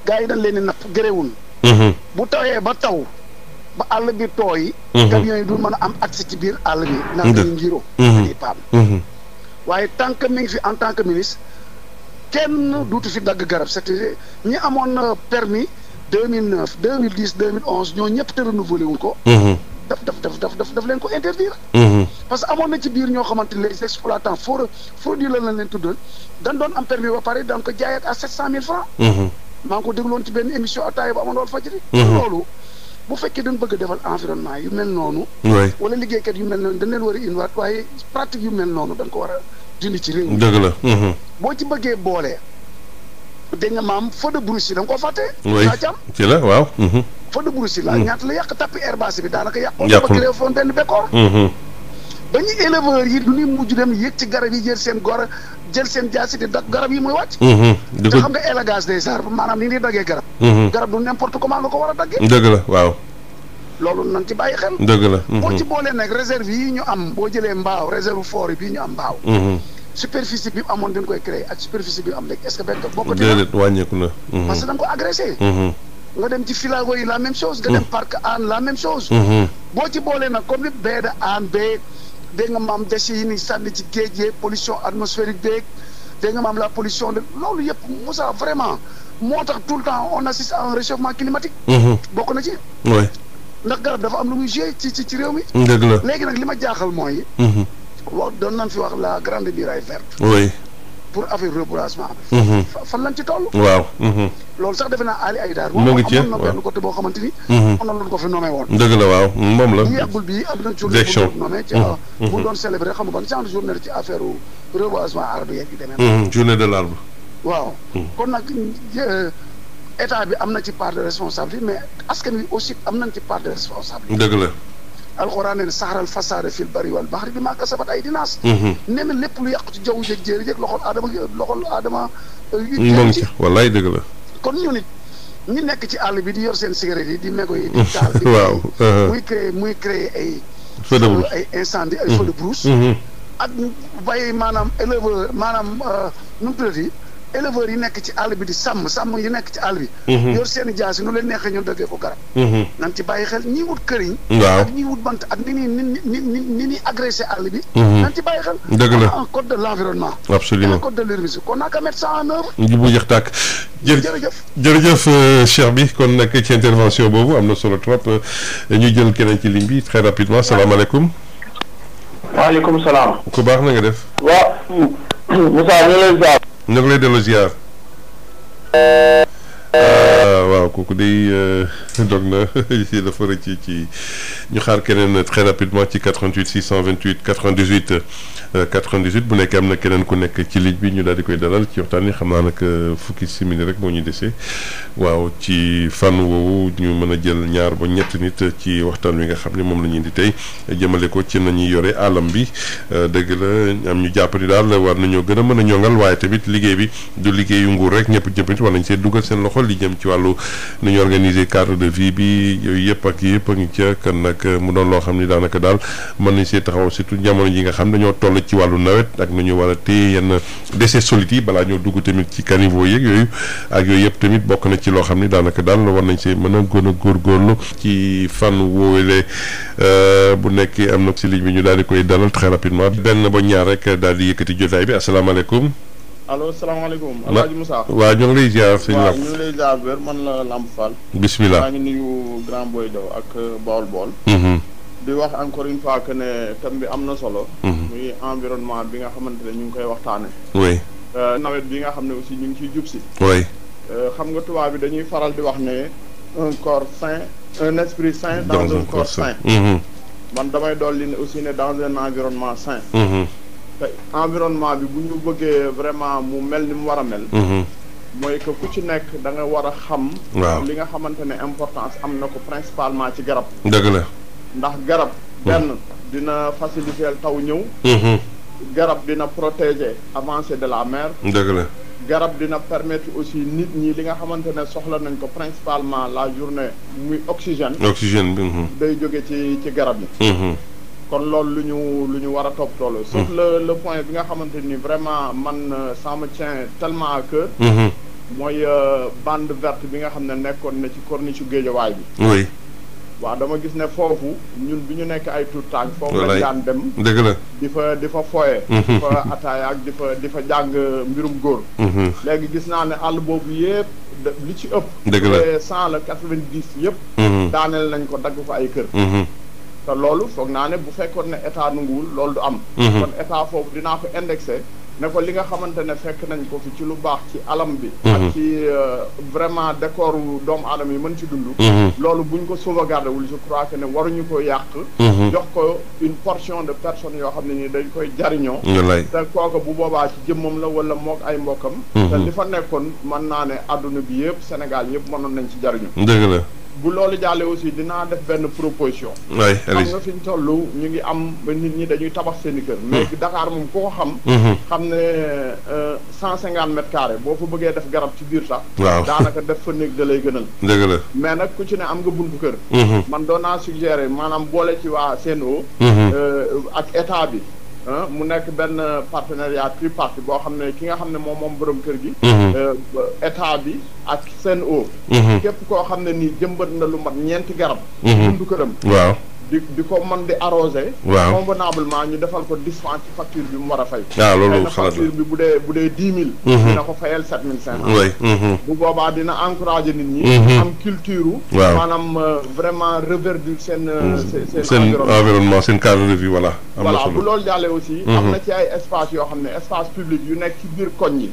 gars yi dañ leen di napp gréewuñ. Mhm. bu tawee ba taw ba àll bi tooy. camion yi du mën a am accès ci biir àll bi. ndax dañuy ngiroo. dañuy paam. waaye tant que mi ngi fi en tant que ministre kenn duuti fi dagg garab cest à ñi amoon euh, permis. 2009 2010 2011 ñoo ñëpp te renouvelé wuñ ko. Mhm. daf daf daf daf daf daf leen ko interdire. Mhm. parce que amoon na ci biir ñoo xamante ne les exploitants faux produit la lañ leen tuddal dañ doon am permis ba pare daan ko jaayaat à 700000 francs. Mhm. maa ngi ko dégluwoon ci benn émission ataaya bu amoon wal fajri. loolu bu fekkee dañ bëgg defal environnement yu mel noonu. wala liggéeykat yu mel noonu dañ leen war a waaye pratique dañ ko war a ci réew mi. dëgg dégg nga maam feu de brousse da nga koo fàtte. oui ci la waaw. Mhm. feu de brousse la mhm. ñaata la yàq tapis herbacé bi daanaka yàqoon. yàqul dafa créé benn bekkoor. Mhm. ba ñu yi du ñuy mujj dem yéeg ci garab yi jël seen gor jël seen jaasi di dagg garab yi muy wàcc. di ko xam nga élagage des arbres maanaam ni ñuy daggee garab. garab du n'importe comment nga ko war a daggee. dëgg la waaw. loolu nañ ci bàyyi xel. dëgg la. boo ci boolee nag réserve yi ñu am boo jëlee mbaaw réserve superficie bi amoon bi mu koy créé ak superficie bi am léegi est-ce que benn boo ko déedéet wàññeeku na mm-hmm. parce que da ko agressé mm-hmm. nga dem ci filago yi la même chose nga dem mm-hmm. parc aan la même chose boo ci boolee nag comme li bee da aan bee dégg nga maam déchets yi ni sànni ci géej yee pollution atmosphérique beeg dégg nga maam la polition de loolu yëpp Moussa vraiment moo tax tout le temps on assiste à un réchauffement climatique bokk na ci ndax garab dafa am lu muy joué ci ci ci réew mi léegi nag li ma jaaxal mooy wax doon nañ fi wax la grande muraille verte. oui. pour affaire reboisement bi. Mm-hmm. fan lañ ci toll. waaw. Mm-hmm. loolu sax defe naa Ali Aïdar. mu ngi ci waaw amoon xamante ni. Mm-hmm. amoon ko fi nommé la waaw moom la. bu yàggul bii am na journée bu doon nommé. ci bu doon célébré xam ci affaire reboisement arbre yeeg yu demee. de l'arbre. waaw. kon nag état bi am na ci part de responsabilité mais askan wi aussi am nañ ci part de responsabilité. dëgg la. alxuraan ne saxaral fasaare fil bari wal baxri bi maa kasabat ay dinaas. Mhm. nee na lépp lu yàq ci jaww jeeg jéeri jeeg loxol aadama loxol aadama. Euh, moom dëgg la. kon ñu nit ñi nekk ci àll bi di yor seen cigarette yi di mego yi. di mhm. taal di waaw muy uh-huh. créé muy créé ay. feu de brousse ay incendie ay mhm. ak bàyyi maanaam éleveur maanaam euh, nu mu éleveurs yi nekk ci àll bi di sàmm sam yi nekk ci àll bi. Mhm. seen i jaas yi nu leen neexee ñu dëggee ko garab. Mhm. nañ ci bàyyi xel ñiy wut këriñ. waaw ak ñiy wut bant ak ni ñuy ni ni ni mhm. ci bàyyi xel. dëgg la un code de l' environnement. absolument un ko mettre ça en œuvre. ji bu jeex tàkk. jërëjëf jërëjëf euh, Cheikh bi kon nag ci intervention boobu am na solo trop euh, ñu jël keneen ci ligne bi très rapidement salaamaaleykum. waaleykum salaam. ku baax na def. waaw ñu ngi lay dellu ziar. waaw kooku day euh, dog na si dafa rëcc ci ñu xaar keneen très rapidement ci 88 628 98 98 bu nekkee am na keneen ku nekk ci ligne bi ñu daal di koy dalal ci waxtaan wi xam naa nag euh, rek moo ñu dese waaw ci fànn ñu mën a jël ñaar ba ñetti nit ci waxtaan wi nga xam ne moom la ñu indi tey jëmale ko ci nañuy yore alam bi euh, dëgg la am ñu jàpp ni daal war nañoo gën a mën a ñoŋal waaye tamit liggéey bi du liggéeyu nguur rek ñëpp ñëpp nit war nañ see dugal seen loxo li jëm ci wàllu nu ñu organiser cadre de vie bi yooyu yëpp ak yëpp a ngi ca kan nag euh, mu doon loo xam ni daanaka daal mën nañ see taxaw surtout jamono ji nga xam dañoo toll ci wàllu nawet ak nu ñu war a yenn dése solides yi bala ñoo dugg tamit ci caniveau yeeg yooyu ak yooyu yëpp tamit bokk na ci loo xam ni daanaka daal war nañ see mën a gën a góor góorgóorlu ci fànn woowule euh, bu nekkee am na si ligne bi ñu daal di koy dalal très rapidement benn ba ñaar rek daal di yëkkati jotaay bi asalaamaaleykum allo salaamaaleykum. Alaaji Moussa. waaw ñu ngi lay ziar sëñ Lamp. man la Lamp Fall. bisimilah maa ngi nuyu Grand Boy Diaw ak euh, Baol Baol. Mm-hmm. di wax encore une fois que ne thème bi am na solo. Mm-hmm. muy environnement bi nga xamante ne ñu ngi koy waxtaane oui euh, nawet bi nga xam ne aussi ñu ngi ciy jub si. oui. Euh, xam nga tubaab bi dañuy faral di wax ne un corps sain un esprit sain. dans un corps sain. Mm-hmm. man damay dolli aussi ne dans un environnement sain. environnement bi bu ñu bëggee vraiment mu mel ni mu war a mel. Mhm. mooy que ku ci nekk da nga war a xam. waaw li nga xamante ne importance am na ko principalement ci garab. dëgg la ndax garab. Mhm. benn dina faciliter taw ñëw. Mhm. garab dina protéger avancée de la mer. dëgg la garab dina permettre aussi nit ñi li nga xamante ne soxla nañ ko principalement la journée muy oxygène. oxygène bi. day jóge ci ci garab yi. kon loolu lu ñu lu ñu war a topp toll. Hmm. sauf le le point bi nga xamante ni vraiment man euh, ça me tient tellement à cœur. Hmm. mooy euh, band vert bi nga xam ne nekkoon na ci corniche géejawaay bi. oui. waaw dama gis ne foofu ñun bi ñu nekk ay tuut tànk foofu lañ daan dem. dëgg la di fa di fa foyee. Hmm. di fa ataaya ak di fa di fa jàng mbirum góor. léegi gis naa ne àll boobu yëpp lu ci ëpp. dëgg la eh, cent la quatre-vingt-dix yëpp. daaneel nañ ko dagg ko ay kër. te loolu foog naa ne bu fekkoon ne état nanguwul loolu du am. Mhm. kon état foofu dinaa ko indexé. ne ko li nga xamante ne fekk nañ ko fi ci lu baax ci alam bi. Mhm. ak ci euh, vraiment décor doomu alam yi mën ci dund. Mhm. loolu buñ ko sauvegarder wul je crois que ne waruñu ko yàq. jox ko une portion de personnes yoo xam ne nii dañ koy jariño te kooku bu boobaa ci jëmmam la wala moog ay mbokkam. te li fa nekkoon mën naa ne àdduna bi yëpp Sénégal yëpp mënoon nañ ci jariñu. dëgg bu loolu jàllee aussi dinaa def benn proposition. waay xam nga fi ñu toll ñu ngi am ba nit ñi dañuy tabax seen kër. Hmm. mais Dakar moom ku ko xam. Hmm. xam ne euh, cent cinquante mètres carrés boo fa bëggee def garab ci biir sax. waaw daanaka def fa néeg da lay gënal. dëgg mais nag ku ci ne am nga buntu kër. Hmm. man doon naa suggérer maanaam boole ci waa CNO. Euh, ak état bi. Ah, mu nekk benn partenariat tripartite boo xam ne ki nga xam ne moom moom borom kër gi. Mhm. Euh, état bi ak Sen'Eau. Mhm. képp koo xam ne nii jëmbat na lu mat ñeenti garab. dundu mhm. këram waaw. di di ko mën di arrosé. convenablement ñu defal ko dispense ci facture bi mu war a fay. waaw ah, loolu xalaat bi bu dee bu dee dix mille. Mhm. dina ko fayal sept mhm. bu boobaa dina encouragé nit ñi. Mhm. am culture. waaw maanaam euh, vraiment reverdir euh, seen. seen seen environnement seen cadre de vie voilà. am na solo bu loolu jàllee aussi. am na ci ay espace yoo xam ne espace public yu nekk ci biir koñ yi.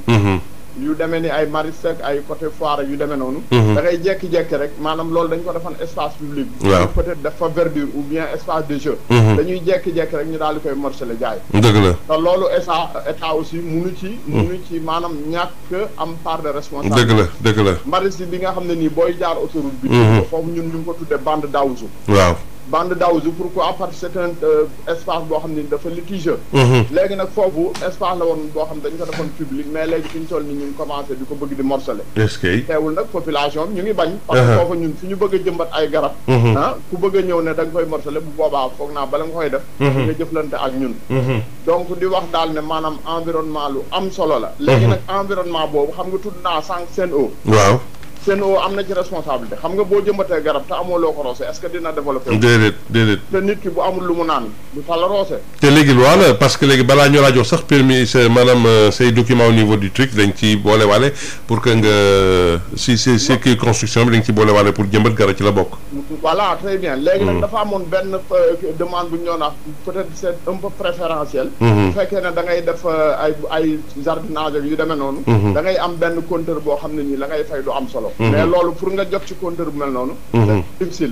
yu demee ni ay maris ak ay côté foire yu demee noonu. Mhm. da jekki jékki rek maanaam loolu dañ ko defoon espace public. waaw peut-être dafa verdure ou bien espace de jeu. Mhm. dañuy jékki-jékki rek ñu daal di koy morcelé jaay. dëgg la te loolu état état aussi munu ci. Mhm. munu ci maanaam ñàkk am part de responsabilité. dëgg la dëgg la. maris yi bi nga xam ne nii booy jaar autoroute bi. foofu ñun ñu ngi ko tuddee bande d' waaw bande d'Aouzou pourquoi parce que c'est un euh, espace boo xam ne dafa litigieux. Mhm. léegi nag foofu espace la woon boo xam dañ ko defoon public mais léegi fi ñu toll nii ñu ngi commencé di ko bëgg di morcelé. est-ce que nag population ñu ngi bañ. parce uh-huh. foofu ñun fi ñu bëgg a jëmbat ay garab. Mhm. Ah, ku bëgg a ñëw ne da koy morcelé bu boobaa foog naa bala nga koy def. Mhm. nga jëflante ak ñun. donc di wax daal ne maanaam environnement lu am solo la. léegi nag environnement boobu CNO am na ci responsabilité xam nga boo jëmbatee garab te amoo loo ko roose est-ce que dina développé. déedéet déedéet. te nit ki bu amul lu mu naan du fa la roose. te léegi loi la parce que léegi balaa ñu sax permis sa maanaam euh, say documents au niveau du truc dañ ci boole waale pour que nga euh, si si si kii construction bi dañ ci boole waale pour jëmbat garab ci la bokk. voilà très bien. léegi nag mm. dafa amoon benn euh, demande bu ñu doon wax peut-être c'est mm-hmm. da ngay def ay ay jardinage mm-hmm. boo xam ne nii la ngay fay du am solo. Mm-hmm. mais loolu pour nga jot ci compteur bu mel noonu. Mm-hmm. c'est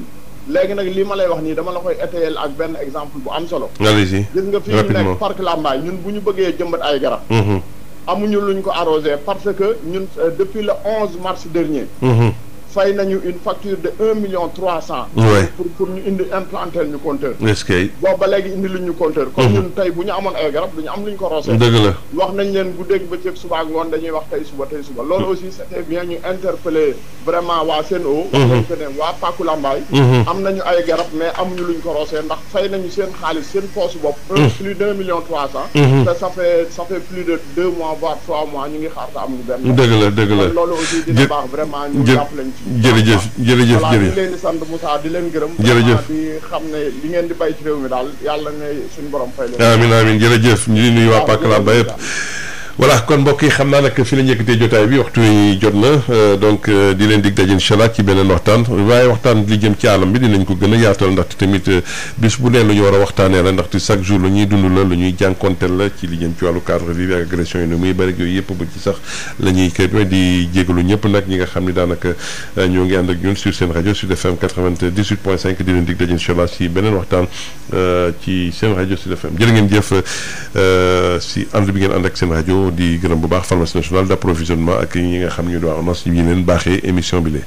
léegi nag lii ma lay wax nii dama la koy étayel ak benn exemple bu am solo. allez-y gis nga fi ñu nekk parc Lambaye ñun bu ñu bëggee jëmbat ay garab. lu mm-hmm. ñu ko arrosé parce que ñun euh, depuis le onze mars dernier. fay nañu une facture de un million trois cent pour pour ñu indi implanter ñu compteur boobu ba léegi indi lu ñu compteur comme ñun tey bu ñu amoon ay garab du ñu am lu ñu ko roosee dëgg wax nañ leen bu dégg bëccëg suba ak ngoon dañuy wax tey suba tey suba loolu mhm. aussi c'était bien ñu interpeller vraiment waa Sen'Eau mhm. que ne waa Pakulambaay mhm. am nañu ay garab mais amuñu lu ñu ko roosee ndax fay nañu seen xaalis seen poche bopp un plus d' un million trois cent ñu ngi xaar te amuñu benn dëgg jërëjëf jërëjëf jërëjëf leen di sant Moussa di leen gërëm. jërëjëf di xam ne li ngeen di bay ci réew mi daal yàlla ne suñu borom fay leen. amiin amiin jërëjëf ñu ngi nuyu laa Pàcc ba yëpp. voilà kon mbokk yi xam naa nag fi la ñu yëkkatee jotaay bi waxtu yi jot na euh, donc euh, di leen dig daje incha ci beneen waxtaan waaye waxtaan li jëm ci alam bi dinañ ko gën a yaatal ndaxte tamit euh, bis bu nee lu ñu war a waxtaanee la ndaxte chaque jour lu ñuy dund la ñuy jànkonteel la ci li jëm ci wàllu cadre vie ak agression yëpp ba ci sax ñëpp nag ñi nga xam ne daanaka ñoo ngi ànd ak ñun sur seen rajo Sud FM 98 point 5 di leen dig daje incha allah si beneen waxtaan ci FM jërë ngeen jëf si ànd bi ngeen ànd ak seen rajo di gërëm bu baax pharmacie nationale d' approvisionnement ak ñi nga xam ni doon wax ñu leen baaxee émission bi la